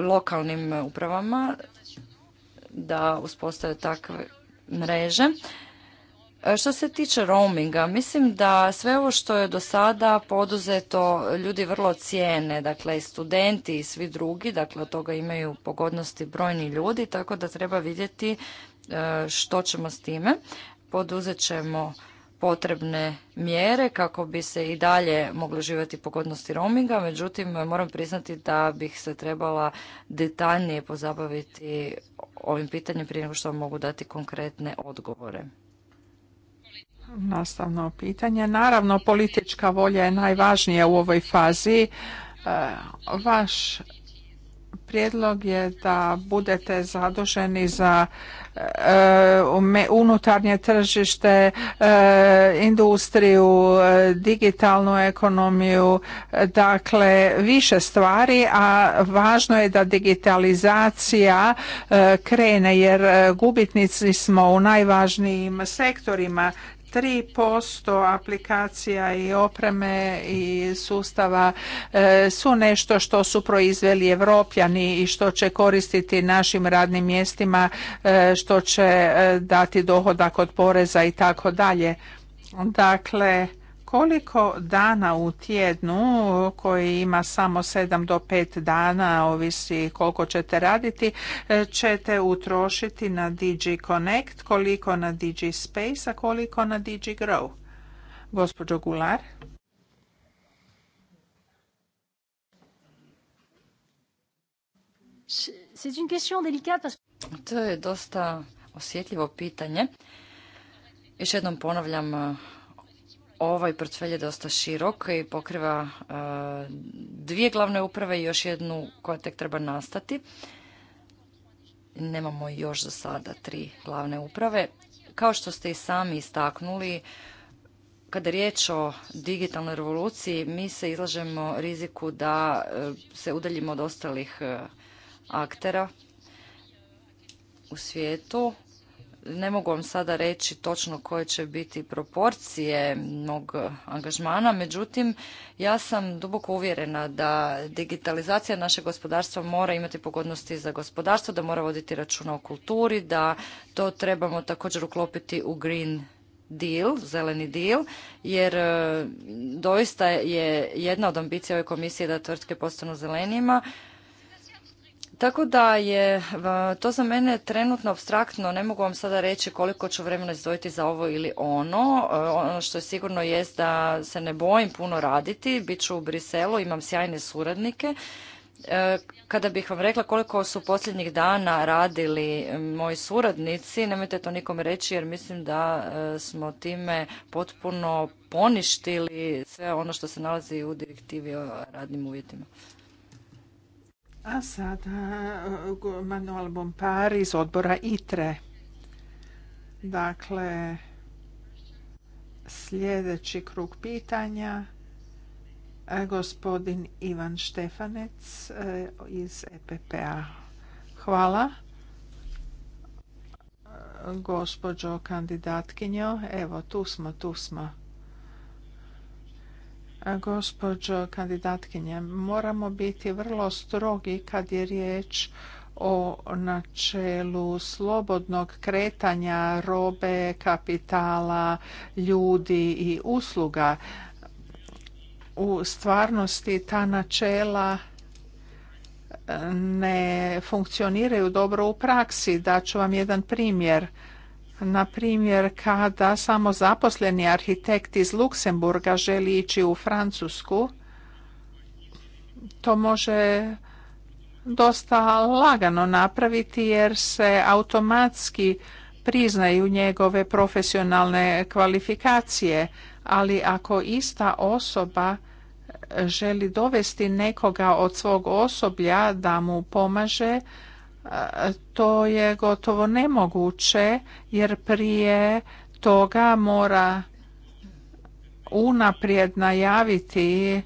lokalnim upravama da uspostave takve mreže. E, što se tiče roaminga, mislim da sve ovo što je do sada poduzeto ljudi vrlo cijene, dakle i studenti i svi drugi, dakle od toga imaju pogodnosti brojni ljudi, tako da treba vidjeti e, što ćemo s time. Poduzet ćemo potrebne mjere kako bi se i dalje moglo živjeti pogodnosti roaminga, međutim moram priznati da bih se trebala detaljnije pozabaviti ovim pitanjem prije nego što vam mogu dati konkretne odgovore. Nastavno pitanje. Naravno, politička volja je najvažnija u ovoj fazi. E, vaš Prijedlog je da budete zaduženi za e, unutarnje tržište, e, industriju, e, digitalnu ekonomiju, dakle više stvari, a važno je da digitalizacija krene jer gubitnici smo u najvažnijim sektorima 3% aplikacija i opreme i sustava e, su nešto što su proizveli Evropljani i što će koristiti našim radnim mjestima, e, što će e, dati dohodak od poreza i tako dalje. Dakle, koliko dana u tjednu koji ima samo 7 do 5 dana, ovisi koliko ćete raditi, e, ćete utrošiti na digi Connect, koliko na DG Space, a koliko na digi Grow. Gospođo Gular. To je dosta osjetljivo pitanje. Još jednom ponavljam Ovaj portfelj je dosta širok i pokriva e, dvije glavne uprave i još jednu koja tek treba nastati. Nemamo još za sada tri glavne uprave. Kao što ste i sami istaknuli, kada je riječ o digitalnoj revoluciji, mi se izlažemo riziku da e, se udaljimo od ostalih e, aktera u svijetu ne mogu vam sada reći točno koje će biti proporcije mnog angažmana, međutim ja sam duboko uvjerena da digitalizacija našeg gospodarstva mora imati pogodnosti za gospodarstvo, da mora voditi računa o kulturi, da to trebamo također uklopiti u Green deal, zeleni deal, jer e, doista je jedna od ambicija ove komisije da tvrtke postanu zelenijima, tako da je to za mene trenutno abstraktno, ne mogu vam sada reći koliko ću vremena izdvojiti za ovo ili ono. E, ono što je sigurno jest da se ne bojim puno raditi, bit ću u Briselu, imam sjajne suradnike. E, kada bih vam rekla koliko su posljednjih dana radili moji suradnici, nemojte to nikome reći jer mislim da e, smo time potpuno poništili sve ono što se nalazi u direktivi o radnim uvjetima. A sada e, Manuel Bompar iz odbora ITRE. Dakle, sljedeći krug pitanja. E, gospodin Ivan Štefanec e, iz epp p-a. Hvala. Gospođo kandidatkinjo, evo tu smo, tu smo. Gospođo kandidatkinje, moramo biti vrlo strogi kad je riječ o načelu slobodnog kretanja robe, kapitala, ljudi i usluga. U stvarnosti ta načela e, ne funkcioniraju dobro u praksi. ću vam jedan primjer. Na primjer, kada samo zaposleni arhitekt iz Luksemburga želi ići u Francusku, to može dosta lagano napraviti jer se automatski priznaju njegove profesionalne kvalifikacije, ali ako ista osoba želi dovesti nekoga od svog osoblja da mu pomaže, to je gotovo nemoguće jer prije toga mora unaprijed najaviti e,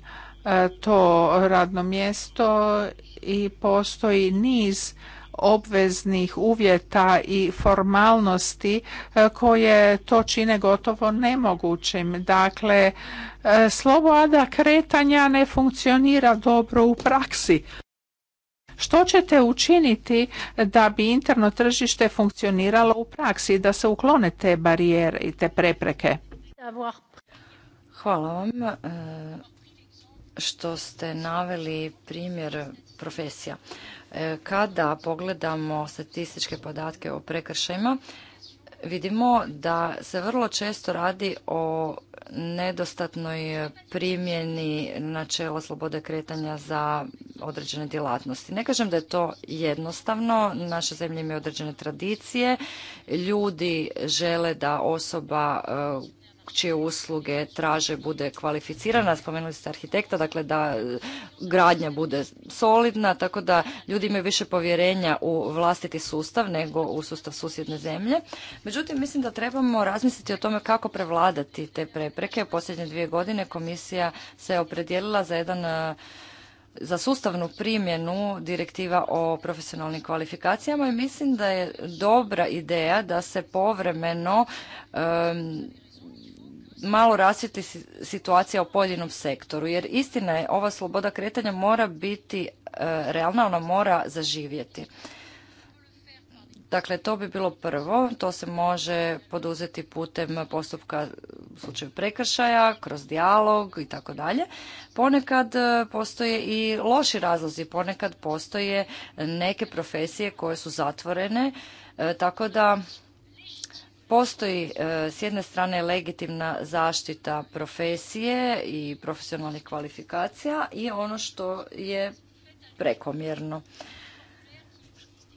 to radno mjesto i postoji niz obveznih uvjeta i formalnosti e, koje to čine gotovo nemogućim. Dakle, e, sloboda kretanja ne funkcionira dobro u praksi. Što ćete učiniti da bi interno tržište funkcioniralo u praksi, da se uklone te barijere i te prepreke? Hvala vam e, što ste naveli primjer profesija. E, kada pogledamo statističke podatke o prekršajima, vidimo da se vrlo često radi o nedostatnoj primjeni načela slobode kretanja za određene djelatnosti. Ne kažem da je to jednostavno, naše zemlje imaju određene tradicije, ljudi žele da osoba e, čije usluge traže bude kvalificirana, spomenuli ste arhitekta, dakle da gradnja bude solidna, tako da ljudi imaju više povjerenja u vlastiti sustav nego u sustav susjedne zemlje. Međutim, mislim da trebamo razmisliti o tome kako prevladati te prepreke. posljednje dvije godine komisija se opredijelila za jedan e, za sustavnu primjenu direktiva o profesionalnim kvalifikacijama i mislim da je dobra ideja da se povremeno malo rasvjetli situacija u pojedinom sektoru jer istina je ova sloboda kretanja mora biti e, realna, ona mora zaživjeti. Dakle, to bi bilo prvo, to se može poduzeti putem postupka u slučaju prekršaja, kroz dijalog i tako dalje. Ponekad e, postoje i loši razlozi, ponekad postoje neke profesije koje su zatvorene, e, tako da Postoji e, s jedne strane legitimna zaštita profesije i profesionalnih kvalifikacija i ono što je prekomjerno.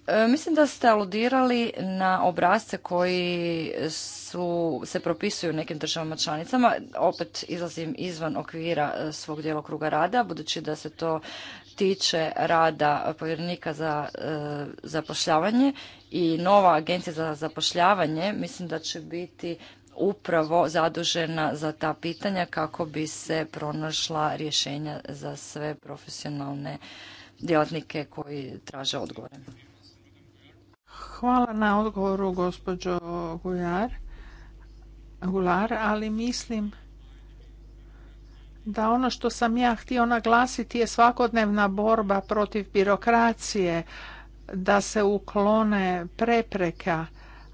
E, mislim da ste aludirali na obrazce koji se propisuju u nekim državama članicama. Opet izlazim izvan okvira e, svog djelokruga rada, budući da se to tiče rada povjerenika za zapošljavanje i nova agencija za zapošljavanje mislim da će biti upravo zadužena za ta pitanja kako bi se pronašla rješenja za sve profesionalne djelatnike koji traže odgovore. Hvala na odgovoru gospođo Gular, Gular ali mislim da ono što sam ja htio naglasiti je svakodnevna borba protiv birokracije, da se uklone prepreka,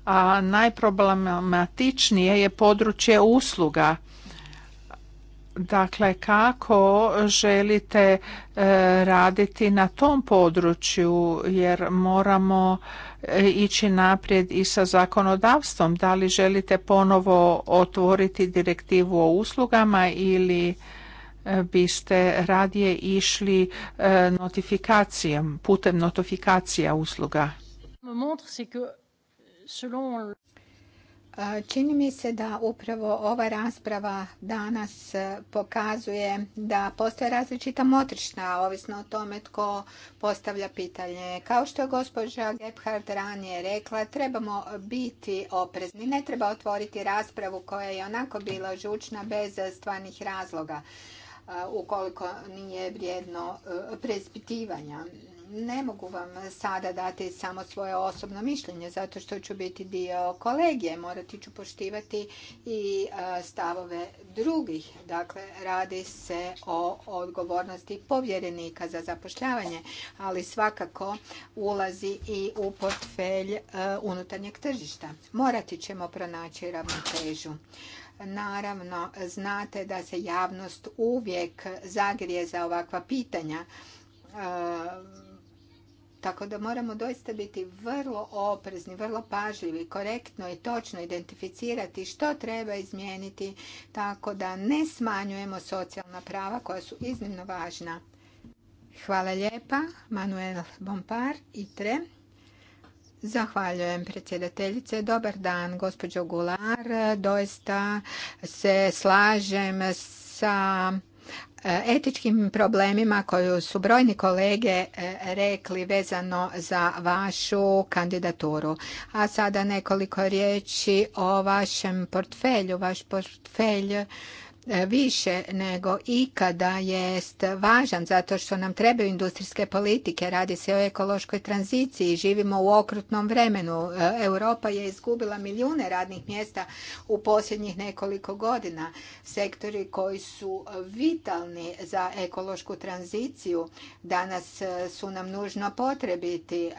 a najproblematičnije je područje usluga. Dakle, kako želite e, raditi na tom području jer moramo e, ići naprijed i sa zakonodavstvom. Da li želite ponovo otvoriti direktivu o uslugama ili E, biste radije išli e, notifikacijom, putem notifikacija usluga? E, čini mi se da upravo ova rasprava danas pokazuje da postoje različita motrična, ovisno o tome tko postavlja pitanje. Kao što je gospođa Gebhard ranije rekla, trebamo biti oprezni. Ne treba otvoriti raspravu koja je onako bila žučna bez stvarnih razloga ukoliko nije vrijedno e, prezbitivanja. Ne mogu vam sada dati samo svoje osobno mišljenje, zato što ću biti dio kolegije. Morati ću poštivati i e, stavove drugih. Dakle, radi se o odgovornosti povjerenika za zapošljavanje, ali svakako ulazi i u portfelj e, unutarnjeg tržišta. Morati ćemo pronaći ravnotežu. Naravno, znate da se javnost uvijek zagrije za ovakva pitanja. E, tako da moramo doista biti vrlo oprezni, vrlo pažljivi, korektno i točno identificirati što treba izmijeniti tako da ne smanjujemo socijalna prava koja su iznimno važna. Hvala lijepa, Manuel Bompar i Tre. Zahvaljujem predsjedateljice. Dobar dan, gospođo Gular. Doista se slažem sa e, etičkim problemima koju su brojni kolege e, rekli vezano za vašu kandidaturu. A sada nekoliko riječi o vašem portfelju. Vaš portfelj E, više nego ikada jest važan zato što nam trebaju industrijske politike. Radi se o ekološkoj tranziciji. Živimo u okrutnom vremenu. E, Europa je izgubila milijune radnih mjesta u posljednjih nekoliko godina. Sektori koji su vitalni za ekološku tranziciju danas e, su nam nužno potrebiti.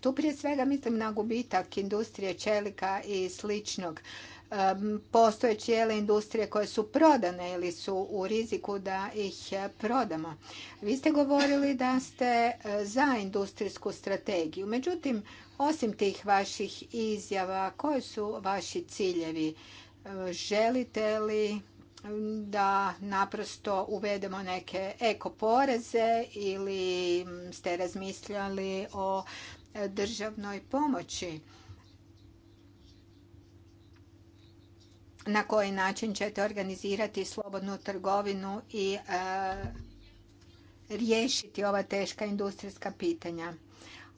Tu prije svega mislim na gubitak industrije čelika i sličnog postoje cijele industrije koje su prodane ili su u riziku da ih e, prodamo. Vi ste govorili da ste e, za industrijsku strategiju. Međutim, osim tih vaših izjava, koji su vaši ciljevi? E, želite li da naprosto uvedemo neke ekoporeze ili ste razmisljali o državnoj pomoći? na koji način ćete organizirati slobodnu trgovinu i e, riješiti ova teška industrijska pitanja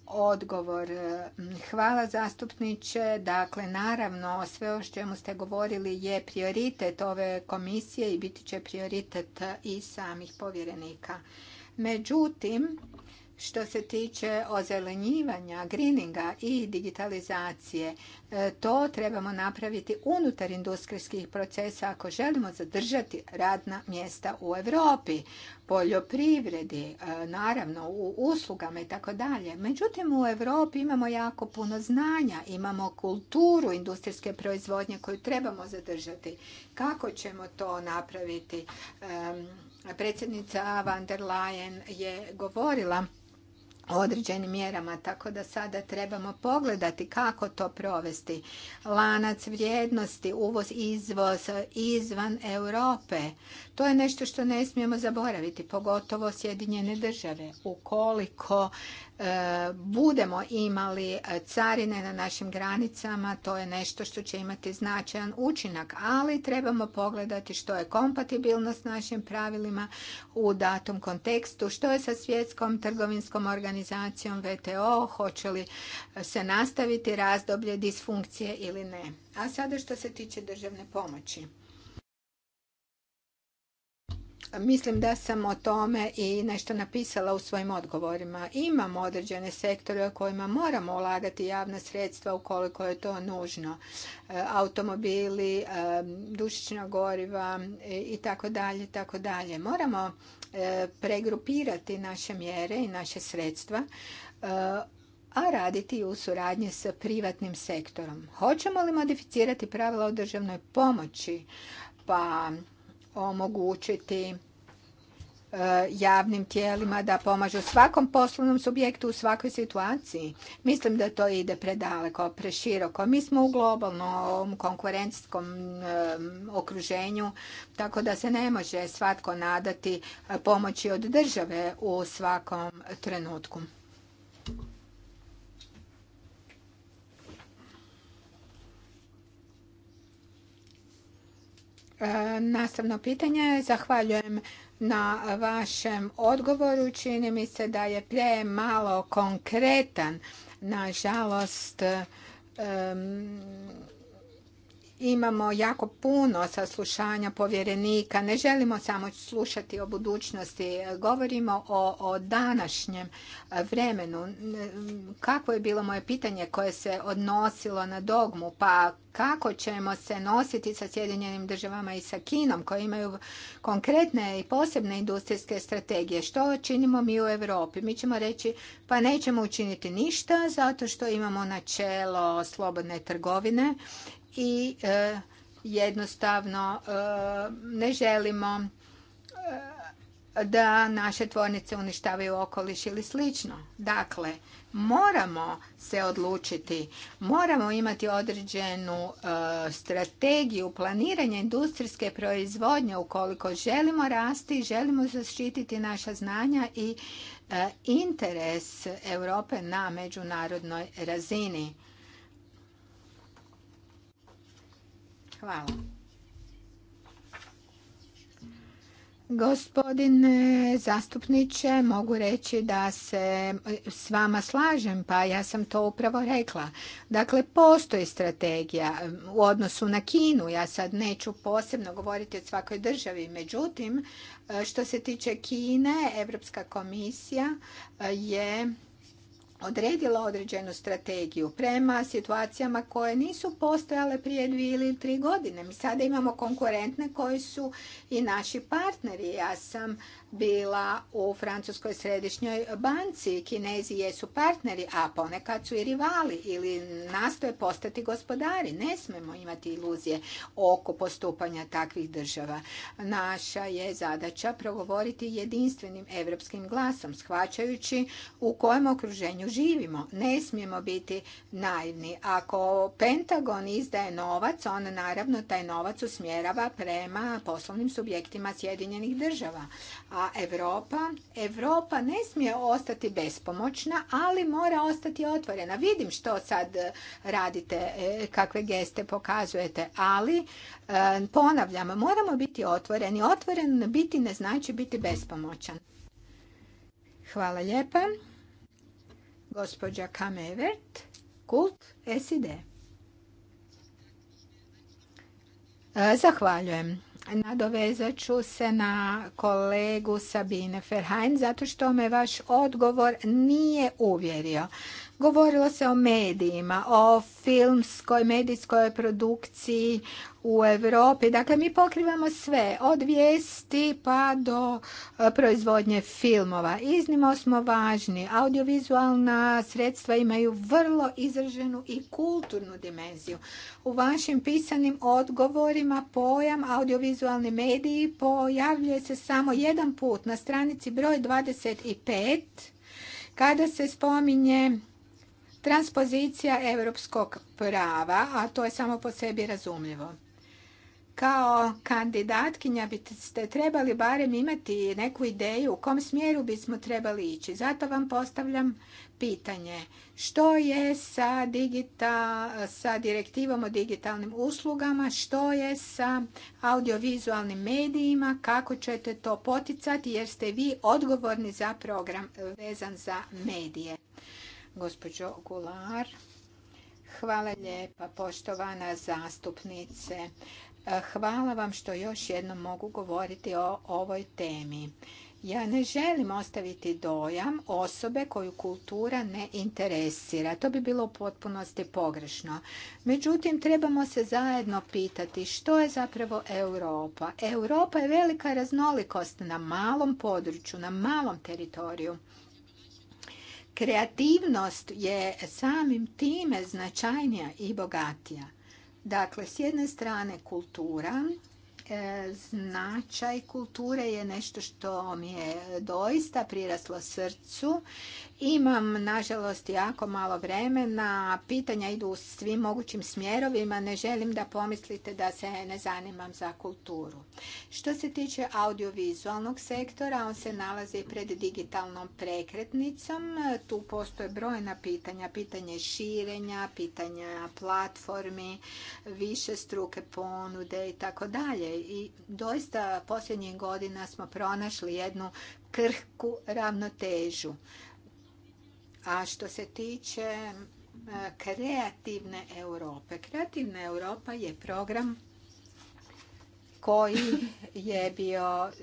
odgovor. E, hvala zastupniče. Dakle, naravno, sve o čemu ste govorili je prioritet ove komisije i biti će prioritet i samih povjerenika. Međutim, što se tiče ozelenjivanja, greeninga i digitalizacije, e, to trebamo napraviti unutar industrijskih procesa ako želimo zadržati radna mjesta u Europi, poljoprivredi, e, naravno u uslugama i tako dalje. Međutim, u Europi imamo jako puno znanja, imamo kulturu industrijske proizvodnje koju trebamo zadržati. Kako ćemo to napraviti? Predsjednica van der Leyen je govorila određenim mjerama, tako da sada trebamo pogledati kako to provesti. Lanac vrijednosti, uvoz, izvoz izvan Europe, to je nešto što ne smijemo zaboraviti, pogotovo Sjedinjene države. Ukoliko E, budemo imali carine na našim granicama, to je nešto što će imati značajan učinak, ali trebamo pogledati što je kompatibilno s našim pravilima u datom kontekstu, što je sa svjetskom trgovinskom organizacijom VTO, hoće li se nastaviti razdoblje disfunkcije ili ne. A sada što se tiče državne pomoći. Mislim da sam o tome i nešto napisala u svojim odgovorima. Imamo određene sektore u kojima moramo ulagati javna sredstva ukoliko je to nužno. E, automobili, e, dušična goriva e, i tako dalje, tako dalje. Moramo pregrupirati naše mjere i naše sredstva a raditi u suradnji sa privatnim sektorom. Hoćemo li modificirati pravila o državnoj pomoći? Pa omogućiti e, javnim tijelima da pomažu svakom poslovnom subjektu u svakoj situaciji. Mislim da to ide predaleko, preširoko. Mi smo u globalnom konkurentskom e, okruženju, tako da se ne može svatko nadati e, pomoći od države u svakom trenutku. nastavno pitanje. Zahvaljujem na vašem odgovoru. Čini mi se da je premalo malo konkretan. Nažalost, imamo jako puno saslušanja povjerenika. Ne želimo samo slušati o budućnosti, govorimo o, današnjem vremenu. Kako je bilo moje pitanje koje se odnosilo na dogmu, pa kako ćemo se nositi sa Sjedinjenim državama i sa Kinom koji imaju konkretne i posebne industrijske strategije. Što činimo mi u Europi? Mi ćemo reći pa nećemo učiniti ništa zato što imamo načelo slobodne trgovine i e, jednostavno e, ne želimo e, da naše tvornice uništavaju okoliš ili slično. Dakle, moramo se odlučiti, moramo imati određenu strategiju planiranja industrijske proizvodnje ukoliko želimo rasti, želimo zaštititi naša znanja i interes Europe na međunarodnoj razini. Hvala. Gospodine zastupniče, mogu reći da se s vama slažem, pa ja sam to upravo rekla. Dakle, postoji strategija u odnosu na Kinu. Ja sad neću posebno govoriti o svakoj državi. Međutim, e, što se tiče Kine, Europska komisija e, je odredila određenu strategiju prema situacijama koje nisu postojale prije dvije ili tri godine. Mi sada imamo konkurentne koji su i naši partneri. Ja sam bila u Francuskoj središnjoj banci. Kinezi jesu partneri, a ponekad su i rivali ili nastoje postati gospodari. Ne smemo imati iluzije oko postupanja takvih država. Naša je zadaća progovoriti jedinstvenim evropskim glasom, shvaćajući u kojem okruženju živimo. Ne smijemo biti naivni. Ako Pentagon izdaje novac, on naravno taj novac usmjerava prema poslovnim subjektima Sjedinjenih država. A Europa. Europa ne smije ostati bespomoćna, ali mora ostati otvorena. Vidim što sad e, radite, e, kakve geste pokazujete, ali e, ponavljam, moramo biti otvoreni. Otvoren biti ne znači biti bespomoćan. Hvala lijepa. Gospođa Kamevert, Kult, SID. Zahvaljujem. Nadovezat ću se na kolegu Sabine Ferhajn zato što me vaš odgovor nije uvjerio. Govorilo se o medijima, o filmskoj, medijskoj produkciji u Europi. Dakle, mi pokrivamo sve, od vijesti pa do e, proizvodnje filmova. Iznimno smo važni. Audiovizualna sredstva imaju vrlo izraženu i kulturnu dimenziju. U vašim pisanim odgovorima pojam audiovizualni mediji pojavljuje se samo jedan put na stranici broj 25 kada se spominje Transpozicija europskog prava, a to je samo po sebi razumljivo. Kao kandidatkinja biste trebali barem imati neku ideju u kom smjeru bismo trebali ići. Zato vam postavljam pitanje. Što je sa, digita, sa direktivom o digitalnim uslugama? Što je sa audiovizualnim medijima? Kako ćete to poticati jer ste vi odgovorni za program vezan za medije? gospođo Gular. Hvala lijepa, poštovana zastupnice. Hvala vam što još jednom mogu govoriti o ovoj temi. Ja ne želim ostaviti dojam osobe koju kultura ne interesira. To bi bilo u potpunosti pogrešno. Međutim, trebamo se zajedno pitati što je zapravo Europa. Europa je velika raznolikost na malom području, na malom teritoriju. Kreativnost je samim time značajnija i bogatija. Dakle, s jedne strane kultura, E, značaj kulture je nešto što mi je doista priraslo srcu. Imam, nažalost, jako malo vremena. Pitanja idu u svim mogućim smjerovima. Ne želim da pomislite da se ne zanimam za kulturu. Što se tiče audiovizualnog sektora, on se nalazi pred digitalnom prekretnicom. Tu postoje brojna pitanja. Pitanje širenja, pitanja platformi, više struke ponude i tako dalje i doista posljednjih godina smo pronašli jednu krhku ravnotežu. A što se tiče kreativne Europe, kreativna Europa je program koji je bio e,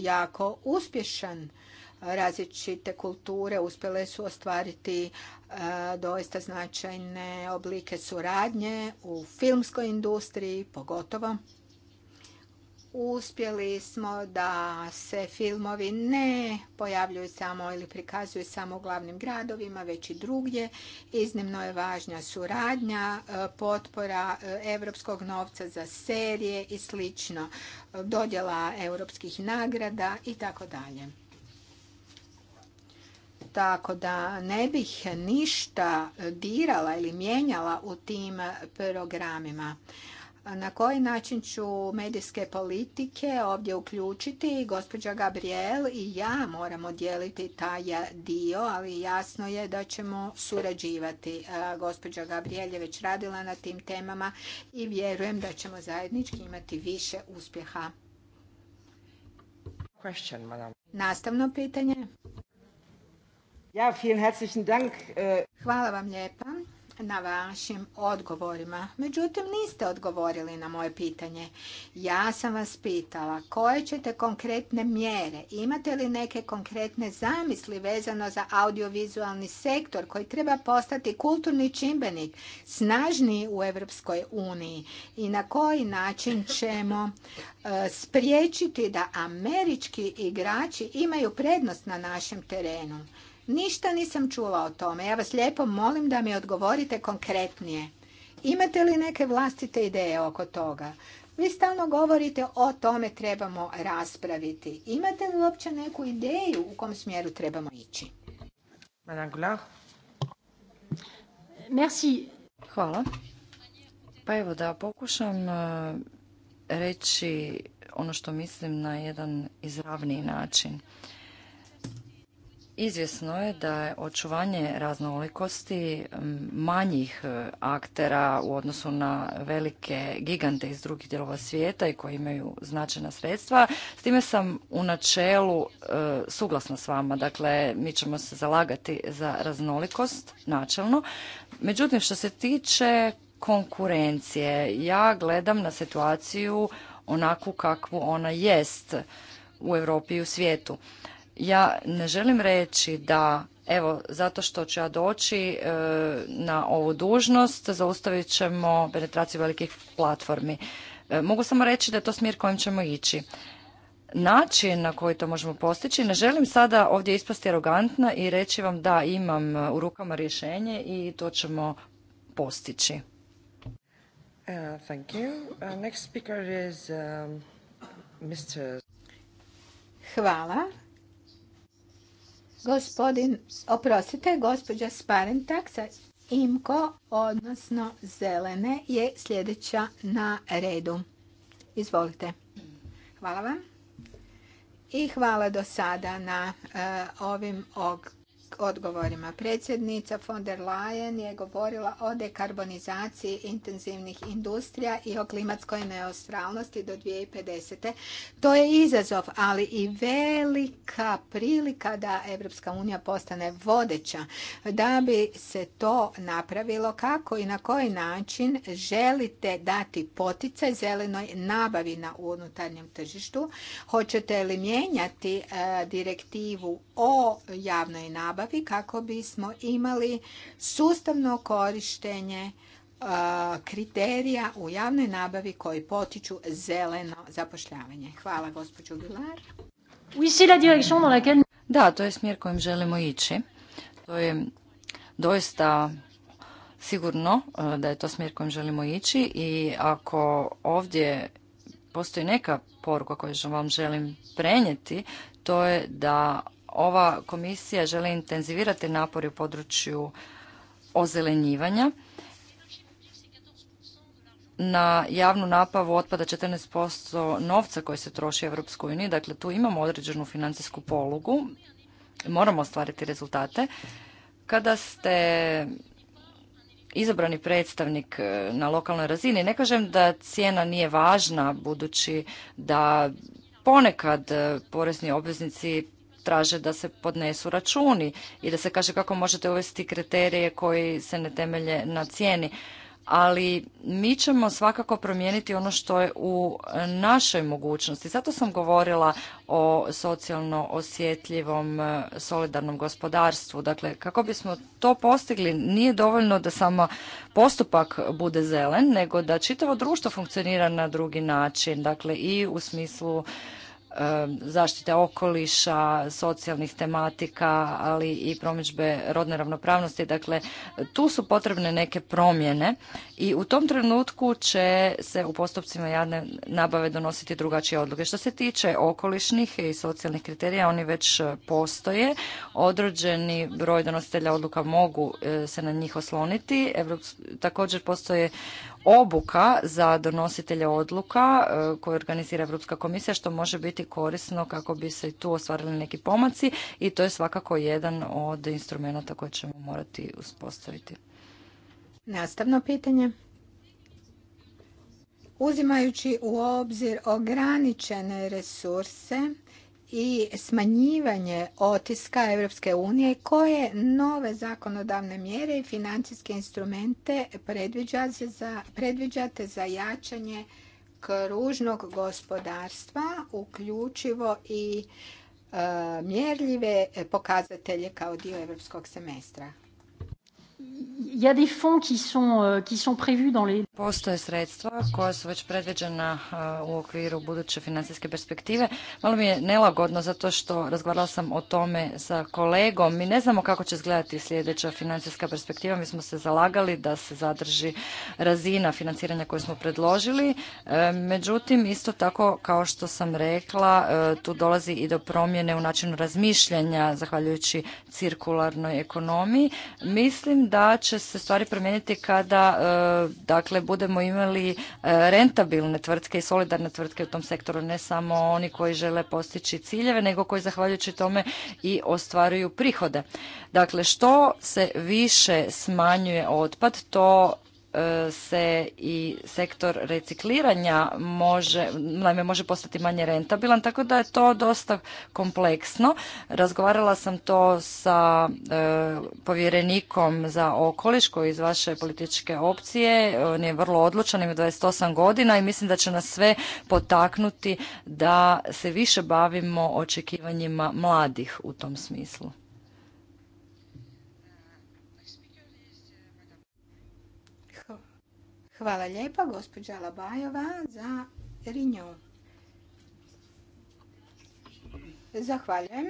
jako uspješan različite kulture uspjele su ostvariti e, doista značajne oblike suradnje u filmskoj industriji pogotovo uspjeli smo da se filmovi ne pojavljuju samo ili prikazuju samo u glavnim gradovima, već i drugdje. Iznimno je važna suradnja, e, potpora europskog novca za serije i slično, e, dodjela europskih nagrada i tako dalje. Tako da ne bih ništa dirala ili mijenjala u tim programima na koji način ću medijske politike ovdje uključiti. Gospođa Gabriel i ja moramo dijeliti taj dio, ali jasno je da ćemo surađivati. E, gospođa Gabriel je već radila na tim temama i vjerujem da ćemo zajednički imati više uspjeha. Nastavno pitanje. E- Hvala vam lijepa na vašim odgovorima. Međutim, niste odgovorili na moje pitanje. Ja sam vas pitala koje ćete konkretne mjere, imate li neke konkretne zamisli vezano za audiovizualni sektor koji treba postati kulturni čimbenik, snažniji u Europskoj uniji i na koji način ćemo e, spriječiti da američki igrači imaju prednost na našem terenu. Ništa nisam čula o tome. Ja vas lijepo molim da mi odgovorite konkretnije. Imate li neke vlastite ideje oko toga? Vi stalno govorite o tome trebamo raspraviti. Imate li uopće neku ideju u kom smjeru trebamo ići? Hvala. Pa evo da pokušam e, reći ono što mislim na jedan izravniji način. Izvjesno je da je očuvanje raznolikosti manjih e, aktera u odnosu na velike gigante iz drugih dijelova svijeta i koji imaju značajna sredstva. S time sam u načelu e, suglasna s vama. Dakle, mi ćemo se zalagati za raznolikost načelno. Međutim, što se tiče konkurencije, ja gledam na situaciju onakvu kakvu ona jest u Europi i u svijetu. Ja ne želim reći da evo zato što ću ja doći e, na ovu dužnost zaustavit ćemo penetraciju velikih platformi. E, mogu samo reći da je to smjer kojim ćemo ići. Način na koji to možemo postići, ne želim sada ovdje ispasti arogantna i reći vam da imam u rukama rješenje i to ćemo postići. Uh, uh, um, Hvala. Gospodin, oprostite, gospođa Sparentak sa Imko, odnosno Zelene, je sljedeća na redu. Izvolite. Hvala vam. I hvala do sada na eh, ovim og odgovorima. Predsjednica von der Leyen je govorila o dekarbonizaciji intenzivnih industrija i o klimatskoj neostralnosti do 2050. To je izazov, ali i velika prilika da Evropska unija postane vodeća. Da bi se to napravilo, kako i na koji način želite dati poticaj zelenoj nabavi na unutarnjem tržištu? Hoćete li mijenjati eh, direktivu o javnoj nabavi? nabavi kako bismo imali sustavno korištenje kriterija u javnoj nabavi koji potiču zeleno zapošljavanje. Hvala gospođo Bilar. Da, to je smjer kojim želimo ići. To je doista sigurno da je to smjer kojim želimo ići i ako ovdje postoji neka poruka koju vam želim prenijeti, to je da ova komisija želi intenzivirati napore u području ozelenjivanja. Na javnu napavu otpada 14% novca koji se troši u EU. dakle tu imamo određenu financijsku polugu, moramo ostvariti rezultate. Kada ste izabrani predstavnik e, na lokalnoj razini, ne kažem da cijena nije važna budući da ponekad e, porezni obveznici traže da se podnesu računi i da se kaže kako možete uvesti kriterije koji se ne temelje na cijeni. Ali mi ćemo svakako promijeniti ono što je u našoj mogućnosti. Zato sam govorila o socijalno osjetljivom e, solidarnom gospodarstvu. Dakle, kako bismo to postigli, nije dovoljno da samo postupak bude zelen, nego da čitavo društvo funkcionira na drugi način. Dakle, i u smislu zaštite okoliša, socijalnih tematika, ali i promidžbe rodne ravnopravnosti. Dakle, tu su potrebne neke promjene i u tom trenutku će se u postupcima javne nabave donositi drugačije odluke. Što se tiče okolišnih i socijalnih kriterija, oni već postoje. Određeni broj donositelja odluka mogu e, se na njih osloniti. Također postoje obuka za donositelje odluka e, koje organizira Europska komisija što može biti korisno kako bi se tu ostvarili neki pomaci i to je svakako jedan od instrumenata koje ćemo morati uspostaviti. Nastavno pitanje. Uzimajući u obzir ograničene resurse, i smanjivanje otiska Europske unije koje nove zakonodavne mjere i financijske instrumente predviđate za, predviđate za jačanje kružnog gospodarstva, uključivo i e, mjerljive pokazatelje kao dio europskog semestra. Postoje sredstva koja su već predviđena u okviru buduće financijske perspektive. Malo mi je nelagodno zato što razgovarala sam o tome sa kolegom. Mi ne znamo kako će izgledati sljedeća financijska perspektiva. Mi smo se zalagali da se zadrži razina financiranja koju smo predložili. Međutim, isto tako kao što sam rekla, tu dolazi i do promjene u načinu razmišljanja zahvaljujući cirkularnoj ekonomiji. Mislim da će se stvari promijeniti kada e, dakle budemo imali e, rentabilne tvrtke i solidarne tvrtke u tom sektoru, ne samo oni koji žele postići ciljeve, nego koji zahvaljujući tome i ostvaruju prihode. Dakle, što se više smanjuje otpad, to E, se i sektor recikliranja može, naime, može postati manje rentabilan, tako da je to dosta kompleksno. Razgovarala sam to sa e, povjerenikom za okoliš koji iz vaše političke opcije, on je vrlo odlučan, ima 28 godina i mislim da će nas sve potaknuti da se više bavimo očekivanjima mladih u tom smislu. Hvala lijepa, gospođa Labajova, za Rinju. Zahvaljujem.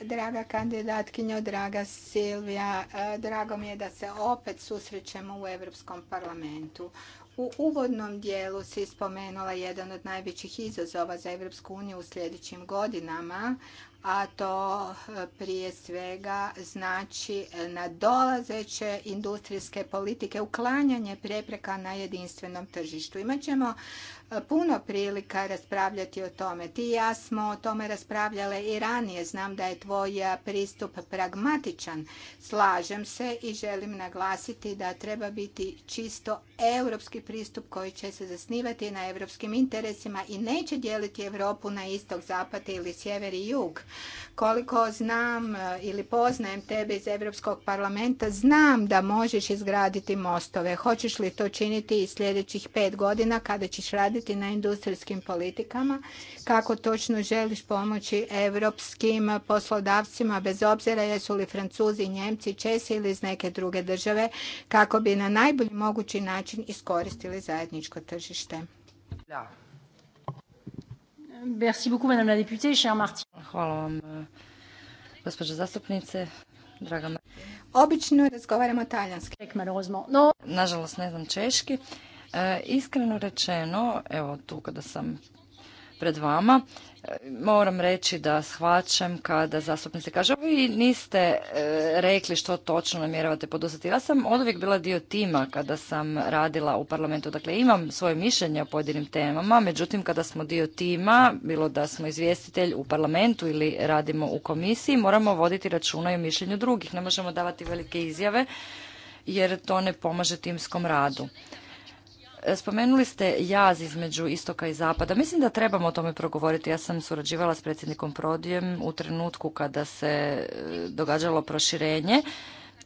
Draga kandidatkinja, draga Silvija, e, drago mi je da se opet susrećemo u Europskom parlamentu. U uvodnom dijelu si spomenula jedan od najvećih izazova za Europsku uniju u sljedećim godinama, a to e, prije svega znači e, nadolazeće industrijske politike, uklanjanje prepreka na jedinstvenom tržištu. Imaćemo puno prilika raspravljati o tome. Ti i ja smo o tome raspravljale i ranije. Znam da je tvoj pristup pragmatičan. Slažem se i želim naglasiti da treba biti čisto europski pristup koji će se zasnivati na europskim interesima i neće dijeliti Europu na istog, zapad ili sjever i jug. Koliko znam ili poznajem tebe iz Europskog parlamenta, znam da možeš izgraditi mostove. Hoćeš li to činiti i sljedećih pet godina kada ćeš raditi raditi na industrijskim politikama, kako točno želiš pomoći europskim poslodavcima, bez obzira jesu li Francuzi, Njemci, Česi ili iz neke druge države, kako bi na najbolji mogući način iskoristili zajedničko tržište. Hvala vam, eh, gospođo zastupnice. Draga Obično razgovaramo talijanski. Nažalost, ne znam češki. E, iskreno rečeno, evo tu kada sam pred vama, e, moram reći da shvaćam kada zastupnici kaže vi niste e, rekli što točno namjeravate poduzeti. Ja sam od uvijek bila dio tima kada sam radila u parlamentu. Dakle, imam svoje mišljenje o pojedinim temama, međutim kada smo dio tima, bilo da smo izvjestitelj u parlamentu ili radimo u komisiji, moramo voditi računa i o mišljenju drugih. Ne možemo davati velike izjave jer to ne pomaže timskom radu. E, spomenuli ste jaz između istoka i zapada. Mislim da trebamo o tome progovoriti. Ja sam surađivala s predsjednikom Prodijem u trenutku kada se e, događalo proširenje.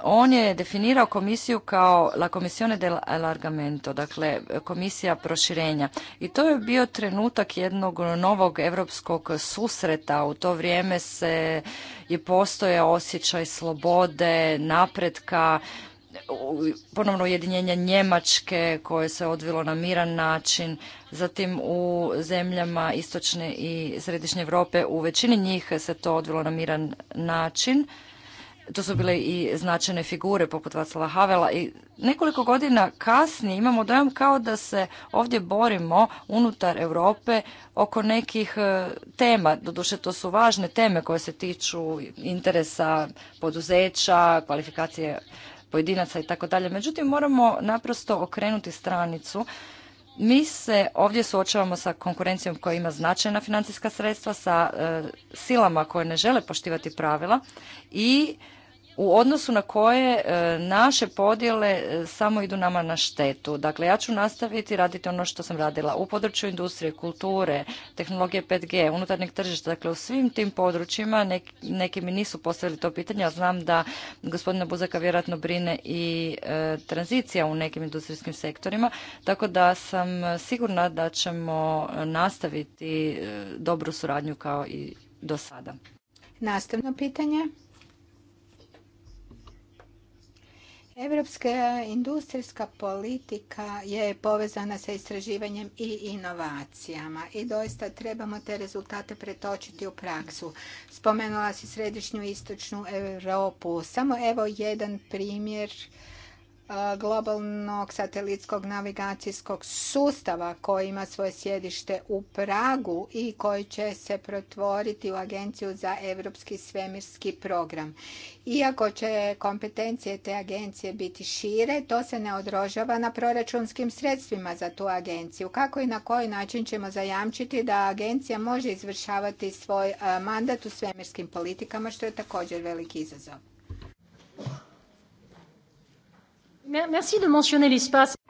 On je definirao komisiju kao la commissione del alargamento, dakle komisija proširenja. I to je bio trenutak jednog novog europskog susreta. U to vrijeme se je postoje osjećaj slobode, napretka, ponovno ujedinjenje Njemačke koje se odvilo na miran način, zatim u zemljama istočne i središnje Europe u većini njih se to odvilo na miran način. To su bile i značajne figure poput Vaclava Havela i nekoliko godina kasnije imamo dojam kao da se ovdje borimo unutar Europe oko nekih e, tema. Doduše to su važne teme koje se tiču interesa poduzeća, kvalifikacije pojedinaca i tako dalje. Međutim, moramo naprosto okrenuti stranicu. Mi se ovdje suočavamo sa konkurencijom koja ima značajna financijska sredstva, sa e, silama koje ne žele poštivati pravila i u odnosu na koje e, naše podjele e, samo idu nama na štetu. Dakle, ja ću nastaviti raditi ono što sam radila u području industrije, kulture, tehnologije 5G, unutarnjeg tržišta. Dakle, u svim tim područjima neki, mi nisu postavili to pitanje, a znam da gospodina Buzaka vjerojatno brine i e, tranzicija u nekim industrijskim sektorima. Tako da sam sigurna da ćemo nastaviti dobru suradnju kao i do sada. Nastavno pitanje. Evropska industrijska politika je povezana sa istraživanjem i inovacijama i doista trebamo te rezultate pretočiti u praksu. Spomenula si središnju i istočnu Europu. Samo evo jedan primjer globalnog satelitskog navigacijskog sustava koji ima svoje sjedište u Pragu i koji će se protvoriti u Agenciju za europski svemirski program. Iako će kompetencije te agencije biti šire, to se ne odrožava na proračunskim sredstvima za tu agenciju. Kako i na koji način ćemo zajamčiti da agencija može izvršavati svoj mandat u svemirskim politikama, što je također veliki izazov.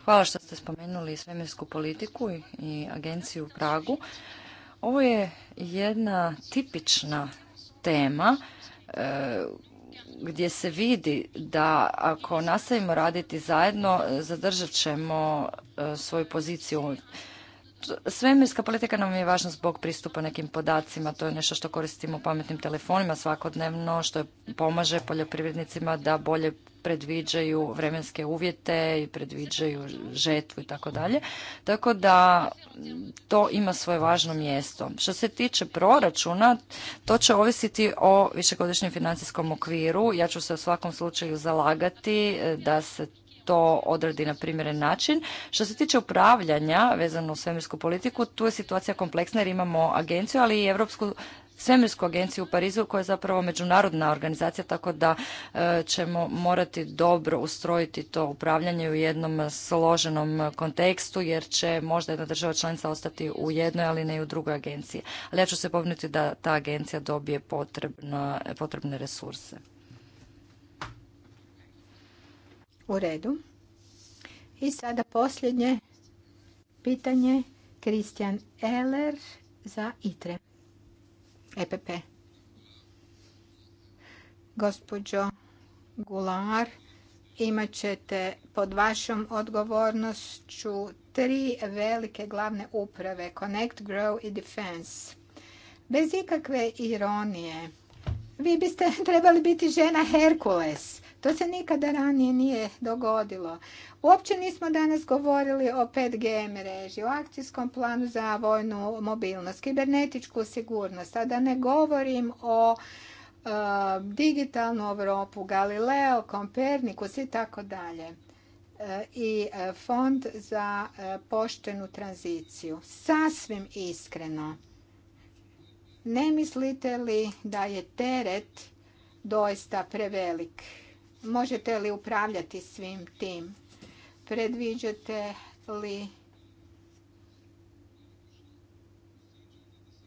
Hvala što ste spomenuli svemirsku politiku i agenciju u Pragu. Ovo je jedna tipična tema e, gdje se vidi da ako nastavimo raditi zajedno zadržat ćemo e, svoju poziciju Svemirska politika nam je važna zbog pristupa nekim podacima, to je nešto što koristimo pametnim telefonima svakodnevno, što je, pomaže poljoprivrednicima da bolje predviđaju vremenske uvjete i predviđaju žetvu i tako dalje. Tako da to ima svoje važno mjesto. Što se tiče proračuna, to će ovisiti o višegodišnjem financijskom okviru. Ja ću se u svakom slučaju zalagati eh, da se to odradi na primjeren način. Što se tiče upravljanja vezano u svemirsku politiku, tu je situacija kompleksna jer imamo agenciju, ali i Europsku svemirsku agenciju u Parizu koja je zapravo međunarodna organizacija tako da e, ćemo morati dobro ustrojiti to upravljanje u jednom složenom kontekstu jer će možda jedna država članica ostati u jednoj ali ne i u drugoj agenciji. Ali ja ću se povniti da ta agencija dobije potrebne resurse. U redu. I sada posljednje pitanje. Kristijan Eller za ITRE. EPP. Gospođo Gular, imat ćete pod vašom odgovornošću tri velike glavne uprave, Connect, Grow i Defense. Bez ikakve ironije, vi biste trebali biti žena Herkules. To se nikada ranije nije dogodilo. Uopće nismo danas govorili o 5G mreži, o akcijskom planu za vojnu mobilnost, kibernetičku sigurnost, a da ne govorim o e, digitalnu Europu, Galileo, Kompernikus i tako dalje e, i e, fond za poštenu tranziciju. Sasvim iskreno, ne mislite li da je teret doista prevelik? Možete li upravljati svim tim? Predviđate li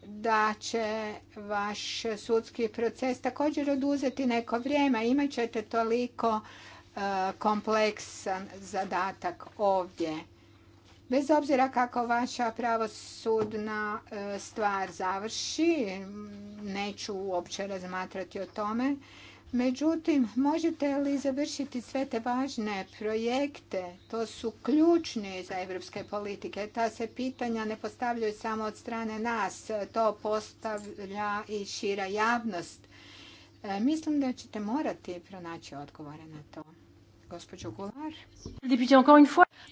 da će vaš sudski proces također oduzeti neko vrijeme. Imat ćete toliko e, kompleksan zadatak ovdje. Bez obzira kako vaša pravosudna e, stvar završi, neću uopće razmatrati o tome, Međutim, možete li završiti sve te važne projekte? To su ključni za evropske politike. Ta se pitanja ne postavljaju samo od strane nas, to postavlja i šira javnost. E, mislim da ćete morati pronaći odgovore na to. Gospođo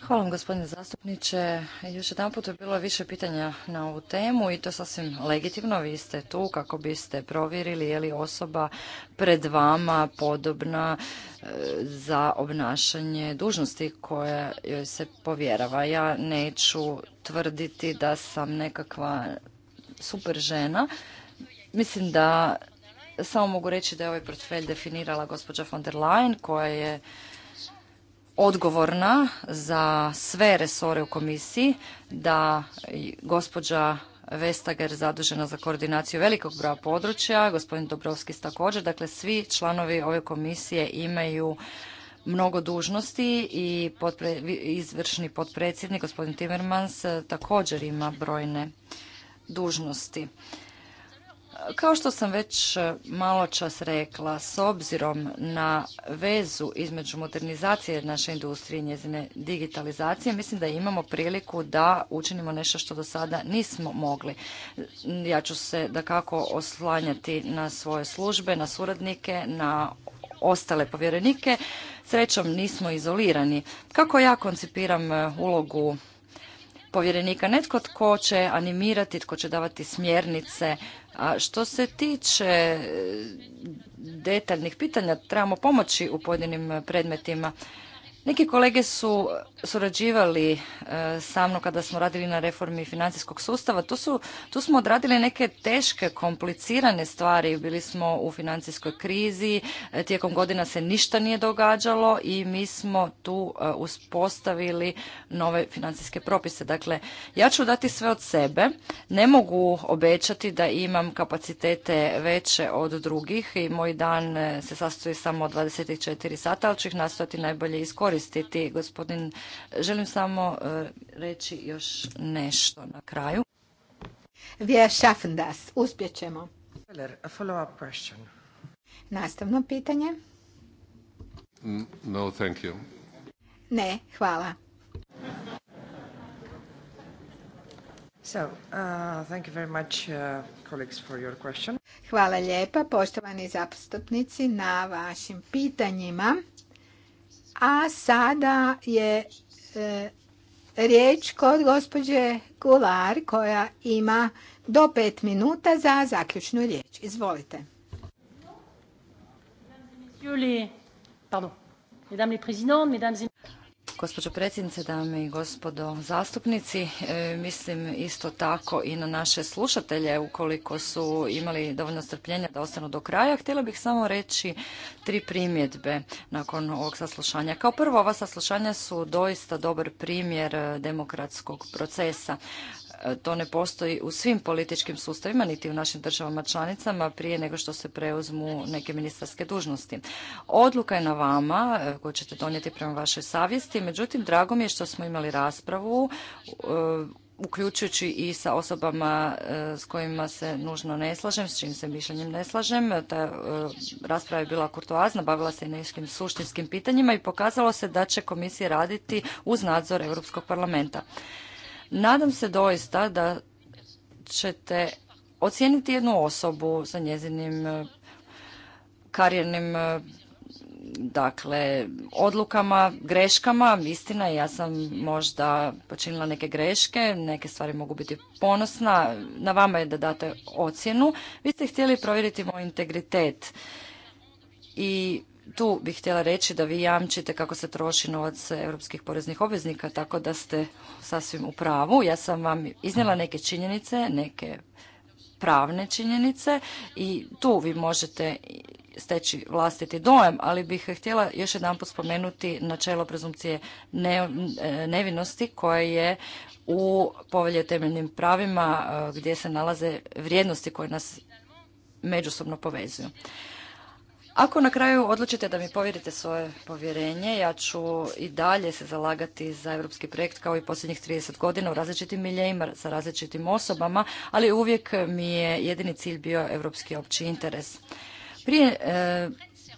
Hvala vam gospodine zastupniče. Još jedan put je bilo više pitanja na ovu temu i to sasvim legitimno. Vi ste tu kako biste provjerili je li osoba pred vama podobna e, za obnašanje dužnosti koja joj se povjerava. Ja neću tvrditi da sam nekakva super žena. Mislim da samo mogu reći da je ovaj portfelj definirala gospođa von der Leyen koja je odgovorna za sve resore u komisiji, da gospođa Vestager zadužena za koordinaciju velikog broja područja, gospodin Dobrovski također, dakle svi članovi ove komisije imaju mnogo dužnosti i izvršni potpredsjednik gospodin Timmermans također ima brojne dužnosti. Kao što sam već e, malo čas rekla, s obzirom na vezu između modernizacije naše industrije i njezine digitalizacije, mislim da imamo priliku da učinimo nešto što do sada nismo mogli. Ja ću se da kako oslanjati na svoje službe, na suradnike, na ostale povjerenike. Srećom nismo izolirani. Kako ja koncipiram e, ulogu povjerenika? Netko tko će animirati, tko će davati smjernice, a što se tiče e, detaljnih pitanja, trebamo pomoći u pojedinim predmetima. Neki kolege su eh, surađivali eh, sa mnom kada smo radili na reformi financijskog sustava. Tu, su, tu smo odradili neke teške, komplicirane stvari. Bili smo u financijskoj krizi, eh, tijekom godina se ništa nije događalo i mi smo tu uspostavili nove financijske propise. Dakle, ja ću dati sve od sebe. Ne mogu obećati da imam kapacitete veće od drugih i moj dan se sastoji samo od 24 sata, ali ću ih nastojati najbolje iskoristiti koristiti. Gospodin, želim samo e, reći još nešto na kraju. Wir schaffen das. Uspjećemo. Nastavno pitanje. Mm, no, thank you. Ne, hvala. So, uh, thank you very much, uh, for your Hvala lijepa, poštovani zastupnici, na vašim pitanjima. A sada je e, riječ kod gospođe Gular koja ima do pet minuta za zaključnu riječ. Izvolite. Pardon. Mesdames les présidentes, mesdames et Gospođo predsjednice, dame i gospodo zastupnici, e, mislim isto tako i na naše slušatelje ukoliko su imali dovoljno strpljenja da ostanu do kraja. Htjela bih samo reći tri primjedbe nakon ovog saslušanja. Kao prvo, ova saslušanja su doista dobar primjer demokratskog procesa. E, to ne postoji u svim političkim sustavima, niti u našim državama članicama prije nego što se preuzmu neke ministarske dužnosti. Odluka je na vama e, koju ćete donijeti prema vašoj savjesti, međutim drago mi je što smo imali raspravu e, uključujući i sa osobama s kojima se nužno ne slažem, s čim se mišljenjem ne slažem. Ta rasprava je bila kurtoazna, bavila se i nekim suštinskim pitanjima i pokazalo se da će komisija raditi uz nadzor Europskog parlamenta. Nadam se doista da ćete ocijeniti jednu osobu sa njezinim e, karijernim e, dakle odlukama, greškama, istina ja sam možda počinila neke greške, neke stvari mogu biti ponosna, na vama je da date ocjenu. Vi ste htjeli provjeriti moj integritet i tu bih htjela reći da vi jamčite kako se troši novac europskih poreznih obveznika, tako da ste sasvim u pravu. Ja sam vam iznijela neke činjenice, neke pravne činjenice i tu vi možete steći vlastiti dojem, ali bih htjela još put spomenuti načelo prezumcije e, nevinosti koje je u povelje temeljnim pravima e, gdje se nalaze vrijednosti koje nas međusobno povezuju. Ako na kraju odlučite da mi povjerite svoje povjerenje, ja ću i dalje se zalagati za europski projekt kao i posljednjih 30 godina u različitim miljejima, sa različitim osobama, ali uvijek mi je jedini cilj bio europski opći interes. Prije e,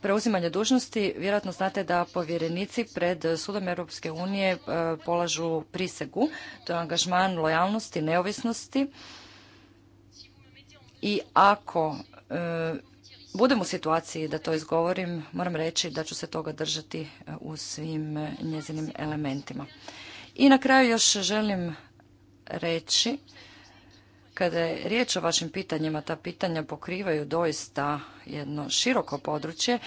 preuzimanja dužnosti vjerojatno znate da povjerenici pred sudom Europske unije e, polažu prisegu. To je angažman lojalnosti, neovisnosti i ako e, budem u situaciji da to izgovorim, moram reći da ću se toga držati e, u svim e, njezinim elementima. I na kraju još želim reći, kada je riječ o vašim pitanjima, ta pitanja pokrivaju doista jedno široko područje,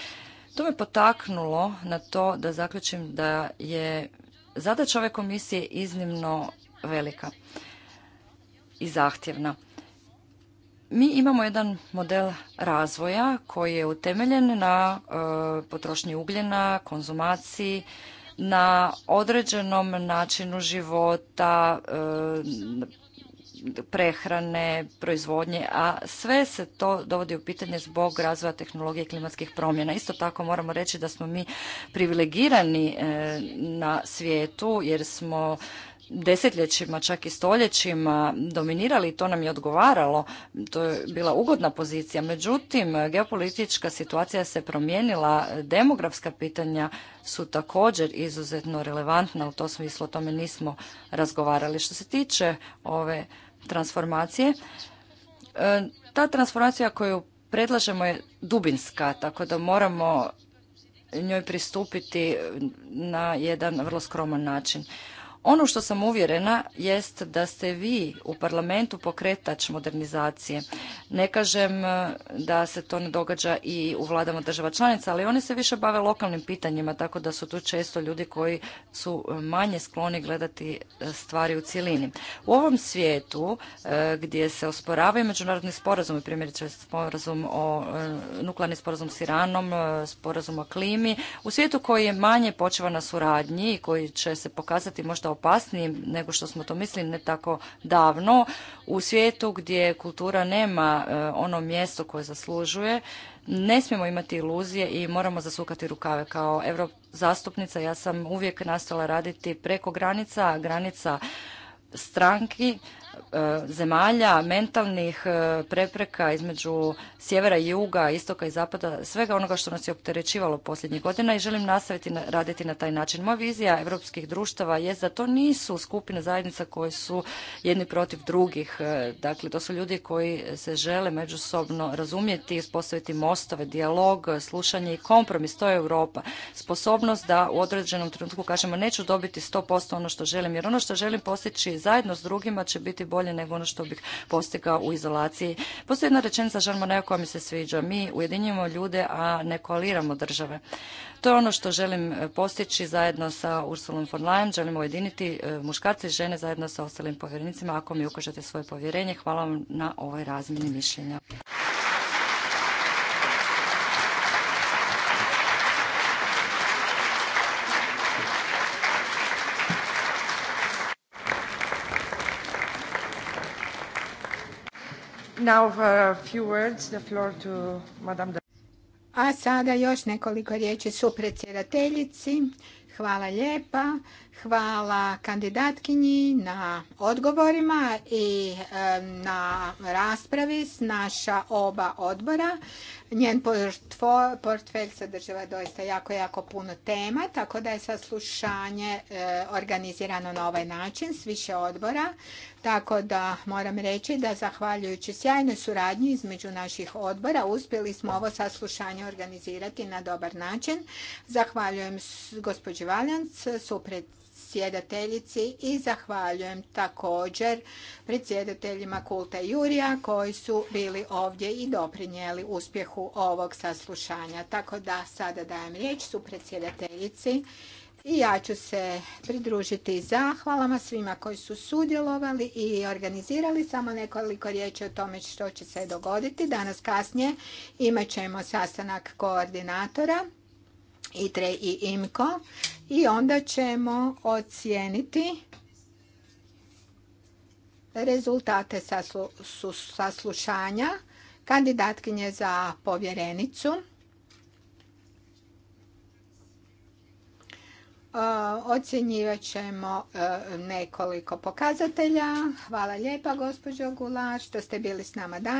to me potaknulo na to da zaključim da je zadaća ove komisije iznimno velika i zahtjevna. Mi imamo jedan model razvoja koji je utemeljen na e, potrošnji ugljena, konzumaciji, na određenom načinu života, e, prehrane, proizvodnje, a sve se to dovodi u pitanje zbog razvoja tehnologije klimatskih promjena. Isto tako moramo reći da smo mi privilegirani e, na svijetu jer smo desetljećima, čak i stoljećima dominirali i to nam je odgovaralo. To je bila ugodna pozicija. Međutim, geopolitička situacija se promijenila, demografska pitanja su također izuzetno relevantna, u tom smislu o tome nismo razgovarali. Što se tiče ove transformacije, e, ta transformacija koju predlažemo je dubinska, tako da moramo njoj pristupiti na jedan vrlo skroman način. Ono što sam uvjerena jest da ste vi u parlamentu pokretač modernizacije. Ne kažem e, da se to ne događa i u vladama država članica, ali oni se više bave lokalnim pitanjima, tako da su tu često ljudi koji su e, manje skloni gledati e, stvari u cjelini. U ovom svijetu gdje se osporavaju međunarodni sporazumi, primjerice sporazum o nuklearni sporazum s Iranom, sporazum o klimi, u svijetu koji je manje počeva na suradnji i koji će se pokazati možda opasnijim nego što smo to mislili ne tako davno. U svijetu gdje kultura nema e, ono mjesto koje zaslužuje, ne smijemo imati iluzije i moramo zasukati rukave. Kao zastupnica ja sam uvijek nastala raditi preko granica, granica stranki, E, zemalja, mentalnih e, prepreka između sjevera i juga, istoka i zapada, svega onoga što nas je opterećivalo posljednjih godina i želim nastaviti raditi na taj način. Moja vizija evropskih društava je da to nisu skupine zajednica koje su jedni protiv drugih. E, dakle, to su ljudi koji se žele međusobno razumjeti, uspostaviti mostove, dijalog, slušanje i kompromis. To je Europa. Sposobnost da u određenom trenutku kažemo neću dobiti 100% ono što želim, jer ono što želim postići zajedno s drugima će biti biti bolje nego ono što bih postigao u izolaciji. Postoji jedna rečenica Jean Monnet koja mi se sviđa. Mi ujedinjujemo ljude, a ne koaliramo države. To je ono što želim e, postići zajedno sa Ursulom von Leyen. Želimo ujediniti e, muškarce i žene zajedno sa ostalim povjerenicima. Ako mi ukažete svoje povjerenje, hvala vam na ovoj razmjeni mišljenja. Uh, a sada još nekoliko riječi su predsjedateljici. Hvala lijepa, hvala kandidatkinji na odgovorima i na raspravi s naša oba odbora njen portfelj sadržava doista jako, jako puno tema, tako da je saslušanje e, organizirano na ovaj način s više odbora. Tako da moram reći da zahvaljujući sjajnoj suradnji između naših odbora uspjeli smo ovo saslušanje organizirati na dobar način. Zahvaljujem gospođi Valjanc, supred predsjedateljici i zahvaljujem također predsjedateljima Kulta Jurija koji su bili ovdje i doprinijeli uspjehu ovog saslušanja. Tako da sada dajem riječ su predsjedateljici i ja ću se pridružiti zahvalama svima koji su sudjelovali i organizirali samo nekoliko riječi o tome što će se dogoditi. Danas kasnije imat ćemo sastanak koordinatora ITRE i IMKO i onda ćemo ocijeniti rezultate saslušanja kandidatkinje za povjerenicu. E, ocjenjivat ćemo e, nekoliko pokazatelja. Hvala lijepa gospođo Gulaš što ste bili s nama danas.